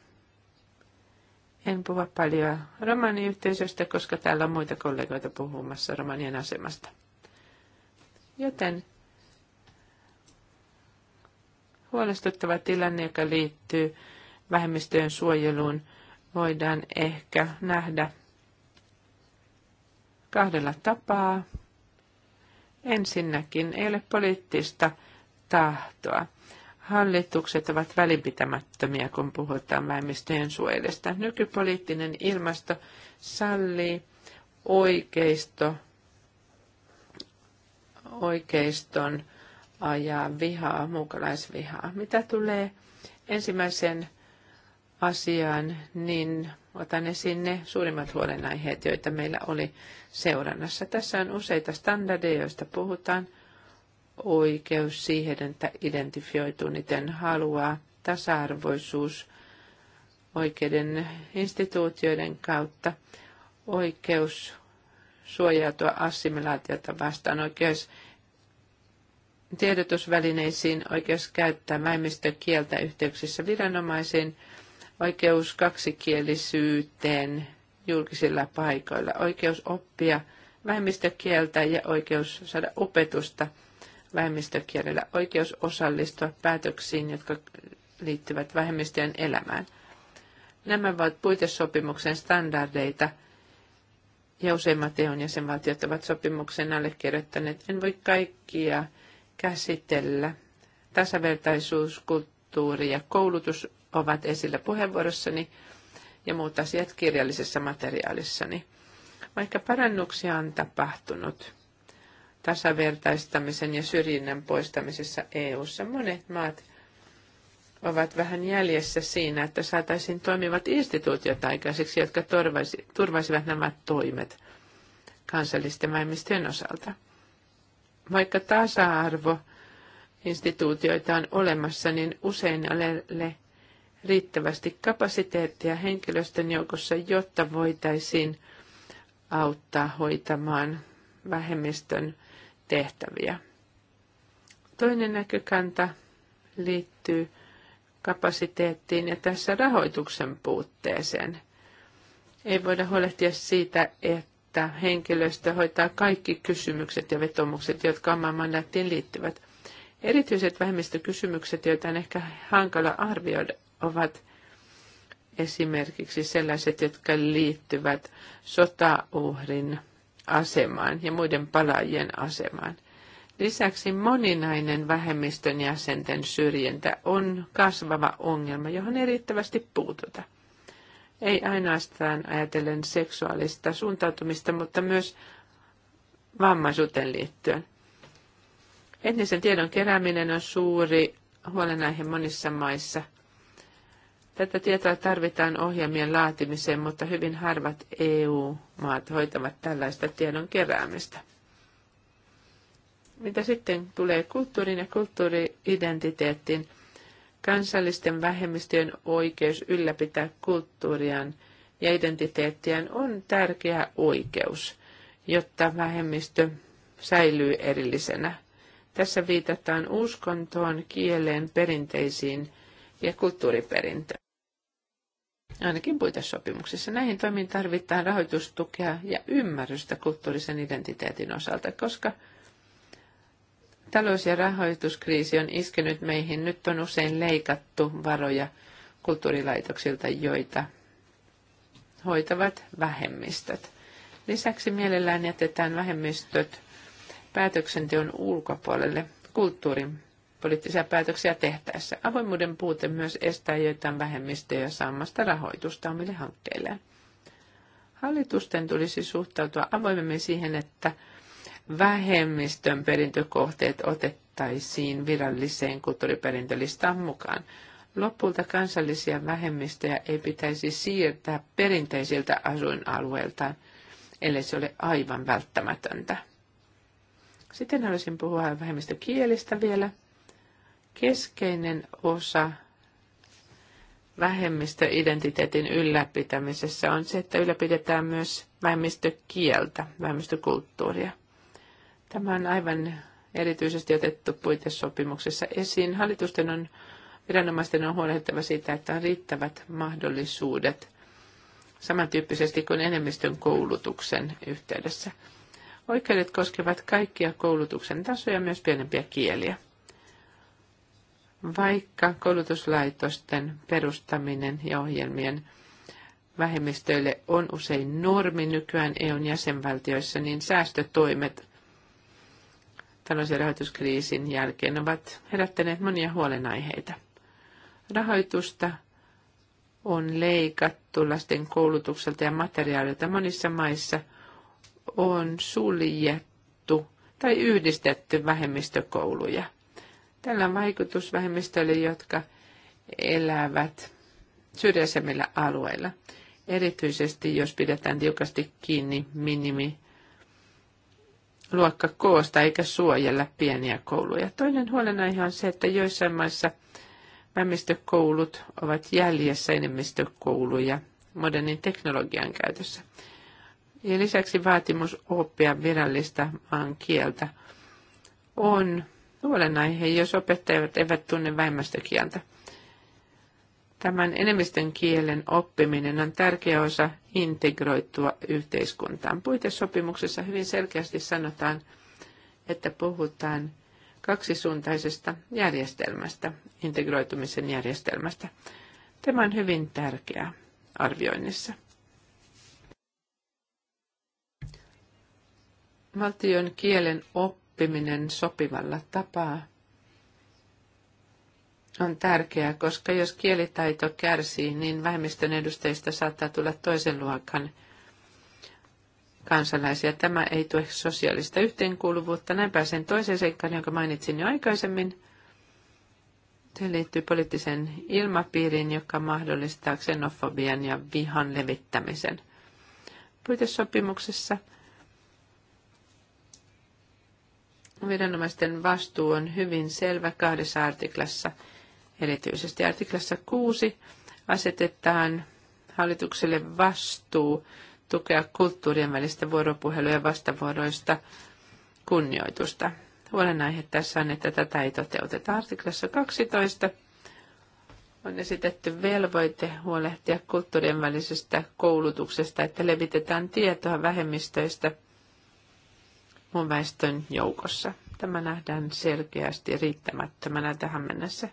en puhu paljon romaniyhteisöstä, koska täällä on muita kollegoita puhumassa romanien asemasta. Joten huolestuttava tilanne, joka liittyy vähemmistöjen suojeluun, voidaan ehkä nähdä kahdella tapaa. Ensinnäkin ei ole poliittista tahtoa. Hallitukset ovat välinpitämättömiä, kun puhutaan vähemmistöjen suojelusta. Nykypoliittinen ilmasto sallii oikeisto, oikeiston ajaa vihaa, muukalaisvihaa. Mitä tulee ensimmäisen asiaan, niin otan esiin ne suurimmat huolenaiheet, joita meillä oli seurannassa. Tässä on useita standardeja, joista puhutaan – oikeus siihen, että identifioituu miten haluaa, tasa-arvoisuus oikeiden instituutioiden kautta, oikeus suojautua assimilaatiota vastaan, oikeus tiedotusvälineisiin, oikeus käyttää vähemmistökieltä yhteyksissä viranomaisiin, oikeus kaksikielisyyteen julkisilla paikoilla, oikeus oppia vähemmistökieltä ja oikeus saada opetusta – vähemmistökielellä oikeus osallistua päätöksiin, jotka liittyvät vähemmistöjen elämään. Nämä ovat puitesopimuksen standardeita, ja useimmat EUn jäsenvaltiot ovat sopimuksen allekirjoittaneet. En voi kaikkia käsitellä. Tasavertaisuus, kulttuuri ja koulutus ovat esillä puheenvuorossani ja muut asiat kirjallisessa materiaalissani. Vaikka parannuksia on tapahtunut, tasavertaistamisen ja syrjinnän poistamisessa EU:ssa. Monet maat ovat vähän jäljessä siinä, että saataisiin toimivat instituutiot aikaiseksi, jotka turvaisivat nämä toimet kansallisten vähemmistöjen osalta. Vaikka tasa-arvo instituutioita on olemassa, niin usein ole riittävästi kapasiteettia henkilöstön joukossa, jotta voitaisiin auttaa hoitamaan vähemmistön tehtäviä. Toinen näkökanta liittyy kapasiteettiin ja tässä rahoituksen puutteeseen. Ei voida huolehtia siitä, että henkilöstö hoitaa kaikki kysymykset ja vetomukset, jotka omaan mandaattiin liittyvät. Erityiset vähemmistökysymykset, joita on ehkä hankala arvioida, ovat esimerkiksi sellaiset, jotka liittyvät sotauhrin asemaan ja muiden palaajien asemaan. Lisäksi moninainen vähemmistön jäsenten syrjintä on kasvava ongelma, johon ei riittävästi puututa. Ei ainoastaan ajatellen seksuaalista suuntautumista, mutta myös vammaisuuteen liittyen. Etnisen tiedon kerääminen on suuri huolenaihe monissa maissa – Tätä tietoa tarvitaan ohjelmien laatimiseen, mutta hyvin harvat EU-maat hoitavat tällaista tiedon keräämistä. Mitä sitten tulee kulttuurin ja kulttuuriidentiteettiin, kansallisten vähemmistöjen oikeus ylläpitää kulttuuriaan ja identiteettiään on tärkeä oikeus, jotta vähemmistö säilyy erillisenä. Tässä viitataan uskontoon, kieleen, perinteisiin ja kulttuuriperintöön ainakin puitesopimuksissa. Näihin toimiin tarvitaan rahoitustukea ja ymmärrystä kulttuurisen identiteetin osalta, koska talous- ja rahoituskriisi on iskenyt meihin. Nyt on usein leikattu varoja kulttuurilaitoksilta, joita hoitavat vähemmistöt. Lisäksi mielellään jätetään vähemmistöt päätöksenteon ulkopuolelle kulttuurin poliittisia päätöksiä tehtäessä. Avoimuuden puute myös estää joitain vähemmistöjä saamasta rahoitusta omille hankkeilleen. Hallitusten tulisi suhtautua avoimemmin siihen, että vähemmistön perintökohteet otettaisiin viralliseen kulttuuriperintölistaan mukaan. Lopulta kansallisia vähemmistöjä ei pitäisi siirtää perinteisiltä asuinalueiltaan, ellei se ole aivan välttämätöntä. Sitten haluaisin puhua vähemmistökielistä vielä. Keskeinen osa vähemmistöidentiteetin ylläpitämisessä on se, että ylläpidetään myös vähemmistökieltä, vähemmistökulttuuria. Tämä on aivan erityisesti otettu puitesopimuksessa esiin. Hallitusten on, viranomaisten on huolehdittava siitä, että on riittävät mahdollisuudet samantyyppisesti kuin enemmistön koulutuksen yhteydessä. Oikeudet koskevat kaikkia koulutuksen tasoja, myös pienempiä kieliä. Vaikka koulutuslaitosten perustaminen ja ohjelmien vähemmistöille on usein normi nykyään EUn jäsenvaltioissa, niin säästötoimet talous- ja rahoituskriisin jälkeen ovat herättäneet monia huolenaiheita. Rahoitusta on leikattu lasten koulutukselta ja materiaalilta monissa maissa on suljettu tai yhdistetty vähemmistökouluja – Tällä on vaikutus vähemmistöille, jotka elävät syrjäisemmillä alueilla. Erityisesti jos pidetään tiukasti kiinni minimi luokka koosta eikä suojella pieniä kouluja. Toinen huolenaihe on se, että joissain maissa vähemmistökoulut ovat jäljessä enemmistökouluja modernin teknologian käytössä. Ja lisäksi vaatimus oppia virallista maan kieltä on huolenaihe, jos opettajat eivät tunne vähemmistökieltä. Tämän enemmistön kielen oppiminen on tärkeä osa integroitua yhteiskuntaan. Puitesopimuksessa hyvin selkeästi sanotaan, että puhutaan kaksisuuntaisesta järjestelmästä, integroitumisen järjestelmästä. Tämä on hyvin tärkeää arvioinnissa. Valtion kielen oppiminen oppiminen sopivalla tapaa on tärkeää, koska jos kielitaito kärsii, niin vähemmistön edustajista saattaa tulla toisen luokan kansalaisia. Tämä ei tue sosiaalista yhteenkuuluvuutta. Näin pääsen toiseen seikkaan, jonka mainitsin jo aikaisemmin. Se liittyy poliittiseen ilmapiiriin, joka mahdollistaa xenofobian ja vihan levittämisen. Puitesopimuksessa – Viranomaisten vastuu on hyvin selvä kahdessa artiklassa, erityisesti artiklassa 6 asetetaan hallitukselle vastuu tukea kulttuurien välistä vuoropuhelua ja vastavuoroista kunnioitusta. Huolenaihe tässä on, että tätä ei toteuteta. Artiklassa 12 on esitetty velvoite huolehtia kulttuurien välisestä koulutuksesta, että levitetään tietoa vähemmistöistä – mun väestön joukossa. Tämä nähdään selkeästi riittämättömänä tähän mennessä.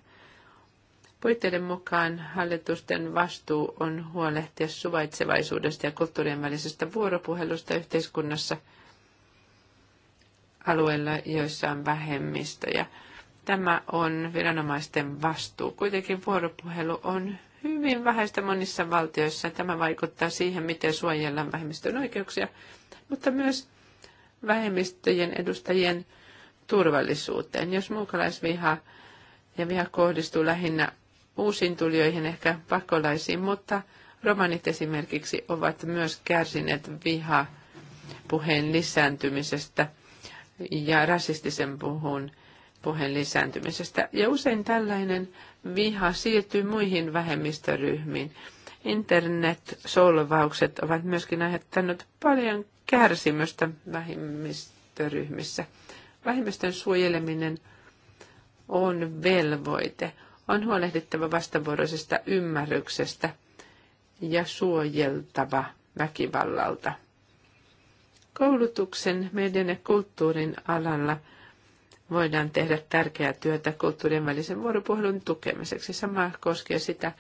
Puitteiden mukaan hallitusten vastuu on huolehtia suvaitsevaisuudesta ja kulttuurien välisestä vuoropuhelusta yhteiskunnassa alueilla, joissa on vähemmistöjä. Tämä on viranomaisten vastuu. Kuitenkin vuoropuhelu on hyvin vähäistä monissa valtioissa. Tämä vaikuttaa siihen, miten suojellaan vähemmistön oikeuksia, mutta myös vähemmistöjen edustajien turvallisuuteen. Jos muukalaisviha ja viha kohdistuu lähinnä uusiin tulijoihin, ehkä pakolaisiin, mutta romanit esimerkiksi ovat myös kärsineet viha puheen lisääntymisestä ja rasistisen puhun puheen lisääntymisestä. Ja usein tällainen viha siirtyy muihin vähemmistöryhmiin. Internet-solvaukset ovat myöskin aiheuttaneet paljon kärsimystä vähemmistöryhmissä. Vähemmistön suojeleminen on velvoite. On huolehdittava vastavuoroisesta ymmärryksestä ja suojeltava väkivallalta. Koulutuksen, median ja kulttuurin alalla – voidaan tehdä tärkeää työtä kulttuurien välisen vuoropuhelun tukemiseksi. Sama koskee sitä,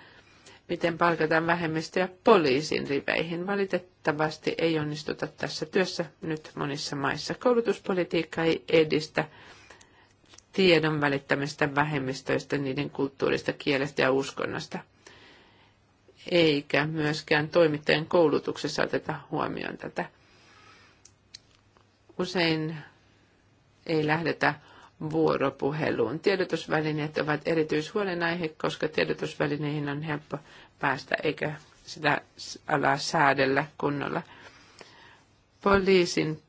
miten palkataan vähemmistöjä poliisin riveihin. Valitettavasti ei onnistuta tässä työssä nyt monissa maissa. Koulutuspolitiikka ei edistä tiedon välittämistä vähemmistöistä, niiden kulttuurista, kielestä ja uskonnosta. Eikä myöskään toimittajan koulutuksessa oteta huomioon tätä. Usein ei lähdetä vuoropuheluun. Tiedotusvälineet ovat erityishuolenaihe, koska tiedotusvälineihin on helppo päästä eikä sitä ala säädellä kunnolla. Poliisin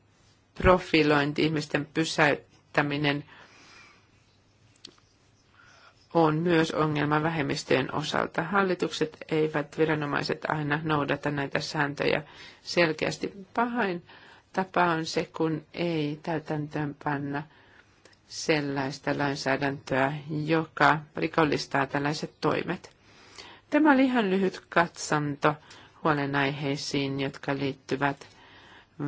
profilointi, ihmisten pysäyttäminen on myös ongelma vähemmistöjen osalta. Hallitukset eivät viranomaiset aina noudata näitä sääntöjä selkeästi. Pahain tapa on se, kun ei täytäntöön panna sellaista lainsäädäntöä, joka rikollistaa tällaiset toimet. Tämä oli ihan lyhyt katsanto huolenaiheisiin, jotka liittyvät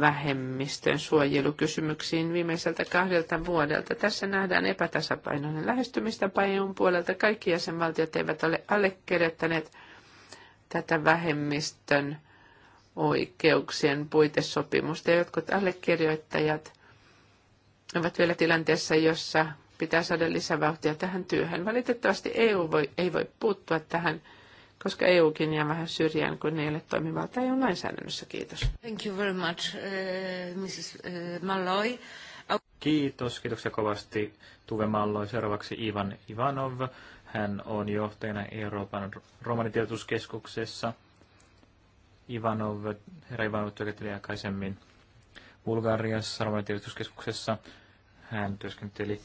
vähemmistön suojelukysymyksiin viimeiseltä kahdelta vuodelta. Tässä nähdään epätasapainoinen lähestymistä EUn puolelta. Kaikki jäsenvaltiot eivät ole allekirjoittaneet tätä vähemmistön oikeuksien puitesopimusta. Jotkut allekirjoittajat ovat vielä tilanteessa, jossa pitää saada lisävauhtia tähän työhön. Valitettavasti EU voi, ei voi puuttua tähän, koska EUkin jää vähän syrjään, kun ei ole toimivaltaa EU lainsäädännössä. Kiitos. Thank you very much, uh, Mrs. Uh, Malloy. Kiitos, kiitoksia kovasti Tuve Malloi. Seuraavaksi Ivan Ivanov. Hän on johtajana Euroopan romanitiedotuskeskuksessa. Ivanov, herra Ivanov työskenteli aikaisemmin Bulgariassa, Roman Hän työskenteli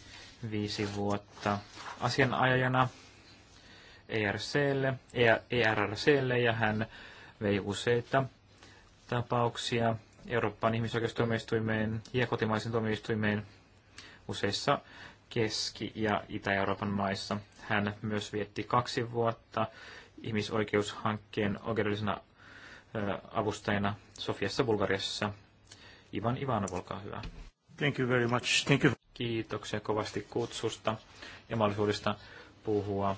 viisi vuotta asianajajana ERClle, ERRClle e ja hän vei useita tapauksia Euroopan ihmisoikeustuomioistuimeen ja kotimaisen tuomioistuimeen useissa Keski- ja Itä-Euroopan maissa. Hän myös vietti kaksi vuotta ihmisoikeushankkeen oikeudellisena avustajana Sofiassa Bulgariassa. Ivan Ivanov, olkaa hyvä. Thank you very much. Thank you. Kiitoksia kovasti kutsusta ja mahdollisuudesta puhua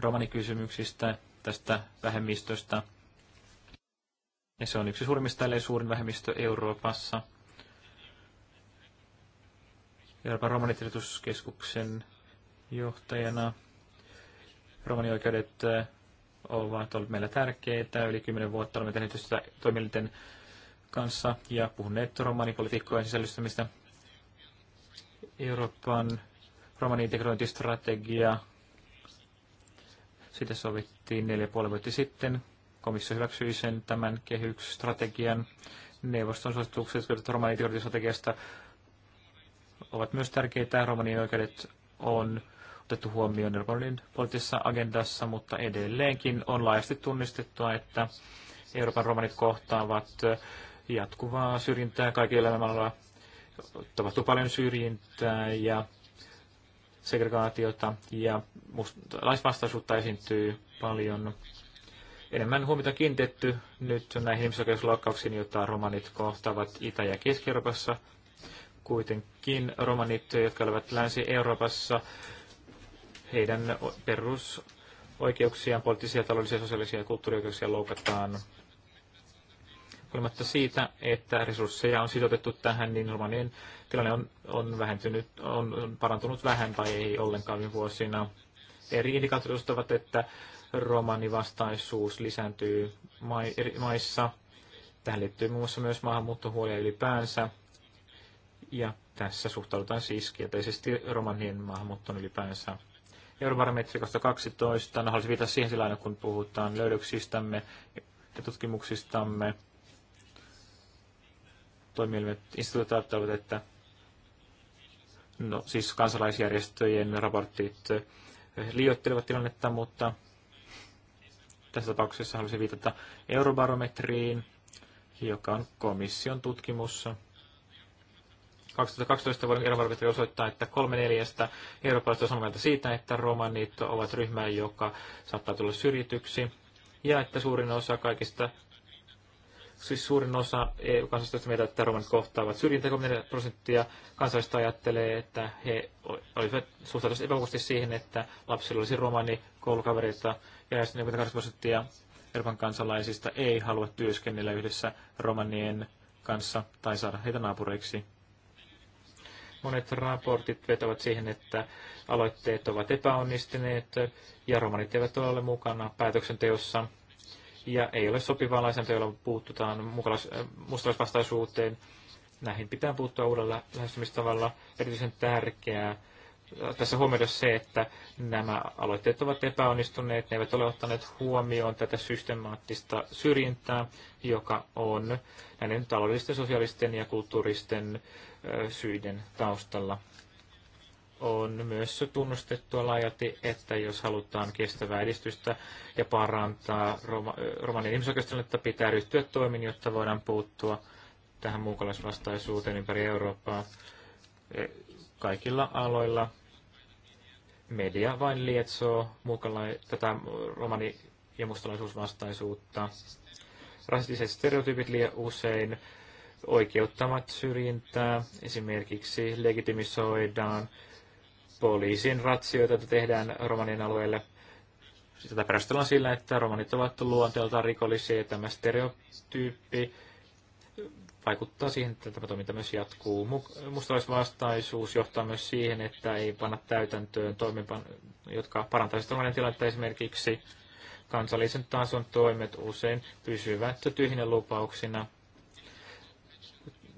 romanikysymyksistä, tästä vähemmistöstä. Ja se on yksi suurimmista, ellei suurin vähemmistö Euroopassa. Euroopan romanitiedotuskeskuksen johtajana romanioikeudet äh, ovat olleet meillä tärkeitä. Yli kymmenen vuotta olemme tehneet sitä toimielinten kanssa ja puhuneet romanipolitiikkojen sisällistämistä. Euroopan romani-integrointistrategia, sitä sovittiin neljä puoli vuotta sitten. Komissio hyväksyi sen tämän kehysstrategian. Neuvoston suositukset romani-integrointistrategiasta ovat myös tärkeitä. Romanien oikeudet on otettu huomioon Euroopan poliittisessa agendassa, mutta edelleenkin on laajasti tunnistettua, että Euroopan romanit kohtaavat jatkuvaa syrjintää kaikilla elämänaloilla. Tapahtuu paljon syrjintää ja segregaatiota ja laisvastaisuutta esiintyy paljon. Enemmän huomiota kiinnitetty nyt näihin ihmisoikeusloukkauksiin, joita romanit kohtavat Itä- ja Keski-Euroopassa. Kuitenkin romanit, jotka olivat Länsi-Euroopassa, heidän perusoikeuksiaan, poliittisia, taloudellisia, sosiaalisia ja kulttuurioikeuksia loukataan Huolimatta siitä, että resursseja on sisotettu tähän, niin romanien tilanne on, on, vähentynyt, on parantunut vähän tai ei ollenkaan viime vuosina. Eri indikaattorit ovat, että romanivastaisuus lisääntyy mai, eri maissa. Tähän liittyy muun muassa myös maahanmuuttohuolia ylipäänsä. Ja tässä suhtaudutaan siis kielteisesti romanien maahanmuuttoon ylipäänsä. Eurobarometri 2012. No, haluaisin viitata siihen sillä aina, kun puhutaan löydöksistämme ja tutkimuksistamme toimielimet instituutiot ajattelevat, että no, siis kansalaisjärjestöjen raportit eh, liioittelevat tilannetta, mutta tässä tapauksessa haluaisin viitata eurobarometriin, joka on komission tutkimus. 2012 vuoden eurobarometri osoittaa, että kolme neljästä eurooppalaista on samaa mieltä siitä, että romanit ovat ryhmä, joka saattaa tulla syrjityksi, ja että suurin osa kaikista siis suurin osa EU-kansalaisista mieltä, että romanit kohtaavat syrjintäkominen prosenttia kansalaisista ajattelee, että he olisivat suhtautuneet epävakaasti siihen, että lapsilla olisi romani koulukavereita, ja 48 prosenttia Euroopan kansalaisista ei halua työskennellä yhdessä romanien kanssa tai saada heitä naapureiksi. Monet raportit vetävät siihen, että aloitteet ovat epäonnistuneet ja romanit eivät ole mukana päätöksenteossa ja ei ole sopivaa lainsäädäntöä, jolla puuttutaan äh, mustalaisvastaisuuteen. Näihin pitää puuttua uudella lähestymistavalla. Erityisen tärkeää äh, tässä huomioida se, että nämä aloitteet ovat epäonnistuneet, ne eivät ole ottaneet huomioon tätä systemaattista syrjintää, joka on näiden taloudellisten, sosiaalisten ja kulttuuristen äh, syiden taustalla on myös tunnustettua laajalti, että jos halutaan kestävää edistystä ja parantaa Roma, romanien ihmisoikeustilannetta, pitää ryhtyä toimiin, jotta voidaan puuttua tähän muukalaisvastaisuuteen ympäri Eurooppaa e, kaikilla aloilla. Media vain lietsoo muukalai- tätä romani- ja mustalaisuusvastaisuutta. Rasistiset stereotypit liian usein oikeuttamat syrjintää, esimerkiksi legitimisoidaan poliisin ratsioita, joita tehdään romanin alueelle. Sitä perustellaan sillä, että romanit ovat luonteeltaan rikollisia ja tämä stereotyyppi vaikuttaa siihen, että tämä toiminta myös jatkuu. Mustalaisvastaisuus johtaa myös siihen, että ei panna täytäntöön toimipan, jotka parantaisivat romanin tilannetta esimerkiksi kansallisen tason toimet usein pysyvät tyhjinä lupauksina.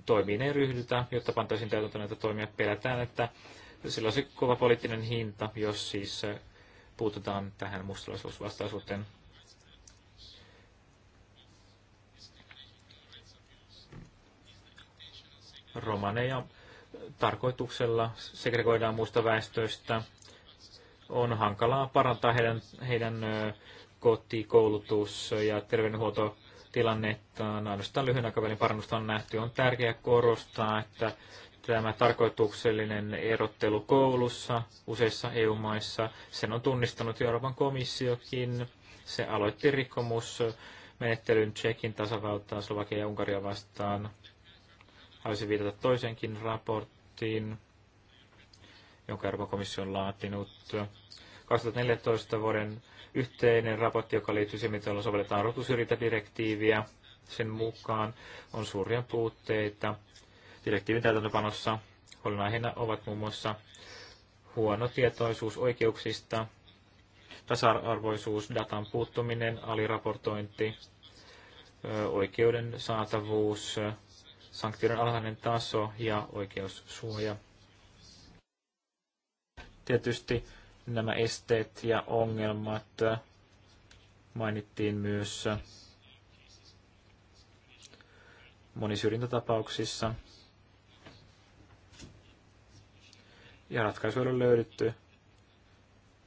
Toimiin ei ryhdytä, jotta pantaisiin täytäntöön näitä toimia. Pelätään, että sillä olisi kova poliittinen hinta, jos siis eh, puututaan tähän mustalaisuusvastaisuuteen. Romaneja tarkoituksella segregoidaan muista väestöistä. On hankalaa parantaa heidän, heidän eh, koti, koulutus ja terveydenhuoltotilannettaan. Ainoastaan lyhyen aikavälin parannusta on nähty. On tärkeää korostaa, että tämä tarkoituksellinen erottelu koulussa useissa EU-maissa. Sen on tunnistanut Euroopan komissiokin. Se aloitti rikkomusmenettelyn Tsekin tasavaltaan Slovakia ja Unkaria vastaan. Haluaisin viitata toisenkin raporttiin, jonka Euroopan komissio on laatinut. 2014 vuoden yhteinen raportti, joka liittyy siihen, miten sovelletaan rotusyrjintädirektiiviä. Sen mukaan on suuria puutteita direktiivin täytäntöpanossa. Huolenaiheena ovat muun muassa huono tietoisuus oikeuksista, tasa-arvoisuus, datan puuttuminen, aliraportointi, oikeuden saatavuus, sanktioiden alhainen taso ja oikeussuoja. Tietysti nämä esteet ja ongelmat mainittiin myös monisyrjintätapauksissa. ja ratkaisu ei ole löydetty,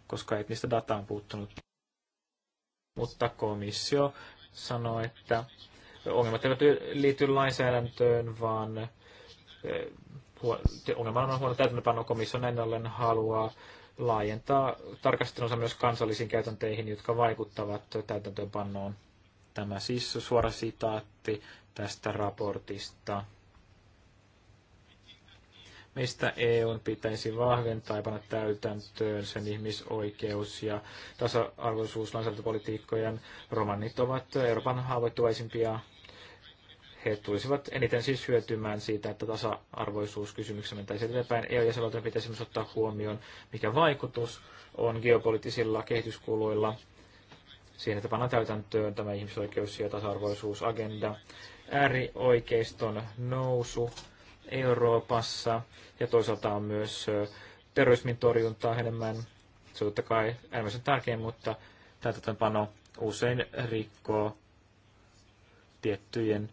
koska etnistä dataa on puuttunut. Mutta komissio sanoi, että ongelmat eivät liity lainsäädäntöön, vaan eh, ongelman on huono täytäntöpano komissio näin ollen haluaa laajentaa tarkastelunsa myös kansallisiin käytänteihin, jotka vaikuttavat täytäntöönpannoon. Tämä siis suora sitaatti tästä raportista mistä EU pitäisi vahventaa ja panna täytäntöön sen ihmisoikeus- ja tasa-arvoisuuslainsäädäntöpolitiikkojen. Romanit ovat Euroopan haavoittuvaisimpia. He tulisivat eniten siis hyötymään siitä, että tasa-arvoisuuskysymyksessä mentäisi eteenpäin. EU-jäsenvaltion pitäisi myös ottaa huomioon, mikä vaikutus on geopoliittisilla kehityskuluilla siihen, että pannaan täytäntöön tämä ihmisoikeus- ja tasa-arvoisuusagenda. Äärioikeiston nousu Euroopassa ja toisaalta on myös terrorismin torjuntaa enemmän. Se on totta kai äärimmäisen tärkeä, mutta täytäntöönpano usein rikkoo tiettyjen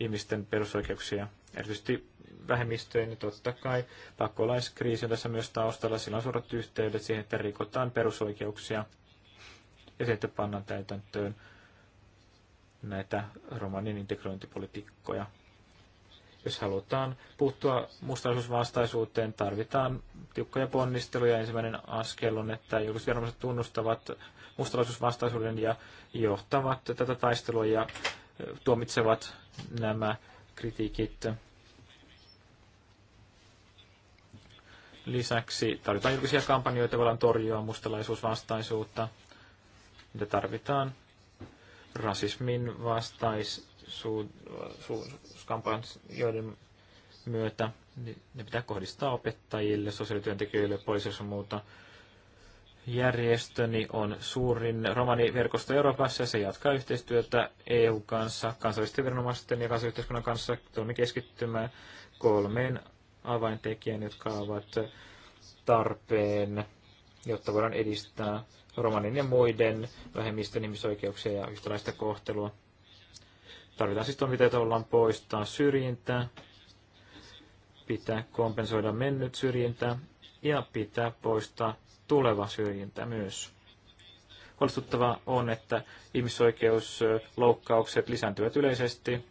ihmisten perusoikeuksia, erityisesti vähemmistöjen, niin totta kai pakolaiskriisi on tässä myös taustalla. Sillä on suorat yhteydet siihen, että rikotaan perusoikeuksia ja se, että pannaan täytäntöön näitä romanin integrointipolitiikkoja. Jos halutaan puuttua mustalaisuusvastaisuuteen, tarvitaan tiukkoja ponnisteluja. Ensimmäinen askel on, että julkisviranomaiset tunnustavat mustalaisuusvastaisuuden ja johtavat tätä taistelua ja tuomitsevat nämä kritiikit. Lisäksi tarvitaan julkisia kampanjoita, joilla torjua mustalaisuusvastaisuutta, Niitä tarvitaan rasismin vastais, kampanjoiden myötä. Ne pitää kohdistaa opettajille, sosiaalityöntekijöille, poliisille ja muuta. Järjestöni on suurin romaniverkosto Euroopassa ja se jatkaa yhteistyötä EU kanssa, kansallisten viranomaisten ja kansallisyhteiskunnan kanssa. Toimi keskittymään kolmeen avaintekijään, jotka ovat tarpeen, jotta voidaan edistää romanin ja muiden vähemmistön ihmisoikeuksia ja yhtäläistä kohtelua. Tarvitaan siis toimintaa, ollaan poistaa syrjintää, pitää kompensoida mennyt syrjintää ja pitää poistaa tuleva syrjintä myös. Huolestuttavaa on, että ihmisoikeusloukkaukset lisääntyvät yleisesti.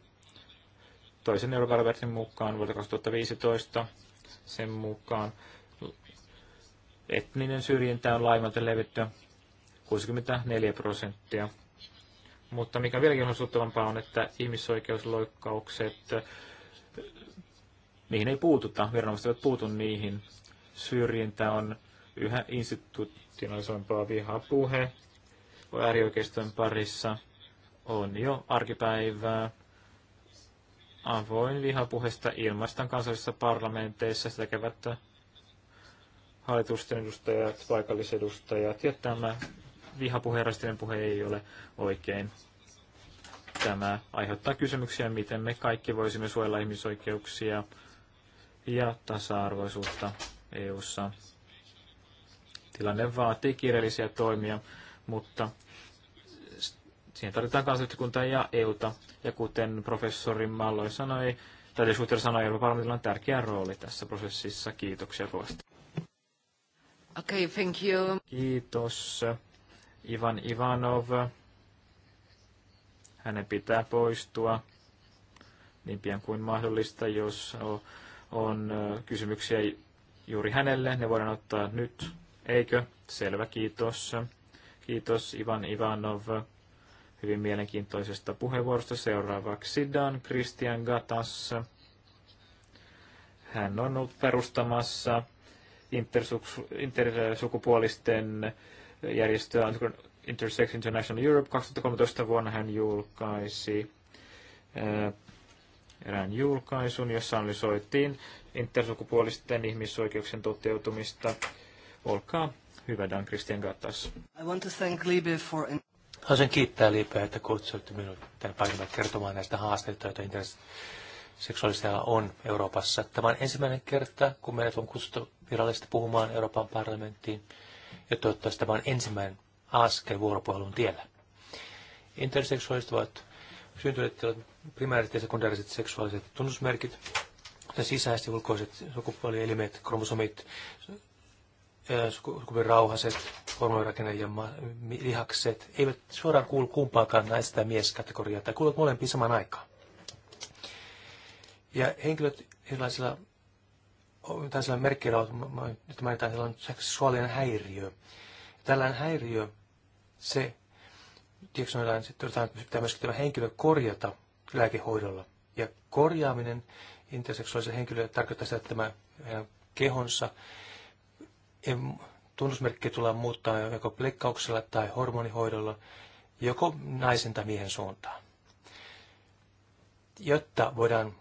Toisen Euroopan mukaan vuodelta 2015 sen mukaan etninen syrjintä on laimalta levitty 64 prosenttia mutta mikä vieläkin suuttavampaa on, että ihmisoikeusloikkaukset, niihin ei puututa, viranomaiset eivät puutu niihin. Syrjintä on yhä institutionalisoimpaa vihapuhe, äärioikeistojen parissa on jo arkipäivää. Avoin vihapuheesta ilmaistaan kansallisissa parlamenteissa, sitä tekevät hallitusten edustajat, paikallisedustajat, ja tämä vihapuheerastinen puhe ei ole oikein. Tämä aiheuttaa kysymyksiä, miten me kaikki voisimme suojella ihmisoikeuksia ja tasa-arvoisuutta EU:ssa. Tilanne vaatii kiireellisiä toimia, mutta siihen tarvitaan kansallisyhteiskuntaa ja EUta. Ja kuten professori Malloi sanoi, tai Schuster sanoi, Euroopan parlamentilla on tärkeä rooli tässä prosessissa. Kiitoksia kovasti. Okay, thank you. Kiitos. Ivan Ivanov. Hänen pitää poistua niin pian kuin mahdollista, jos on kysymyksiä juuri hänelle. Ne voidaan ottaa nyt, eikö? Selvä, kiitos. Kiitos Ivan Ivanov hyvin mielenkiintoisesta puheenvuorosta. Seuraavaksi Dan Christian Gatas. Hän on ollut perustamassa intersukupuolisten järjestöä Intersex International Europe. 2013 vuonna hän julkaisi äh, erään julkaisun, jossa analysoitiin intersukupuolisten ihmisoikeuksien toteutumista. Olkaa hyvä, Dan Christian Gattas. I want to thank Libby for... Haluaisin kiittää Libeä, että kutsuitte minut tänne paikalle kertomaan näistä haasteista, joita interseksuaalisella on Euroopassa. Tämä on ensimmäinen kerta, kun meidät on kutsuttu virallisesti puhumaan Euroopan parlamenttiin ja toivottavasti tämä on ensimmäinen askel vuoropuhelun tiellä. Interseksuaaliset ovat syntyneet primääriset ja sekundaariset seksuaaliset tunnusmerkit, kuten sisäiset ja ulkoiset sukupuolielimet, kromosomit, sukupuolirauhaset, hormonirakenne ja lihakset, eivät suoraan kuulu kumpaakaan naista tai mieskategoriaa tai kuuluvat molempiin samaan aikaan. Ja henkilöt erilaisilla tai sellainen merkkeillä, että mainitaan sellainen seksuaalinen häiriö. Tällainen häiriö, se diagnosoidaan, sitten pitää myöskin tämä henkilö korjata lääkehoidolla. Ja korjaaminen interseksuaalisen henkilölle tarkoittaa sitä, että tämä kehonsa tunnusmerkki tullaan muuttaa joko plekkauksella tai hormonihoidolla, joko naisen tai miehen suuntaan. Jotta voidaan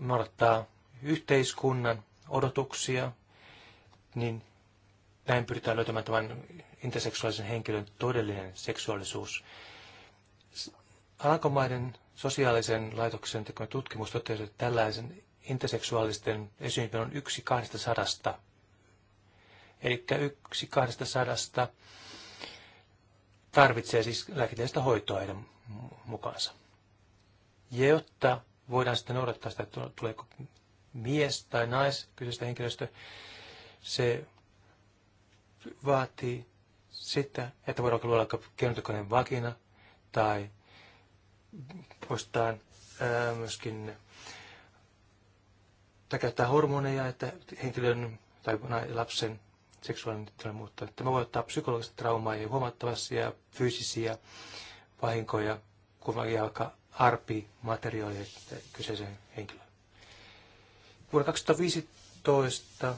noudattaa yhteiskunnan odotuksia, niin näin pyritään löytämään tämän interseksuaalisen henkilön todellinen seksuaalisuus. Alankomaiden sosiaalisen laitoksen tekemä tutkimus totesi, että tällaisen interseksuaalisten esiintyminen on yksi kahdesta sadasta. Eli yksi kahdesta sadasta tarvitsee siis lääketieteellistä hoitoa heidän mukaansa. Ja jotta voidaan sitten odottaa sitä, että tuleeko mies tai nais kyseistä henkilöstö, se vaatii sitä, että voidaanko luoda keinotekoinen vagina tai poistetaan myöskin tai käyttää hormoneja, että henkilön tai lapsen seksuaalinen tilanne muuttaa. Tämä voi ottaa psykologista traumaa ja huomattavasti ja fyysisiä vahinkoja, kun vaikka arpi materiaalia kyseisen henkilön. Vuonna 2015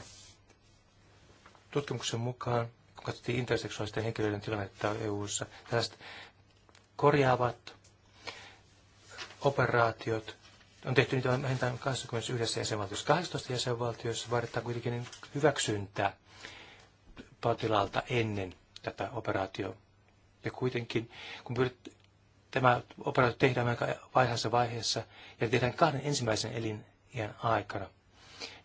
tutkimuksen mukaan, kun katsottiin interseksuaalisten henkilöiden tilannetta EU-ssa, tällaiset korjaavat operaatiot on tehty niitä vähintään 21 jäsenvaltiossa. 18 jäsenvaltiossa vaaditaan kuitenkin hyväksyntää potilaalta ennen tätä operaatiota. Ja kuitenkin, kun pyrit, tämä operaatio tehdään aika vaiheessa vaiheessa ja tehdään kahden ensimmäisen elinjän aikana,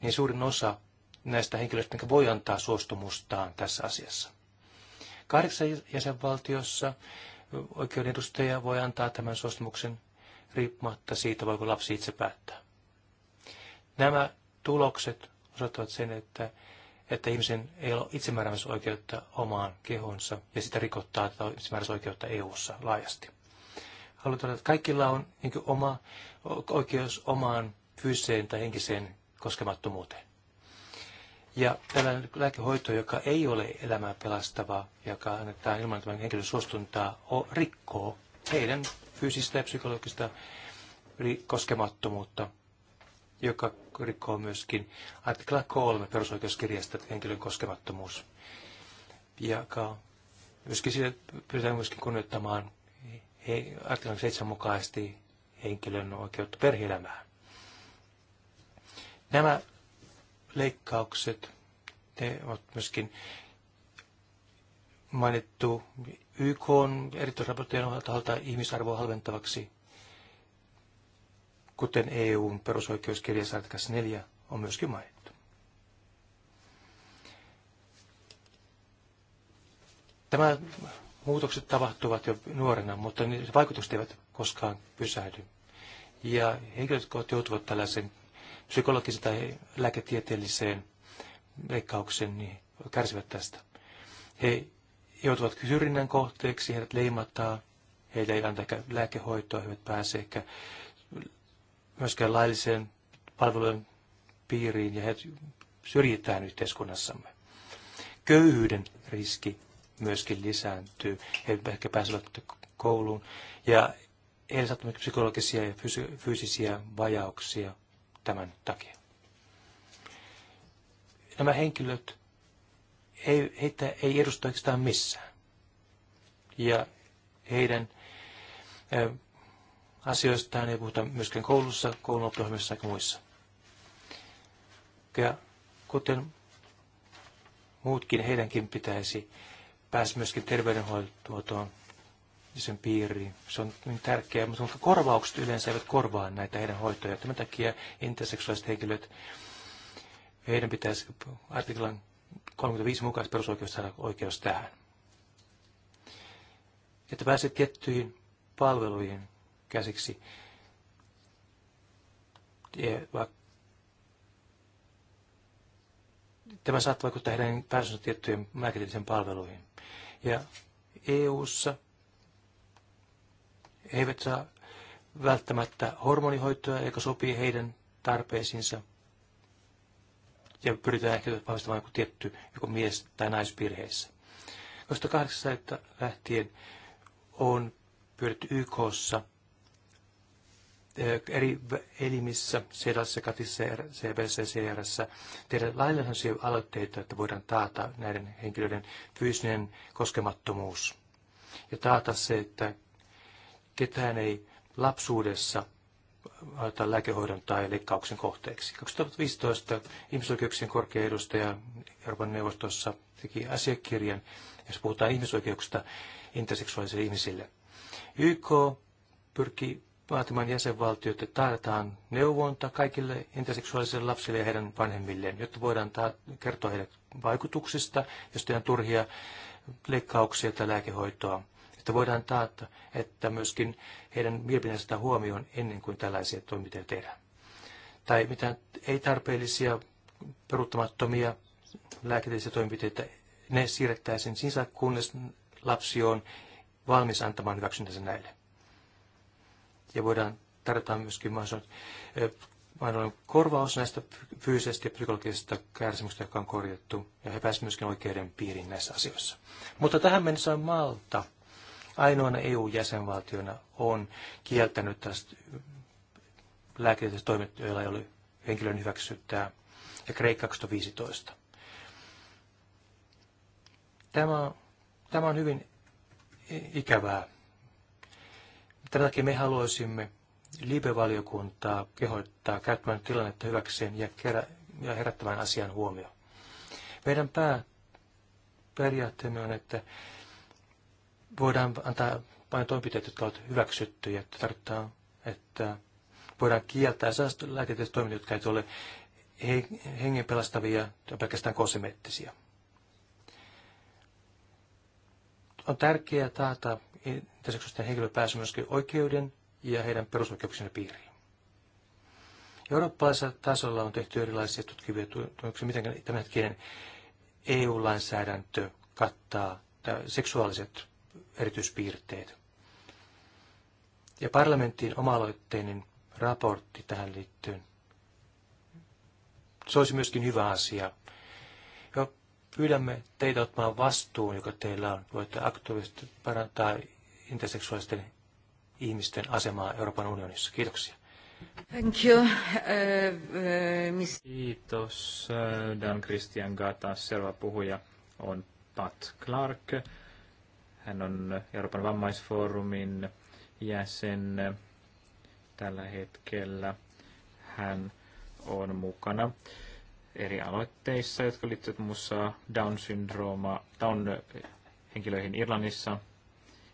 niin suurin osa näistä henkilöistä, jotka voi antaa suostumustaan tässä asiassa. Kahdeksan jäsenvaltiossa oikeuden edustaja voi antaa tämän suostumuksen riippumatta siitä, voiko lapsi itse päättää. Nämä tulokset osoittavat sen, että, että ihmisen ei ole itsemääräämisoikeutta omaan kehonsa ja sitä rikottaa tätä itsemääräämisoikeutta EU-ssa laajasti. Haluan todeta, että kaikilla on niin oma oikeus omaan fyysiseen tai henkiseen koskemattomuuteen. Ja tällainen lääkehoito, joka ei ole elämää pelastava, joka annetaan ilman tämän henkilön suostuntaa, rikkoo heidän fyysistä ja psykologista koskemattomuutta, joka rikkoo myöskin artikla 3 perusoikeuskirjasta henkilön koskemattomuus. Ja myöskin sille pyritään myöskin kunnioittamaan artiklan 7 mukaisesti henkilön oikeutta perhe-elämään. Nämä leikkaukset, ne ovat myöskin mainittu YK on erityisraporttien taholta ihmisarvoa halventavaksi, kuten EUn perusoikeuskirjassa artikassa 4 on myöskin mainittu. Tämä muutokset tapahtuvat jo nuorena, mutta vaikutukset eivät koskaan pysähdy. Ja henkilöt joutuvat tällaisen psykologisen tai lääketieteelliseen leikkaukseen, niin kärsivät tästä. He joutuvat syrjinnän kohteeksi, heidät leimataan, heille ei anta lääkehoitoa, he eivät pääse ehkä myöskään lailliseen palvelujen piiriin ja he syrjitään yhteiskunnassamme. Köyhyyden riski myöskin lisääntyy. He ehkä pääsevät kouluun ja heillä saattaa psykologisia ja fyysisiä vajauksia tämän takia. Nämä henkilöt, ei, heitä ei edusta oikeastaan missään. Ja heidän asioistaan ei puhuta myöskään koulussa, koulun ja muissa. Ja kuten muutkin, heidänkin pitäisi päästä myöskin terveydenhuoltoon sen piiriin. Se on niin tärkeää, mutta korvaukset yleensä eivät korvaa näitä heidän hoitoja. Tämän takia interseksuaaliset henkilöt, heidän pitäisi artiklan 35 mukaan perusoikeus saada oikeus tähän. Että pääset tiettyihin palveluihin käsiksi. E, tämä saattaa vaikuttaa heidän pääsynsä tiettyihin lääketieteellisiin palveluihin. Ja EU-ssa he eivät saa välttämättä hormonihoitoa, joka sopii heidän tarpeisiinsa. Ja pyritään ehkä vahvistamaan joku tietty joku mies- tai naispiirheissä. 2008 lähtien on pyritty YKssa eri elimissä, CEDAssa, KATissa, CBC, CRS, tehdä laillisia aloitteita, että voidaan taata näiden henkilöiden fyysinen koskemattomuus. Ja taata se, että ketään ei lapsuudessa ottaa lääkehoidon tai leikkauksen kohteeksi. 2015 ihmisoikeuksien korkea edustaja Euroopan neuvostossa teki asiakirjan, jossa puhutaan ihmisoikeuksista interseksuaalisille ihmisille. YK pyrkii vaatimaan jäsenvaltioita, että taataan neuvonta kaikille interseksuaalisille lapsille ja heidän vanhemmilleen, jotta voidaan kertoa heidän vaikutuksista, jos tehdään turhia leikkauksia tai lääkehoitoa että voidaan taata, että myöskin heidän mielipiteensä huomioon ennen kuin tällaisia toimintoja tehdään. Tai mitään ei-tarpeellisia, peruuttamattomia lääketieteellisiä toimenpiteitä, ne siirrettäisiin sisään, kunnes lapsi on valmis antamaan hyväksyntänsä näille. Ja voidaan tarjota myöskin mahdollinen korvaus näistä fyysisestä ja psykologisesta kärsimyksistä, jotka on korjattu, ja he pääsevät myöskin oikeuden piiriin näissä asioissa. Mutta tähän mennessä on Malta ainoana EU-jäsenvaltiona on kieltänyt tästä lääketieteelliset toimet, joilla ei ole henkilön hyväksyttää, ja Kreikka 2015. Tämä, tämä on hyvin ikävää. Tämän takia me haluaisimme libe valiokuntaa kehoittaa käyttämään tilannetta hyväkseen ja, kerä, ja herättämään asian huomioon. Meidän pääperiaatteemme on, että voidaan antaa vain toimenpiteet, jotka ovat hyväksyttyjä. Että tarkoittaa, että voidaan kieltää sellaiset lääketieteelliset toiminnot, jotka eivät ole hengenpelastavia tai pelkästään kosmeettisia. On tärkeää taata interseksuaalisten henkilöiden pääsy myöskin oikeuden ja heidän perusoikeuksien piiriin. Eurooppalaisella tasolla on tehty erilaisia tutkivia tutkimuksia, miten tämänhetkinen EU-lainsäädäntö kattaa seksuaaliset erityispiirteet. Ja parlamenttiin omaloitteinen raportti tähän liittyen. Se olisi myöskin hyvä asia. Ja pyydämme teitä ottamaan vastuun, joka teillä on. Voitte aktiivisesti parantaa interseksuaalisten ihmisten asemaa Euroopan unionissa. Kiitoksia. Thank you. Uh, uh, miss... Kiitos. Uh, Dan Christian Gata, selvä puhuja on Pat Clark. Hän on Euroopan vammaisfoorumin jäsen tällä hetkellä. Hän on mukana eri aloitteissa, jotka liittyvät muussa Down-syndrooma, Down-henkilöihin Irlannissa.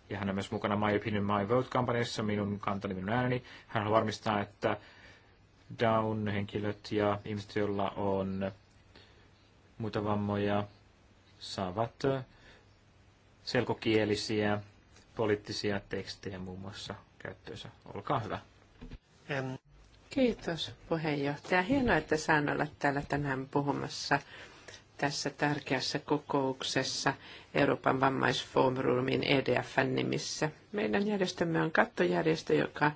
Ja hän on myös mukana My Opinion, My Vote-kampanjassa, minun kantani, minun ääneni. Hän haluaa varmistaa, että Down-henkilöt ja ihmiset, joilla on muita vammoja, saavat selkokielisiä poliittisia tekstejä muun muassa käyttöönsä. Olkaa hyvä. Kiitos puheenjohtaja. Hienoa, että saan olla täällä tänään puhumassa tässä tärkeässä kokouksessa Euroopan vammaisfoorumin EDFn nimissä. Meidän järjestömme on kattojärjestö, joka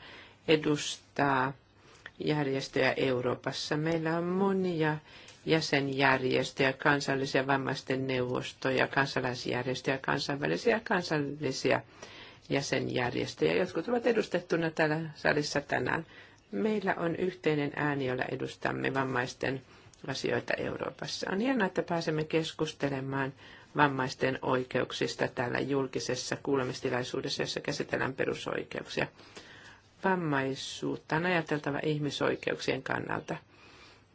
edustaa järjestöjä Euroopassa. Meillä on monia jäsenjärjestöjä, kansallisia vammaisten neuvostoja, kansalaisjärjestöjä, kansainvälisiä ja kansallisia jäsenjärjestöjä. Jotkut ovat edustettuna täällä salissa tänään. Meillä on yhteinen ääni, jolla edustamme vammaisten asioita Euroopassa. On hienoa, että pääsemme keskustelemaan vammaisten oikeuksista täällä julkisessa kuulemistilaisuudessa, jossa käsitellään perusoikeuksia. Vammaisuutta on ajateltava ihmisoikeuksien kannalta –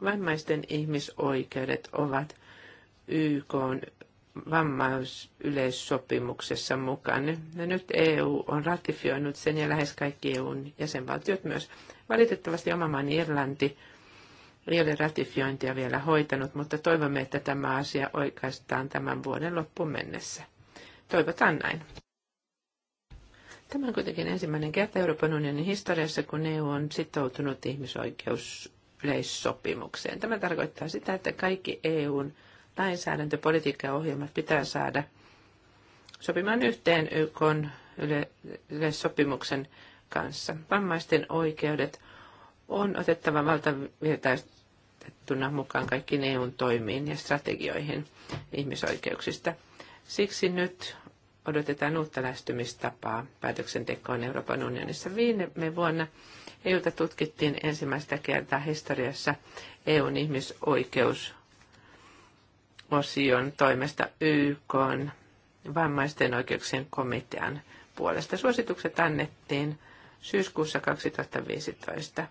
Vammaisten ihmisoikeudet ovat YK vammaisyleissopimuksessa mukana. Ja nyt EU on ratifioinut sen ja lähes kaikki EUn jäsenvaltiot myös. Valitettavasti oma maan Irlanti ei ole ratifiointia vielä hoitanut, mutta toivomme, että tämä asia oikaistaan tämän vuoden loppuun mennessä. Toivotaan näin. Tämä on kuitenkin ensimmäinen kerta Euroopan unionin historiassa, kun EU on sitoutunut ihmisoikeus yleissopimukseen. Tämä tarkoittaa sitä, että kaikki EUn lainsäädäntöpolitiikka ja ohjelmat pitää saada sopimaan yhteen YK yle- yleissopimuksen kanssa. Vammaisten oikeudet on otettava valtavirtaistettuna mukaan kaikkiin EUn toimiin ja strategioihin ihmisoikeuksista. Siksi nyt odotetaan uutta lähestymistapaa päätöksentekoon Euroopan unionissa. Viime vuonna EUta tutkittiin ensimmäistä kertaa historiassa EUn ihmisoikeusosion toimesta YK vammaisten oikeuksien komitean puolesta. Suositukset annettiin syyskuussa 2015.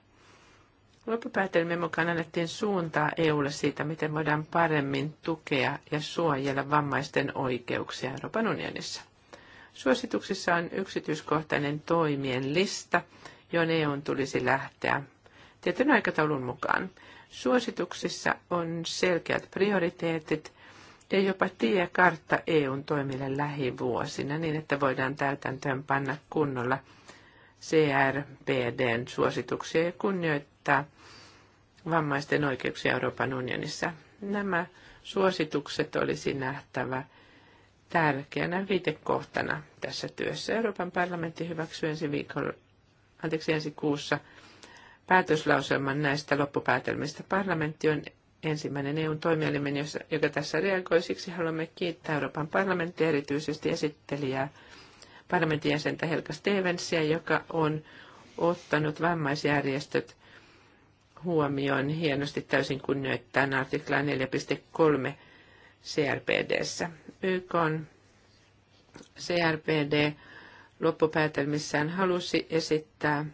Loppupäätelmien mukaan annettiin suuntaa EUlle siitä, miten voidaan paremmin tukea ja suojella vammaisten oikeuksia Euroopan unionissa. Suosituksissa on yksityiskohtainen toimien lista, johon EUn tulisi lähteä tietyn aikataulun mukaan. Suosituksissa on selkeät prioriteetit ja jopa tiekartta EUn toimille lähivuosina niin, että voidaan täytäntöön panna kunnolla CRPDn suosituksia ja kunnioittaa vammaisten oikeuksia Euroopan unionissa. Nämä suositukset olisi nähtävä tärkeänä viitekohtana tässä työssä. Euroopan parlamentti hyväksyi ensi, viikolla, anteeksi, ensi kuussa päätöslauselman näistä loppupäätelmistä. Parlamentti on ensimmäinen EUn toimielimen, joka tässä reagoi. Siksi haluamme kiittää Euroopan parlamenttia erityisesti esittelijää parlamentin jäsentä Helka Stevensia, joka on ottanut vammaisjärjestöt huomioon hienosti täysin kunnioittain artiklaa 4.3 CRPDssä. YK on CRPD loppupäätelmissään halusi esittää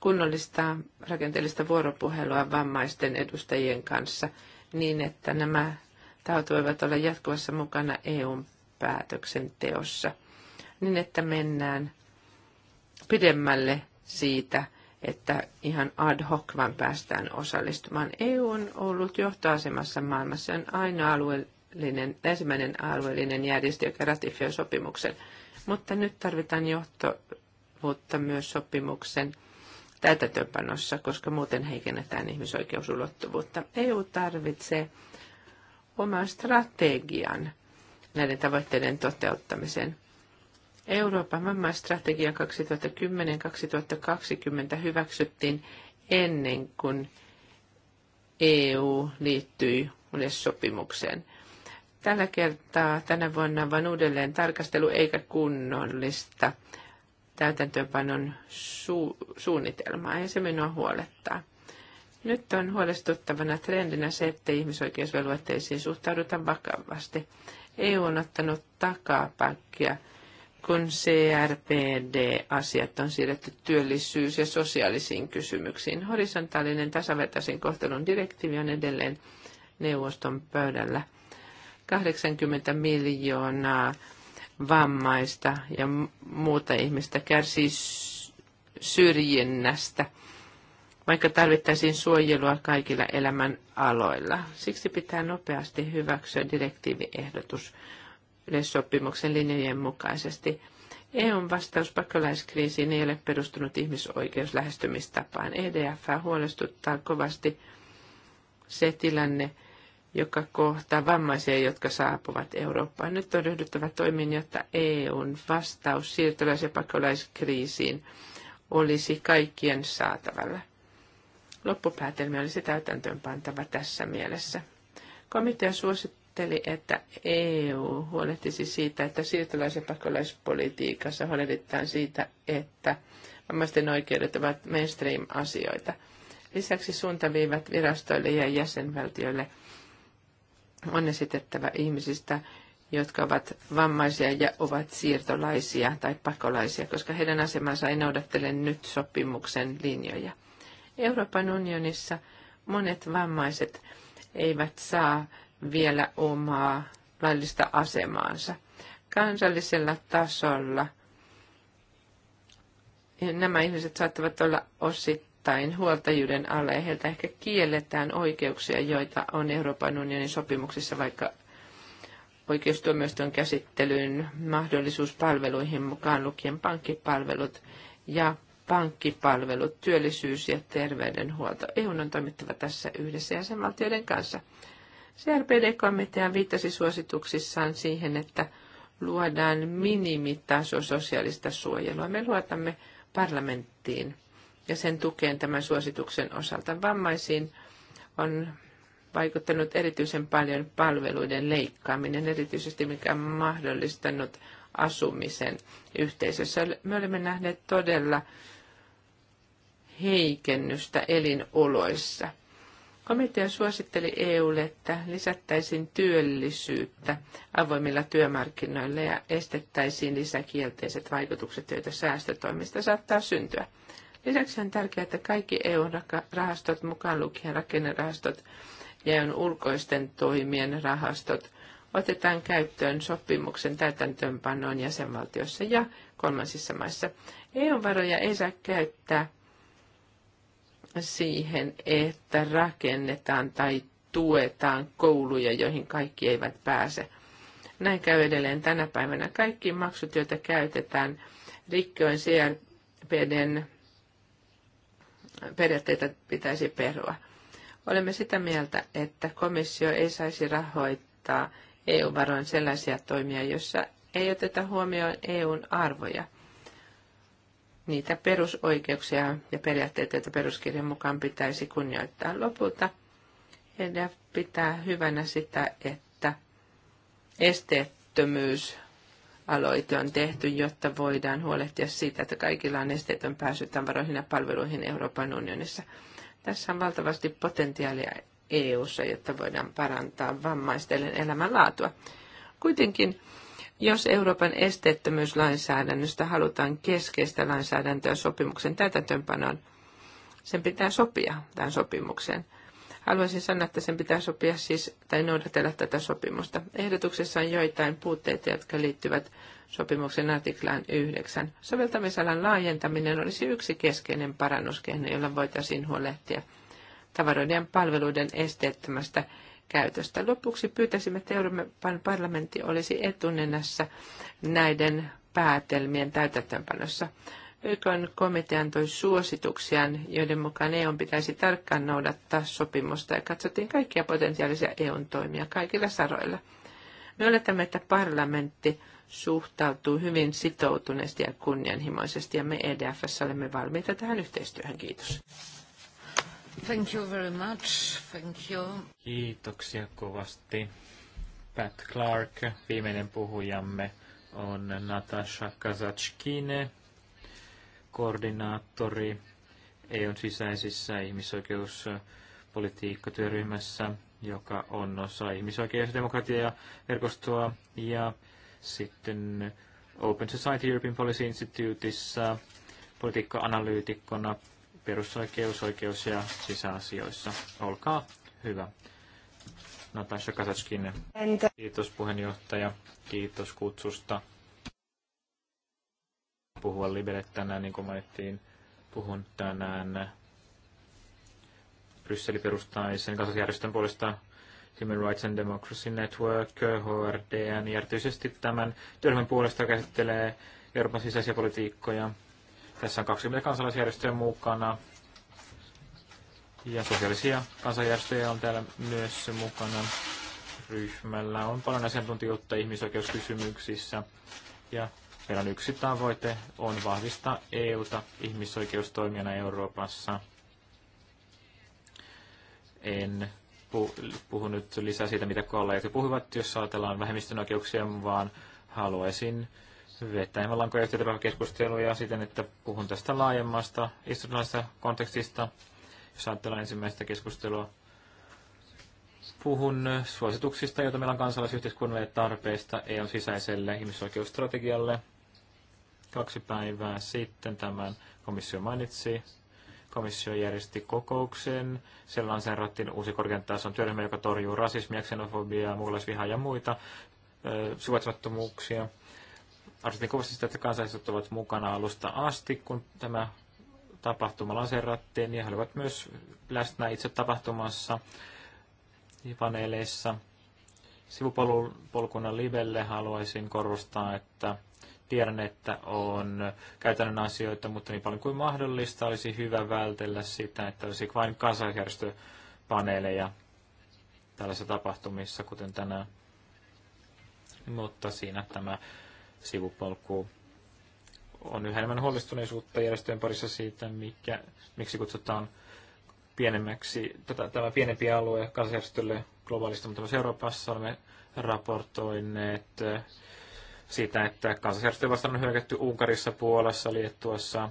kunnollista rakenteellista vuoropuhelua vammaisten edustajien kanssa niin, että nämä tahot voivat olla jatkuvassa mukana EUn päätöksenteossa, niin että mennään pidemmälle siitä – että ihan ad hoc vaan päästään osallistumaan. EU on ollut johtoasemassa maailmassa, on ainoa alueellinen, ensimmäinen alueellinen järjestö, joka ratifioi sopimuksen. Mutta nyt tarvitaan johtovuutta myös sopimuksen täytäntöönpanossa, koska muuten heikennetään ihmisoikeusulottuvuutta. EU tarvitsee oman strategian näiden tavoitteiden toteuttamiseen. Euroopan vammaistrategia 2010-2020 hyväksyttiin ennen kuin EU liittyi sopimukseen. Tällä kertaa tänä vuonna vain uudelleen tarkastelu eikä kunnollista täytäntöönpanon su- suunnitelmaa, ja se minua huolettaa. Nyt on huolestuttavana trendinä se, että ihmisoikeusvelvoitteisiin suhtaudutaan vakavasti. EU on ottanut takapakkia kun CRPD-asiat on siirretty työllisyys- ja sosiaalisiin kysymyksiin. Horisontaalinen tasavertaisen kohtelun direktiivi on edelleen neuvoston pöydällä. 80 miljoonaa vammaista ja muuta ihmistä kärsii syrjinnästä, vaikka tarvittaisiin suojelua kaikilla elämän aloilla. Siksi pitää nopeasti hyväksyä direktiiviehdotus, yleissopimuksen linjojen mukaisesti. EUn vastaus pakolaiskriisiin ei ole perustunut ihmisoikeuslähestymistapaan. EDF huolestuttaa kovasti se tilanne, joka kohtaa vammaisia, jotka saapuvat Eurooppaan. Nyt on ryhdyttävä toimiin, jotta EUn vastaus siirtolais- ja pakolaiskriisiin olisi kaikkien saatavalla. Loppupäätelmä olisi täytäntöönpantava tässä mielessä. Komitea suosittaa ajatteli, että EU huolehtisi siitä, että siirtolais- ja pakolaispolitiikassa huolehditaan siitä, että vammaisten oikeudet ovat mainstream-asioita. Lisäksi suuntaviivat virastoille ja jäsenvaltioille on esitettävä ihmisistä, jotka ovat vammaisia ja ovat siirtolaisia tai pakolaisia, koska heidän asemansa ei noudattele nyt sopimuksen linjoja. Euroopan unionissa monet vammaiset eivät saa vielä omaa laillista asemaansa. Kansallisella tasolla nämä ihmiset saattavat olla osittain huoltajuuden alle ja heiltä ehkä kielletään oikeuksia, joita on Euroopan unionin sopimuksissa, vaikka oikeustuomioistuin käsittelyyn, mahdollisuus palveluihin mukaan lukien pankkipalvelut ja pankkipalvelut, työllisyys ja terveydenhuolto. EU on toimittava tässä yhdessä jäsenvaltioiden kanssa. CRPD-komitea viittasi suosituksissaan siihen, että luodaan minimitaso sosiaalista suojelua. Me luotamme parlamenttiin ja sen tukeen tämän suosituksen osalta. Vammaisiin on vaikuttanut erityisen paljon palveluiden leikkaaminen, erityisesti mikä on mahdollistanut asumisen yhteisössä. Me olemme nähneet todella heikennystä elinoloissa. Komitea suositteli EUlle, että lisättäisiin työllisyyttä avoimilla työmarkkinoilla ja estettäisiin lisäkielteiset vaikutukset, joita säästötoimista saattaa syntyä. Lisäksi on tärkeää, että kaikki EU-rahastot, mukaan lukien rakennerahastot ja EUn ulkoisten toimien rahastot, otetaan käyttöön sopimuksen täytäntöönpanoon jäsenvaltiossa ja kolmansissa maissa. EU-varoja ei saa käyttää siihen, että rakennetaan tai tuetaan kouluja, joihin kaikki eivät pääse. Näin käy edelleen tänä päivänä. Kaikki maksut, joita käytetään rikkoen CRPDn periaatteita pitäisi perua. Olemme sitä mieltä, että komissio ei saisi rahoittaa EU-varoin sellaisia toimia, joissa ei oteta huomioon EUn arvoja – niitä perusoikeuksia ja periaatteita, joita peruskirjan mukaan pitäisi kunnioittaa. Lopulta ja pitää hyvänä sitä, että esteettömyys aloite on tehty, jotta voidaan huolehtia siitä, että kaikilla on esteetön pääsy tavaroihin ja palveluihin Euroopan unionissa. Tässä on valtavasti potentiaalia EU-ssa, jotta voidaan parantaa vammaisten elämänlaatua. Kuitenkin jos Euroopan esteettömyyslainsäädännöstä halutaan keskeistä lainsäädäntöä sopimuksen täytäntöönpanoon, sen pitää sopia tämän sopimuksen. Haluaisin sanoa, että sen pitää sopia siis tai noudatella tätä sopimusta. Ehdotuksessa on joitain puutteita, jotka liittyvät sopimuksen artiklaan 9. Soveltamisalan laajentaminen olisi yksi keskeinen parannuskeino, jolla voitaisiin huolehtia tavaroiden ja palveluiden esteettömästä käytöstä. Lopuksi pyytäisimme, että Euroopan parlamentti olisi etunenässä näiden päätelmien täytäntöönpanossa. YKn komitean toi suosituksia, joiden mukaan EU pitäisi tarkkaan noudattaa sopimusta ja katsottiin kaikkia potentiaalisia EUn toimia kaikilla saroilla. Me oletamme, että parlamentti suhtautuu hyvin sitoutuneesti ja kunnianhimoisesti ja me EDFssä olemme valmiita tähän yhteistyöhön. Kiitos. Thank you very much. Thank you. Kiitoksia kovasti. Pat Clark, viimeinen puhujamme, on Natasha Kazachkine, koordinaattori EUn sisäisissä ihmisoikeuspolitiikkatyöryhmässä, joka on osa ihmisoikeus- ja verkostoa, ja sitten Open Society European Policy Instituteissa politiikka-analyytikkona perusoikeus, oikeus ja sisäasioissa. Olkaa hyvä. Natasha Kasatskin. Entä? Kiitos puheenjohtaja. Kiitos kutsusta puhua libelle tänään, niin kuin mainittiin. Puhun tänään Brysseli perustaisen kansallisjärjestön puolesta Human Rights and Democracy Network, HRDN, ja erityisesti tämän työryhmän puolesta käsittelee Euroopan sisäisiä politiikkoja tässä on 20 kansalaisjärjestöä mukana. Ja sosiaalisia kansanjärjestöjä on täällä myös mukana. Ryhmällä on paljon asiantuntijuutta ihmisoikeuskysymyksissä. Ja meillä on yksi tavoite, on vahvistaa EUta ihmisoikeustoimijana Euroopassa. En pu, puhu nyt lisää siitä, mitä kollegat jo puhuvat, jos ajatellaan vähemmistön oikeuksia, vaan haluaisin Viettäen vallanko keskusteluja siten, että puhun tästä laajemmasta istunnallisesta kontekstista. Jos ajatellaan ensimmäistä keskustelua, puhun suosituksista, joita meillä on kansalaisyhteiskunnalle tarpeista EUn sisäiselle ihmisoikeusstrategialle. Kaksi päivää sitten tämän komissio mainitsi. Komissio järjesti kokouksen. Siellä lanseerattiin uusi korkean tason työryhmä, joka torjuu rasismia, xenofobiaa, muukalaisvihaa ja muita suvaitsemattomuuksia arvostin kovasti sitä, että kansalaiset ovat mukana alusta asti, kun tämä tapahtuma lanseerattiin, ja he olivat myös läsnä itse tapahtumassa ja paneeleissa. Sivupolkunnan livelle haluaisin korostaa, että tiedän, että on käytännön asioita, mutta niin paljon kuin mahdollista olisi hyvä vältellä sitä, että olisi vain kansalaisjärjestöpaneeleja tällaisissa tapahtumissa, kuten tänään. Mutta siinä tämä sivupolkua. On yhä enemmän huolestuneisuutta järjestöjen parissa siitä, mikä, miksi kutsutaan pienemmäksi, tota, tämä pienempi alue kansanjärjestölle globaalista, mutta myös Euroopassa olemme raportoineet siitä, että kansanjärjestöjä vastaan on hyökätty Unkarissa, Puolassa, Liettuassa.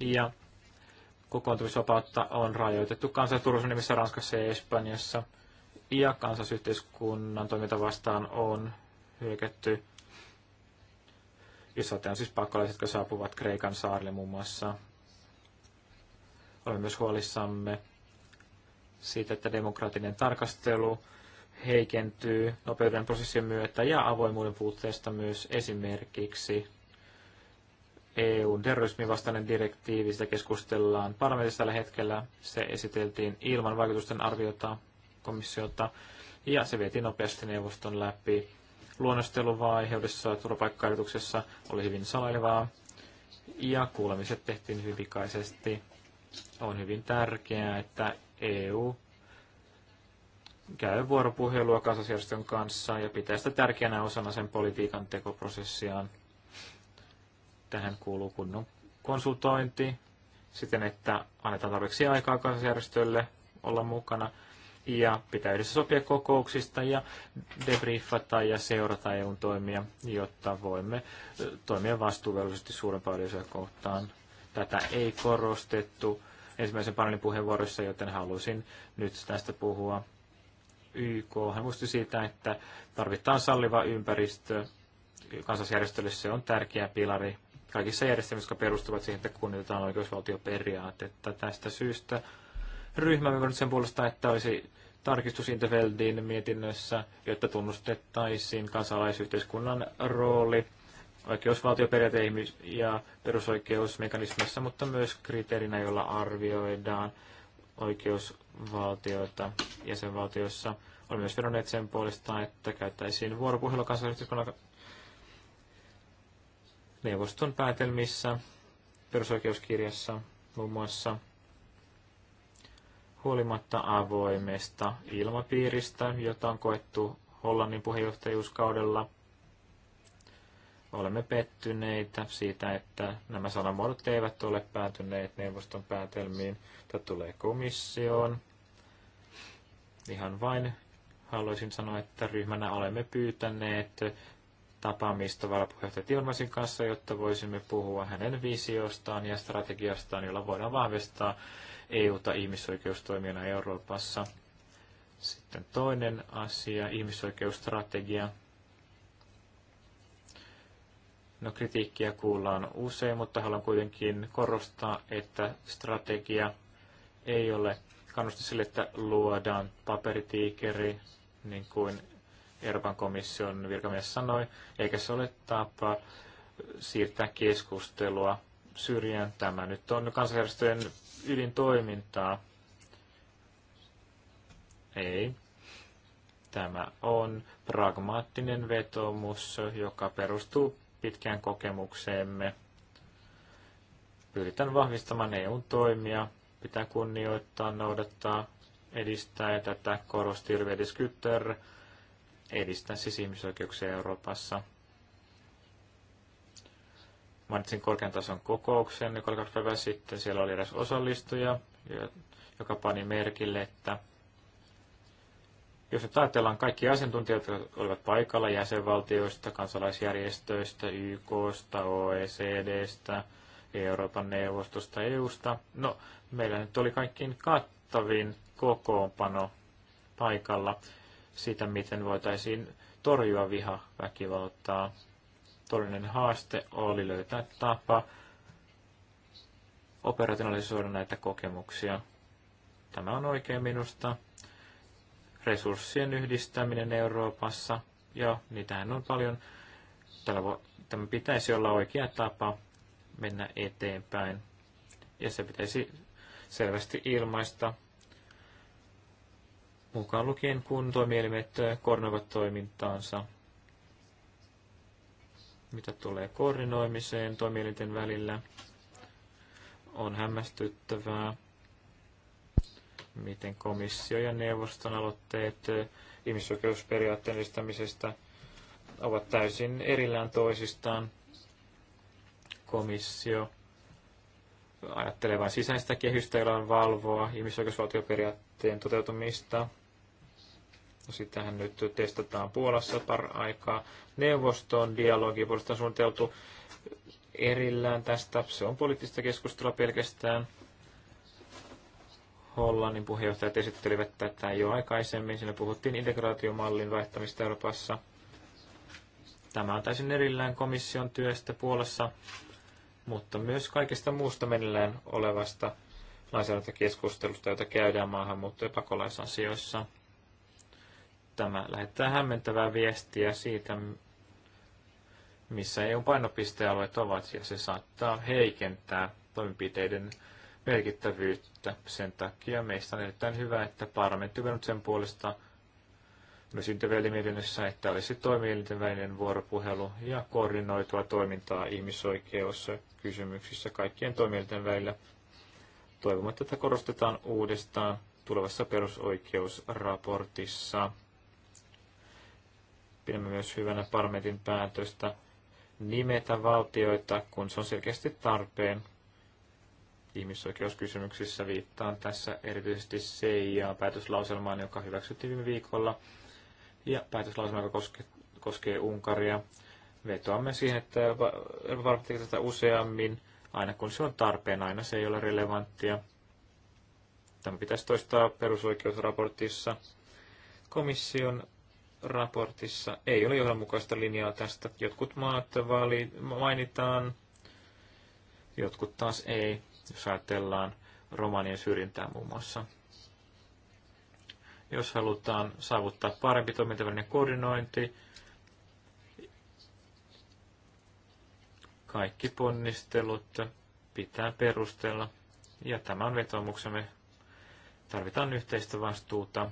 Ja kokoontumisvapautta on rajoitettu kansanturvallisuuden nimissä Ranskassa ja Espanjassa. Ja kansallisyhteiskunnan toiminta vastaan on hyökättyä. Isot on siis pakolaiset, jotka saapuvat Kreikan saarille muun muassa. Olemme myös huolissamme siitä, että demokraattinen tarkastelu heikentyy nopeuden prosessin myötä ja avoimuuden puutteesta myös esimerkiksi EUn terrorismin vastainen direktiivi, sitä keskustellaan parlamentissa tällä hetkellä. Se esiteltiin ilman vaikutusten arviota komissiota ja se vietiin nopeasti neuvoston läpi luonnosteluvaihe uudessa turvapaikkaehdotuksessa oli hyvin salailevaa ja kuulemiset tehtiin hyvin pikaisesti. On hyvin tärkeää, että EU käy vuoropuhelua kansalaisjärjestön kanssa ja pitää sitä tärkeänä osana sen politiikan tekoprosessiaan. Tähän kuuluu kunnon konsultointi siten, että annetaan tarpeeksi aikaa kansanjärjestölle olla mukana ja pitää yhdessä sopia kokouksista ja debriefata ja seurata EUn toimia, jotta voimme toimia vastuullisesti suurempaa yleisöä kohtaan. Tätä ei korostettu ensimmäisen paneelin puheenvuorossa, joten halusin nyt tästä puhua. YK hän muisti siitä, että tarvitaan salliva ympäristö. Kansallisjärjestölle se on tärkeä pilari kaikissa järjestelmissä, jotka perustuvat siihen, että kunnioitetaan oikeusvaltioperiaatetta. Tästä syystä ryhmämme on sen puolesta, että olisi tarkistus mietinnössä, jotta tunnustettaisiin kansalaisyhteiskunnan rooli oikeusvaltioperiaate ja perusoikeusmekanismissa, mutta myös kriteerinä, jolla arvioidaan oikeusvaltioita jäsenvaltioissa. On myös vedonneet sen puolesta, että käyttäisiin vuoropuhelua kansalaisyhteiskunnan neuvoston päätelmissä, perusoikeuskirjassa muun muassa – huolimatta avoimesta ilmapiiristä, jota on koettu Hollannin puheenjohtajuuskaudella. Olemme pettyneitä siitä, että nämä sanamuodot eivät ole päätyneet neuvoston päätelmiin. Tämä tulee komissioon. Ihan vain haluaisin sanoa, että ryhmänä olemme pyytäneet tapaamista varapuheenjohtaja Tilmasin kanssa, jotta voisimme puhua hänen visiostaan ja strategiastaan, jolla voidaan vahvistaa EUta ihmisoikeustoimijana Euroopassa. Sitten toinen asia, ihmisoikeusstrategia. No kritiikkiä kuullaan usein, mutta haluan kuitenkin korostaa, että strategia ei ole kannusta sille, että luodaan paperitiikeri, niin kuin Euroopan komission virkamies sanoi, eikä se ole tapa siirtää keskustelua syrjään. Tämä nyt on kansanjärjestöjen ydintoimintaa. Ei. Tämä on pragmaattinen vetomus, joka perustuu pitkään kokemukseemme. Pyritään vahvistamaan EUn toimia, pitää kunnioittaa, noudattaa, edistää ja tätä korosti edistää siis ihmisoikeuksia Euroopassa – Mainitsin korkean tason kokouksen, joka oli kaksi päivää sitten. Siellä oli eräs osallistuja, joka pani merkille, että jos nyt ajatellaan kaikki asiantuntijat, jotka olivat paikalla jäsenvaltioista, kansalaisjärjestöistä, YKsta, OECDstä, Euroopan neuvostosta, EUsta. No, meillä nyt oli kaikkiin kattavin kokoonpano paikalla siitä, miten voitaisiin torjua viha väkivaltaa todellinen haaste oli löytää tapa operationalisoida näitä kokemuksia. Tämä on oikein minusta. Resurssien yhdistäminen Euroopassa, ja niitähän on paljon. tämä pitäisi olla oikea tapa mennä eteenpäin. Ja se pitäisi selvästi ilmaista mukaan lukien kun koordinoivat toimintaansa mitä tulee koordinoimiseen toimielinten välillä, on hämmästyttävää, miten komissio ja neuvoston aloitteet ihmisoikeusperiaatteen edistämisestä ovat täysin erillään toisistaan. Komissio ajattelee vain sisäistä kehystä, jolla on valvoa ihmisoikeusvaltioperiaatteen toteutumista – Sitähän nyt testataan Puolassa par aikaa. Neuvoston dialogi puolestaan suunniteltu erillään tästä. Se on poliittista keskustelua pelkästään. Hollannin puheenjohtajat esittelivät tätä jo aikaisemmin. Siinä puhuttiin integraatiomallin vaihtamista Euroopassa. Tämä on täysin erillään komission työstä Puolassa, mutta myös kaikesta muusta meneillään olevasta lainsäädäntökeskustelusta, jota käydään maahanmuutto- ja pakolaisasioissa. Tämä lähettää hämmentävää viestiä siitä, missä EU-painopistealueet ovat, ja se saattaa heikentää toimenpiteiden merkittävyyttä. Sen takia meistä on erittäin hyvä, että parlamentti on sen puolesta myös intervälimietinnössä, että olisi toimielinten välinen vuoropuhelu ja koordinoitua toimintaa kysymyksissä kaikkien toimielinten välillä. Toivomme, että tätä korostetaan uudestaan tulevassa perusoikeusraportissa. Pidämme myös hyvänä parmetin päätöstä nimetä valtioita, kun se on selkeästi tarpeen. Ihmisoikeuskysymyksissä viittaan tässä erityisesti CIA-päätöslauselmaan, joka hyväksyttiin viime viikolla, ja päätöslauselma, joka koske, koskee Unkaria. Vetoamme siihen, että varmasti tekee tätä useammin, aina kun se on tarpeen, aina se ei ole relevanttia. Tämä pitäisi toistaa perusoikeusraportissa. Komission raportissa ei ole johdonmukaista linjaa tästä. Jotkut maat vali, mainitaan, jotkut taas ei, jos ajatellaan romanien syrjintää muun muassa. Jos halutaan saavuttaa parempi toimintavälinen koordinointi, kaikki ponnistelut pitää perustella. Ja tämän vetomuksemme tarvitaan yhteistä vastuuta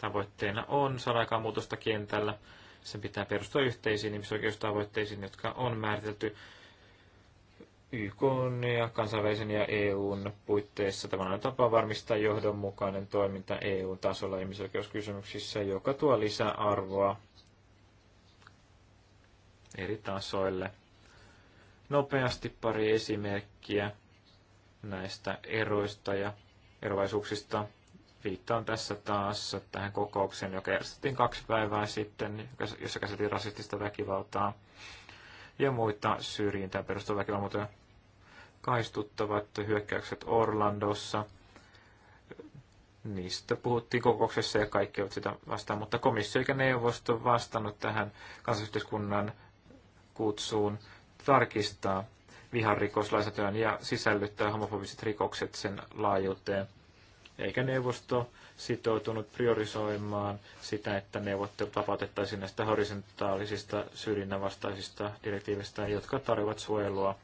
Tavoitteena on saada aikaan muutosta kentällä. Sen pitää perustua yhteisiin ihmisoikeustavoitteisiin, jotka on määritelty YK ja kansainvälisen ja EUn puitteissa. Tämä on tapa varmistaa johdonmukainen toiminta EU-tasolla ihmisoikeuskysymyksissä, joka tuo lisäarvoa eri tasoille. Nopeasti pari esimerkkiä näistä eroista ja erovaisuuksista Viittaan tässä taas tähän kokoukseen, joka järjestettiin kaksi päivää sitten, jossa käsitettiin rasistista väkivaltaa ja muita syrjintään perustuvia väkivaltaa. Kaistuttavat hyökkäykset Orlandossa. Niistä puhuttiin kokouksessa ja kaikki ovat sitä vastaan, mutta komissio eikä neuvosto vastannut tähän kansallisyhteiskunnan kutsuun tarkistaa viharikoslainsäädännön ja sisällyttää homofobiset rikokset sen laajuuteen – eikä neuvosto sitoutunut priorisoimaan sitä, että neuvottelut vapautettaisiin näistä horisontaalisista syrjinnän vastaisista direktiivistä, jotka tarjoavat suojelua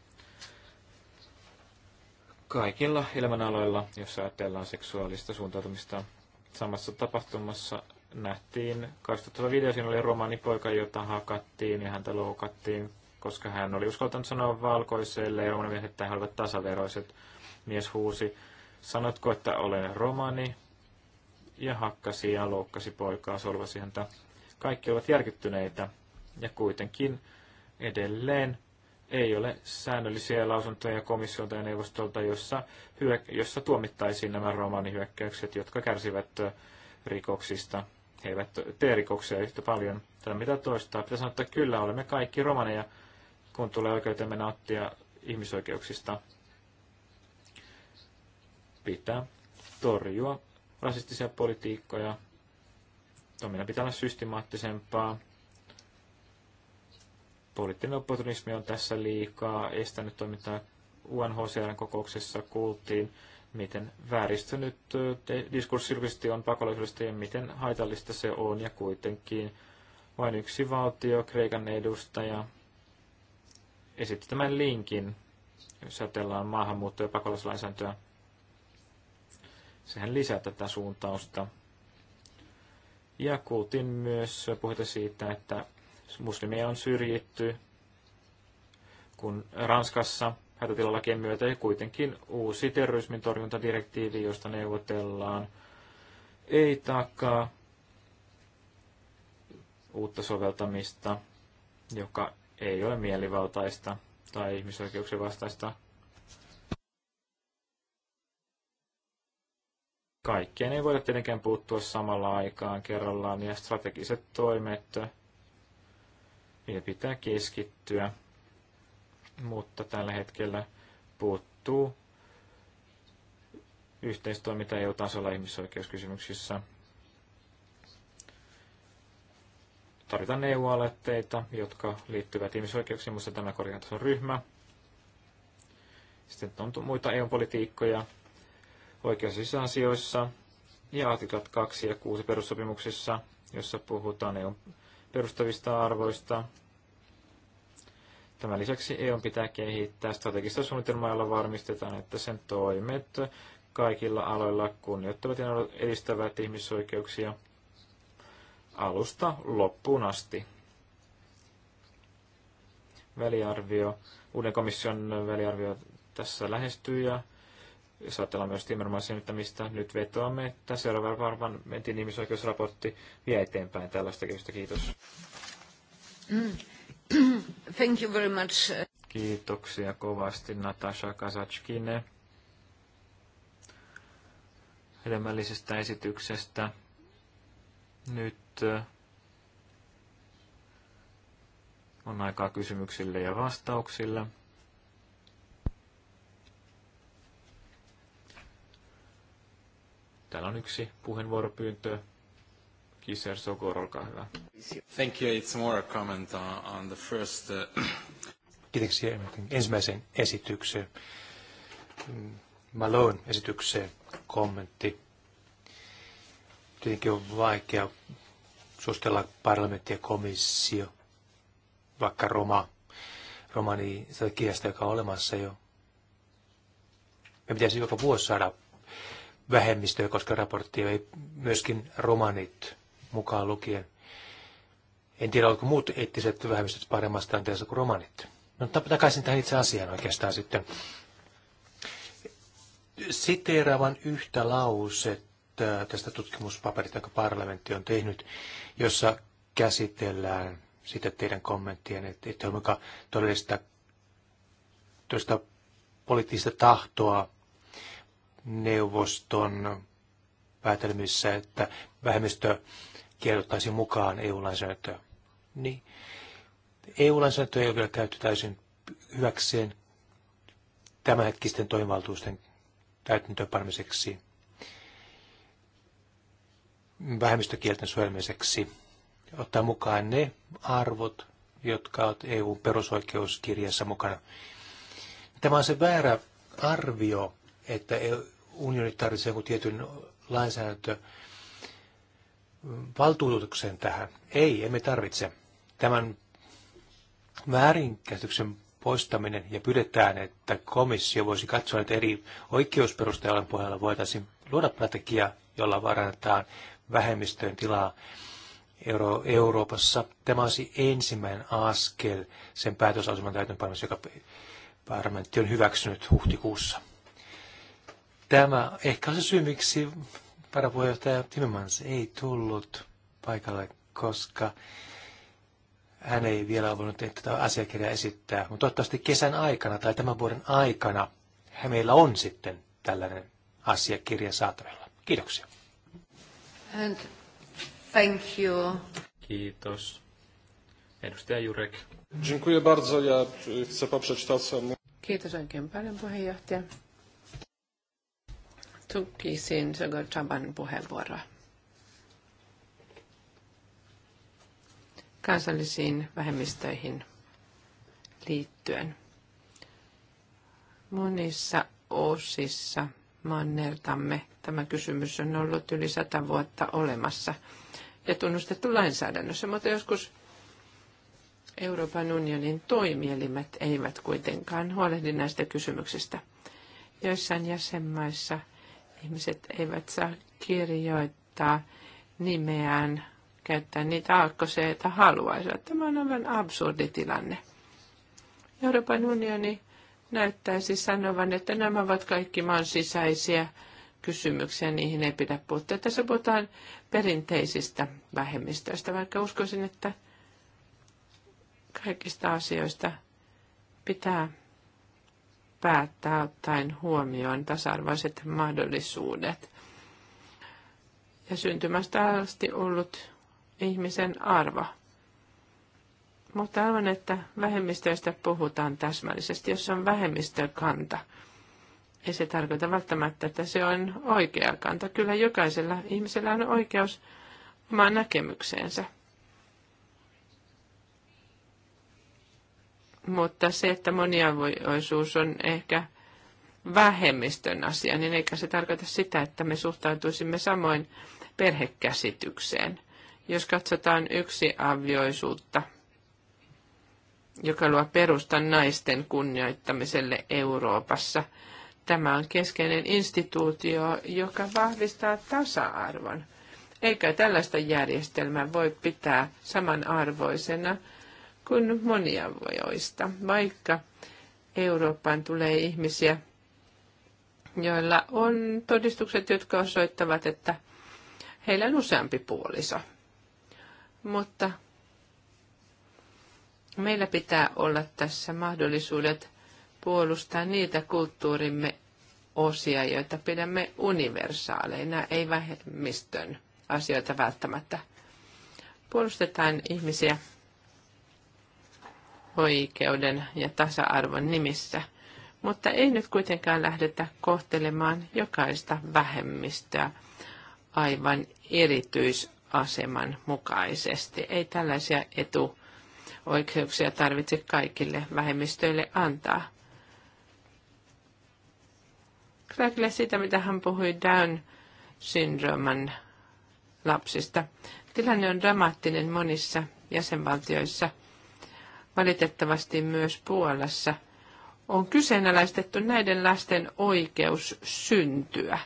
kaikilla elämänaloilla, jos ajatellaan seksuaalista suuntautumista. Samassa tapahtumassa nähtiin video, siinä oli romaanipoika, jota hakattiin ja häntä loukattiin, koska hän oli uskaltanut sanoa valkoiselle ja romaanimiehet, että he olivat tasaveroiset. Mies huusi sanotko, että olen romani, ja hakkasi ja loukkasi poikaa, solvasi häntä. Kaikki ovat järkyttyneitä, ja kuitenkin edelleen ei ole säännöllisiä lausuntoja komissiolta ja neuvostolta, jossa, hyök- jossa tuomittaisiin nämä romaanihyökkäykset, jotka kärsivät rikoksista. He eivät tee rikoksia yhtä paljon. Tätä mitä toistaa. Pitää sanoa, että kyllä olemme kaikki romaneja, kun tulee oikeuteen mennä ottia ihmisoikeuksista pitää torjua rasistisia politiikkoja. Toiminnan no, pitää olla systemaattisempaa. Poliittinen opportunismi on tässä liikaa estänyt toimintaa UNHCRn kokouksessa kuultiin, miten vääristynyt diskurssi on pakolaisuudesta ja miten haitallista se on. Ja kuitenkin vain yksi valtio, Kreikan edustaja, esitti tämän linkin, jos ajatellaan maahanmuutto- ja pakolaislainsäädäntöä Sehän lisää tätä suuntausta. Ja kuultiin myös puhuta siitä, että muslimeja on syrjitty, kun Ranskassa hätätilalakien myötä ei kuitenkin uusi terrorismin torjuntadirektiivi, josta neuvotellaan, ei takaa uutta soveltamista, joka ei ole mielivaltaista tai ihmisoikeuksien vastaista. kaikkeen ei voida tietenkään puuttua samalla aikaan kerrallaan, ja strategiset toimet, niitä pitää keskittyä, mutta tällä hetkellä puuttuu yhteistoiminta EU-tasolla ihmisoikeuskysymyksissä. Tarvitaan EU-aloitteita, jotka liittyvät ihmisoikeuksiin, mutta tämä korkeatason ryhmä. Sitten on muita EU-politiikkoja, oikeus- ja asioissa ja artiklat 2 ja 6 perussopimuksissa, jossa puhutaan EUn perustavista arvoista. Tämän lisäksi EUn pitää kehittää strategista suunnitelmaa, jolla varmistetaan, että sen toimet kaikilla aloilla kunnioittavat ja edistävät ihmisoikeuksia alusta loppuun asti. Väliarvio, uuden komission väliarvio tässä lähestyy ja jos ajatellaan myös Timmermansin mistä nyt vetoamme, että seuraava varmaan mentiin ihmisoikeusraportti vie eteenpäin tällaista kehystä. Kiitos. Mm. Thank you very much. Kiitoksia kovasti Natasha Kazachkine hedelmällisestä esityksestä. Nyt äh, on aikaa kysymyksille ja vastauksille. Täällä on yksi puheenvuoropyyntö. Kiser Sokor, olkaa hyvä. Thank you. It's more a comment on, the first... Uh, Kiitoksia ensimmäisen esitykseen. Malone esitykseen kommentti. Tietenkin on vaikea suostella parlamentti ja komissio, vaikka Roma, romani kiestä, joka on olemassa jo. Me pitäisi joka vuosi saada vähemmistöjä koska raportti, ei myöskin romanit mukaan lukien. En tiedä, oliko muut eettiset vähemmistöt paremmassa tilanteessa kuin romanit. No takaisin tähän itse asiaan oikeastaan sitten. Siteeraavan yhtä lausetta äh, tästä tutkimuspaperista, jonka parlamentti on tehnyt, jossa käsitellään sitä teidän kommenttien, että, että on todellista, todellista poliittista tahtoa neuvoston päätelmissä, että vähemmistö kirjoittaisi mukaan EU-lainsäädäntöä. Niin. EU-lainsäädäntö ei ole vielä käytetty täysin hyväkseen tämänhetkisten toimivaltuusten täytäntöönpanemiseksi, vähemmistökielten suojelmiseksi, ottaa mukaan ne arvot, jotka ovat EUn perusoikeuskirjassa mukana. Tämä on se väärä arvio, että e- unioni tarvitsee joku tietyn lainsäädäntö mm, valtuutukseen tähän. Ei, emme tarvitse. Tämän väärinkäsityksen poistaminen ja pyydetään, että komissio voisi katsoa, että eri oikeusperusteiden pohjalla voitaisiin luoda strategia, jolla varannetaan vähemmistöjen tilaa Euro- Euroopassa. Tämä olisi ensimmäinen askel sen päätösaseman täytäntöönpanossa, joka parlamentti on hyväksynyt huhtikuussa. Tämä ehkä on se syy, miksi varapuheenjohtaja Timmermans ei tullut paikalle, koska hän ei vielä voinut tätä asiakirjaa esittää. Mutta toivottavasti kesän aikana tai tämän vuoden aikana meillä on sitten tällainen asiakirja saatavilla. Kiitoksia. And thank you. Kiitos. Edustaja Jurek. Dziękuję bardzo. Ja chcę poprzeć to, co... Kiitos oikein paljon puheenjohtaja tukisin Sögör Chaban puheenvuoroa. kansallisiin vähemmistöihin liittyen. Monissa osissa mannertamme tämä kysymys on ollut yli sata vuotta olemassa ja tunnustettu lainsäädännössä, mutta joskus Euroopan unionin toimielimet eivät kuitenkaan huolehdi näistä kysymyksistä. Joissain jäsenmaissa – Ihmiset eivät saa kirjoittaa nimeään, käyttää niitä alkoseita joita haluaisivat. Tämä on aivan absurdi tilanne. Euroopan unioni näyttäisi sanovan, että nämä ovat kaikki maan sisäisiä kysymyksiä, niihin ei pidä puuttua. Tässä puhutaan perinteisistä vähemmistöistä, vaikka uskoisin, että kaikista asioista pitää päättää ottaen huomioon tasa-arvoiset mahdollisuudet ja syntymästä asti ollut ihmisen arvo. Mutta arvan, että vähemmistöistä puhutaan täsmällisesti, jos on vähemmistökanta. Ei se tarkoita välttämättä, että se on oikea kanta. Kyllä jokaisella ihmisellä on oikeus omaan näkemykseensä. mutta se, että moniavoisuus on ehkä vähemmistön asia, niin eikä se tarkoita sitä, että me suhtautuisimme samoin perhekäsitykseen. Jos katsotaan yksi avioisuutta, joka luo perustan naisten kunnioittamiselle Euroopassa, tämä on keskeinen instituutio, joka vahvistaa tasa-arvon. Eikä tällaista järjestelmää voi pitää samanarvoisena kuin monia vojoista, vaikka Eurooppaan tulee ihmisiä, joilla on todistukset, jotka osoittavat, että heillä on useampi puoliso. Mutta meillä pitää olla tässä mahdollisuudet puolustaa niitä kulttuurimme osia, joita pidämme universaaleina, ei vähemmistön asioita välttämättä. Puolustetaan ihmisiä oikeuden ja tasa-arvon nimissä. Mutta ei nyt kuitenkaan lähdetä kohtelemaan jokaista vähemmistöä aivan erityisaseman mukaisesti. Ei tällaisia etuoikeuksia tarvitse kaikille vähemmistöille antaa. Clarkille siitä, mitä hän puhui Down-syndrooman lapsista. Tilanne on dramaattinen monissa jäsenvaltioissa – valitettavasti myös Puolassa, on kyseenalaistettu näiden lasten oikeus syntyä.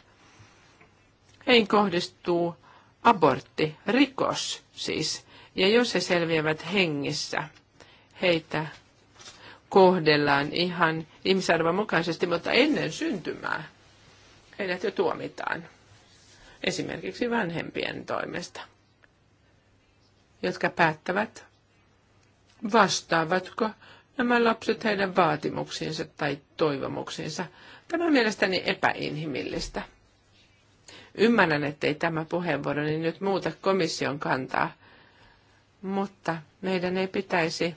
Heihin kohdistuu abortti, rikos siis, ja jos he selviävät hengissä, heitä kohdellaan ihan ihmisarvon mukaisesti, mutta ennen syntymää heidät jo tuomitaan, esimerkiksi vanhempien toimesta, jotka päättävät vastaavatko nämä lapset heidän vaatimuksiinsa tai toivomuksiinsa. Tämä on mielestäni epäinhimillistä. Ymmärrän, ettei tämä puheenvuoro niin nyt muuta komission kantaa, mutta meidän ei pitäisi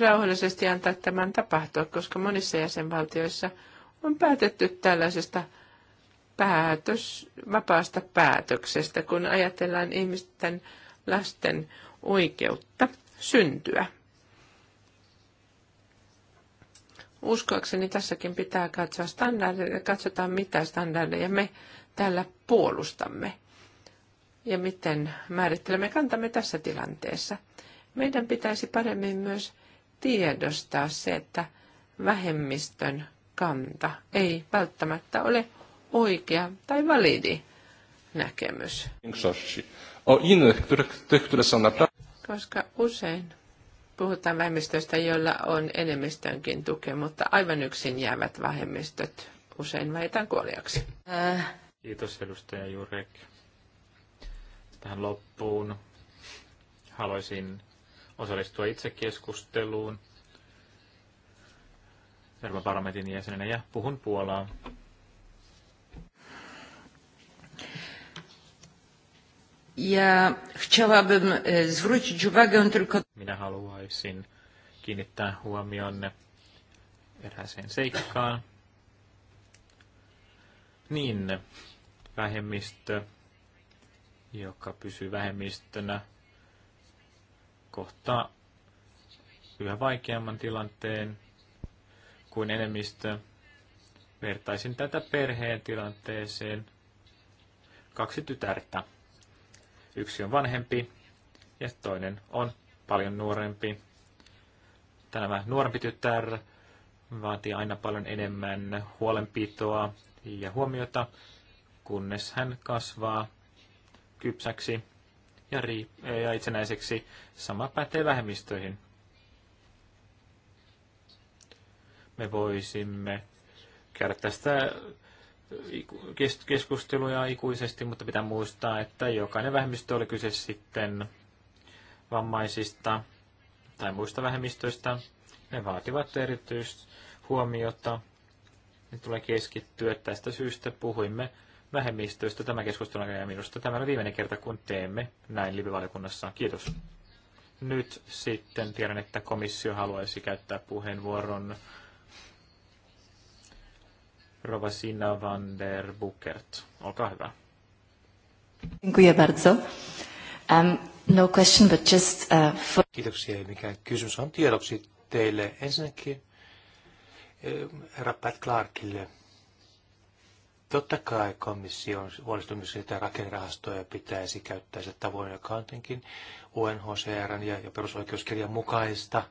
rauhallisesti antaa tämän tapahtua, koska monissa jäsenvaltioissa on päätetty tällaisesta päätös, vapaasta päätöksestä, kun ajatellaan ihmisten lasten oikeutta syntyä. Uskoakseni tässäkin pitää katsoa standardeja, katsotaan mitä standardeja me täällä puolustamme ja miten määrittelemme kantamme tässä tilanteessa. Meidän pitäisi paremmin myös tiedostaa se, että vähemmistön kanta ei välttämättä ole oikea tai validi näkemys. O koska usein puhutaan vähemmistöistä, joilla on enemmistönkin tukea, mutta aivan yksin jäävät vähemmistöt usein väitään kuoliaksi. Äh. Kiitos edustaja Jurek. Tähän loppuun haluaisin osallistua itse keskusteluun Euroopan parlamentin jäsenenä ja puhun Puolaa. Ja chciałabym e, zwrócić uwagę tylko... Minä haluaisin kiinnittää huomionne erääseen seikkaan. Niin, vähemmistö, joka pysyy vähemmistönä, kohtaa yhä vaikeamman tilanteen kuin enemmistö. Vertaisin tätä perheen tilanteeseen. Kaksi tytärtä Yksi on vanhempi ja toinen on paljon nuorempi. Tämä nuorempi tytär vaatii aina paljon enemmän huolenpitoa ja huomiota, kunnes hän kasvaa kypsäksi ja, riip- ja itsenäiseksi. Sama pätee vähemmistöihin. Me voisimme käydä tästä keskusteluja ikuisesti, mutta pitää muistaa, että jokainen vähemmistö oli kyse sitten vammaisista tai muista vähemmistöistä. Ne vaativat huomiota. Ne tulee keskittyä. Tästä syystä puhuimme vähemmistöistä tämä keskustelu ja minusta tämä on viimeinen kerta, kun teemme näin Libivaliokunnassa. Kiitos. Nyt sitten tiedän, että komissio haluaisi käyttää puheenvuoron Rovasina van der Bukert. Olkaa hyvä. Um, no uh, Kiitoksia, mikään kysymys. On tiedoksi teille ensinnäkin eh, herra Pat Clarkille. Totta kai komission huolestumisen sitä rakennerahastoja pitäisi käyttää se tavoin, joka on tietenkin UNHCR ja, ja perusoikeuskirjan mukaista.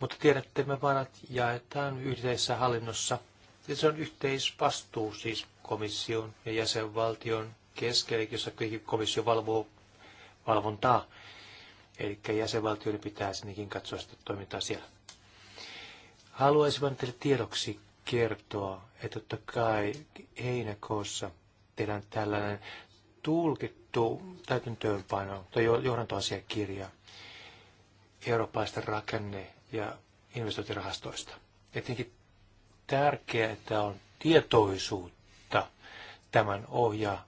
Mutta tiedätte, me varat jaetaan yhdessä hallinnossa – ja se on yhteisvastuu siis komission ja jäsenvaltion kesken, jossa komissio valvoo valvontaa. Eli jäsenvaltioiden pitää sinnekin katsoa sitä toimintaa siellä. Haluaisin vain teille tiedoksi kertoa, että totta kai heinäkuussa tehdään tällainen tulkittu täytäntöönpano tai johdantoasiakirja eurooppalaista rakenne- ja investointirahastoista. Etenkin tärkeää, että on tietoisuutta tämän ohja,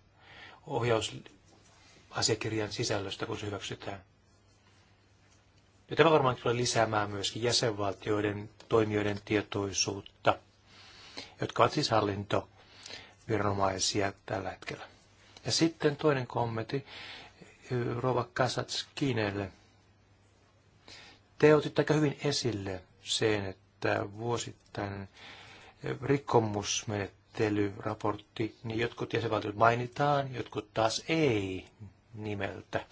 ohjausasiakirjan sisällöstä, kun se hyväksytään. Ja tämä varmaan tulee lisäämään myöskin jäsenvaltioiden toimijoiden tietoisuutta, jotka ovat siis hallintoviranomaisia tällä hetkellä. Ja sitten toinen kommentti Rova Kasatskinelle. Te otitte aika hyvin esille sen, että vuosittain rikkomusmenettelyraportti, niin jotkut jäsenvaltiot mainitaan, jotkut taas ei nimeltä.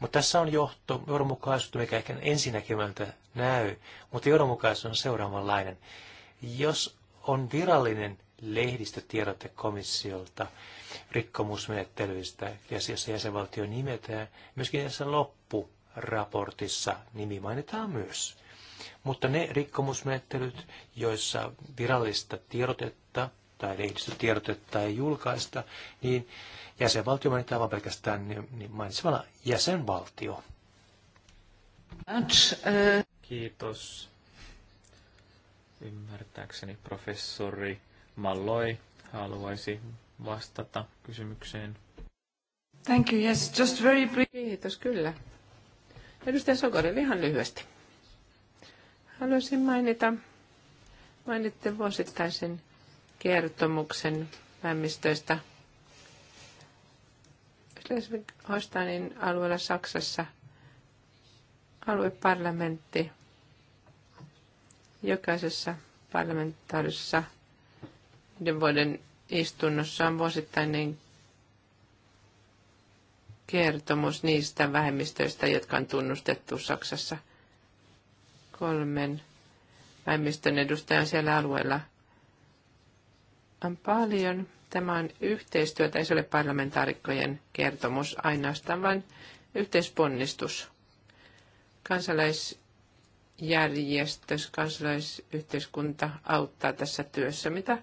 Mutta tässä on johto, johdonmukaisuutta, mikä ehkä ensinäkemältä näy, mutta johdonmukaisuus on seuraavanlainen. Jos on virallinen lehdistötiedote komissiolta rikkomusmenettelyistä, ja jossa jäsenvaltio nimetään, myöskin tässä loppuraportissa nimi mainitaan myös. Mutta ne rikkomusmenettelyt, joissa virallista tiedotetta tai lehdistötiedotetta ei julkaista, niin jäsenvaltio mainitaan vain pelkästään niin mainitsemalla jäsenvaltio. Kiitos. Ymmärtääkseni professori Malloi haluaisi vastata kysymykseen. Thank you, yes, just very brief. Kiitos, kyllä. Edustaja Sokorel, ihan lyhyesti. Haluaisin mainita, mainitte vuosittaisen kertomuksen vähemmistöistä Schleswig-Holsteinin alueella Saksassa alueparlamentti jokaisessa parlamentaarisessa yhden vuoden istunnossa on vuosittainen kertomus niistä vähemmistöistä, jotka on tunnustettu Saksassa kolmen vähemmistön edustajan siellä alueella on paljon. Tämä on yhteistyötä, ei se ole parlamentaarikkojen kertomus ainoastaan, vaan yhteisponnistus. Kansalaisjärjestö, kansalaisyhteiskunta auttaa tässä työssä. Mitä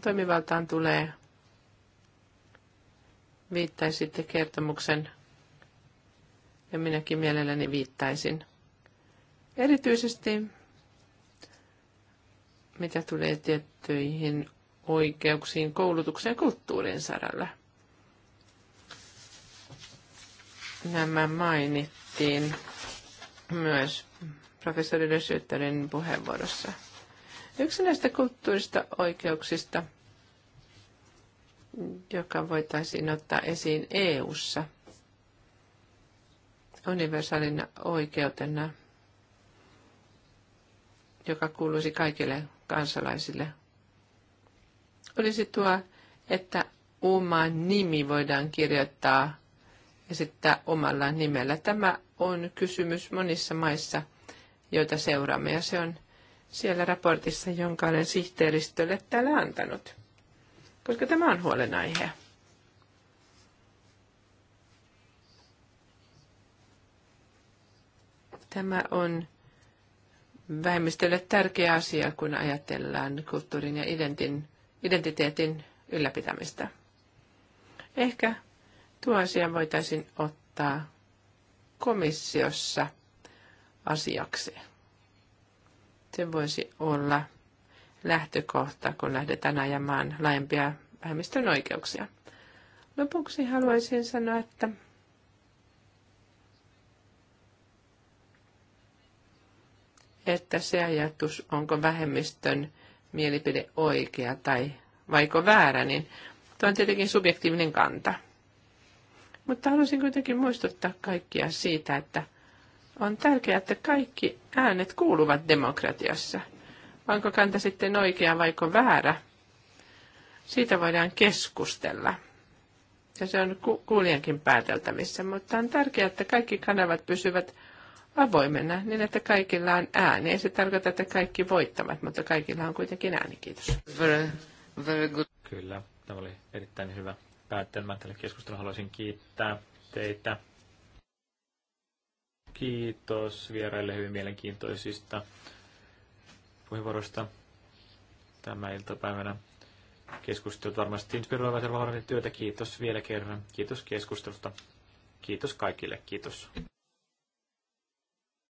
toimivaltaan tulee, viittaisitte kertomuksen ja minäkin mielelläni viittaisin – Erityisesti mitä tulee tiettyihin oikeuksiin koulutuksen ja kulttuurin saralla. Nämä mainittiin myös professori De puheenvuorossa. Yksi näistä kulttuurista oikeuksista, joka voitaisiin ottaa esiin EU-ssa universaalina oikeutena – joka kuuluisi kaikille kansalaisille, olisi tuo, että oma nimi voidaan kirjoittaa esittää omalla nimellä. Tämä on kysymys monissa maissa, joita seuraamme, ja se on siellä raportissa, jonka olen sihteeristölle täällä antanut, koska tämä on huolenaihe. Tämä on vähemmistölle tärkeä asia, kun ajatellaan kulttuurin ja identin, identiteetin ylläpitämistä. Ehkä tuo asia voitaisiin ottaa komissiossa asiaksi. Se voisi olla lähtökohta, kun lähdetään ajamaan laajempia vähemmistön oikeuksia. Lopuksi haluaisin sanoa, että että se ajatus, onko vähemmistön mielipide oikea tai vaiko väärä, niin tuo on tietenkin subjektiivinen kanta. Mutta haluaisin kuitenkin muistuttaa kaikkia siitä, että on tärkeää, että kaikki äänet kuuluvat demokratiassa. Onko kanta sitten oikea vaiko väärä? Siitä voidaan keskustella. Ja se on ku- kuulijankin pääteltävissä, mutta on tärkeää, että kaikki kanavat pysyvät avoimena niin, että kaikilla on ääni. Ei se tarkoita, että kaikki voittavat, mutta kaikilla on kuitenkin ääni. Kiitos. Very, very good. Kyllä, tämä oli erittäin hyvä päättelmä tälle keskustelulle. Haluaisin kiittää teitä. Kiitos vieraille hyvin mielenkiintoisista puheenvuoroista tämä iltapäivänä. Keskustelut varmasti inspiroivat ja työtä. Kiitos vielä kerran. Kiitos keskustelusta. Kiitos kaikille. Kiitos.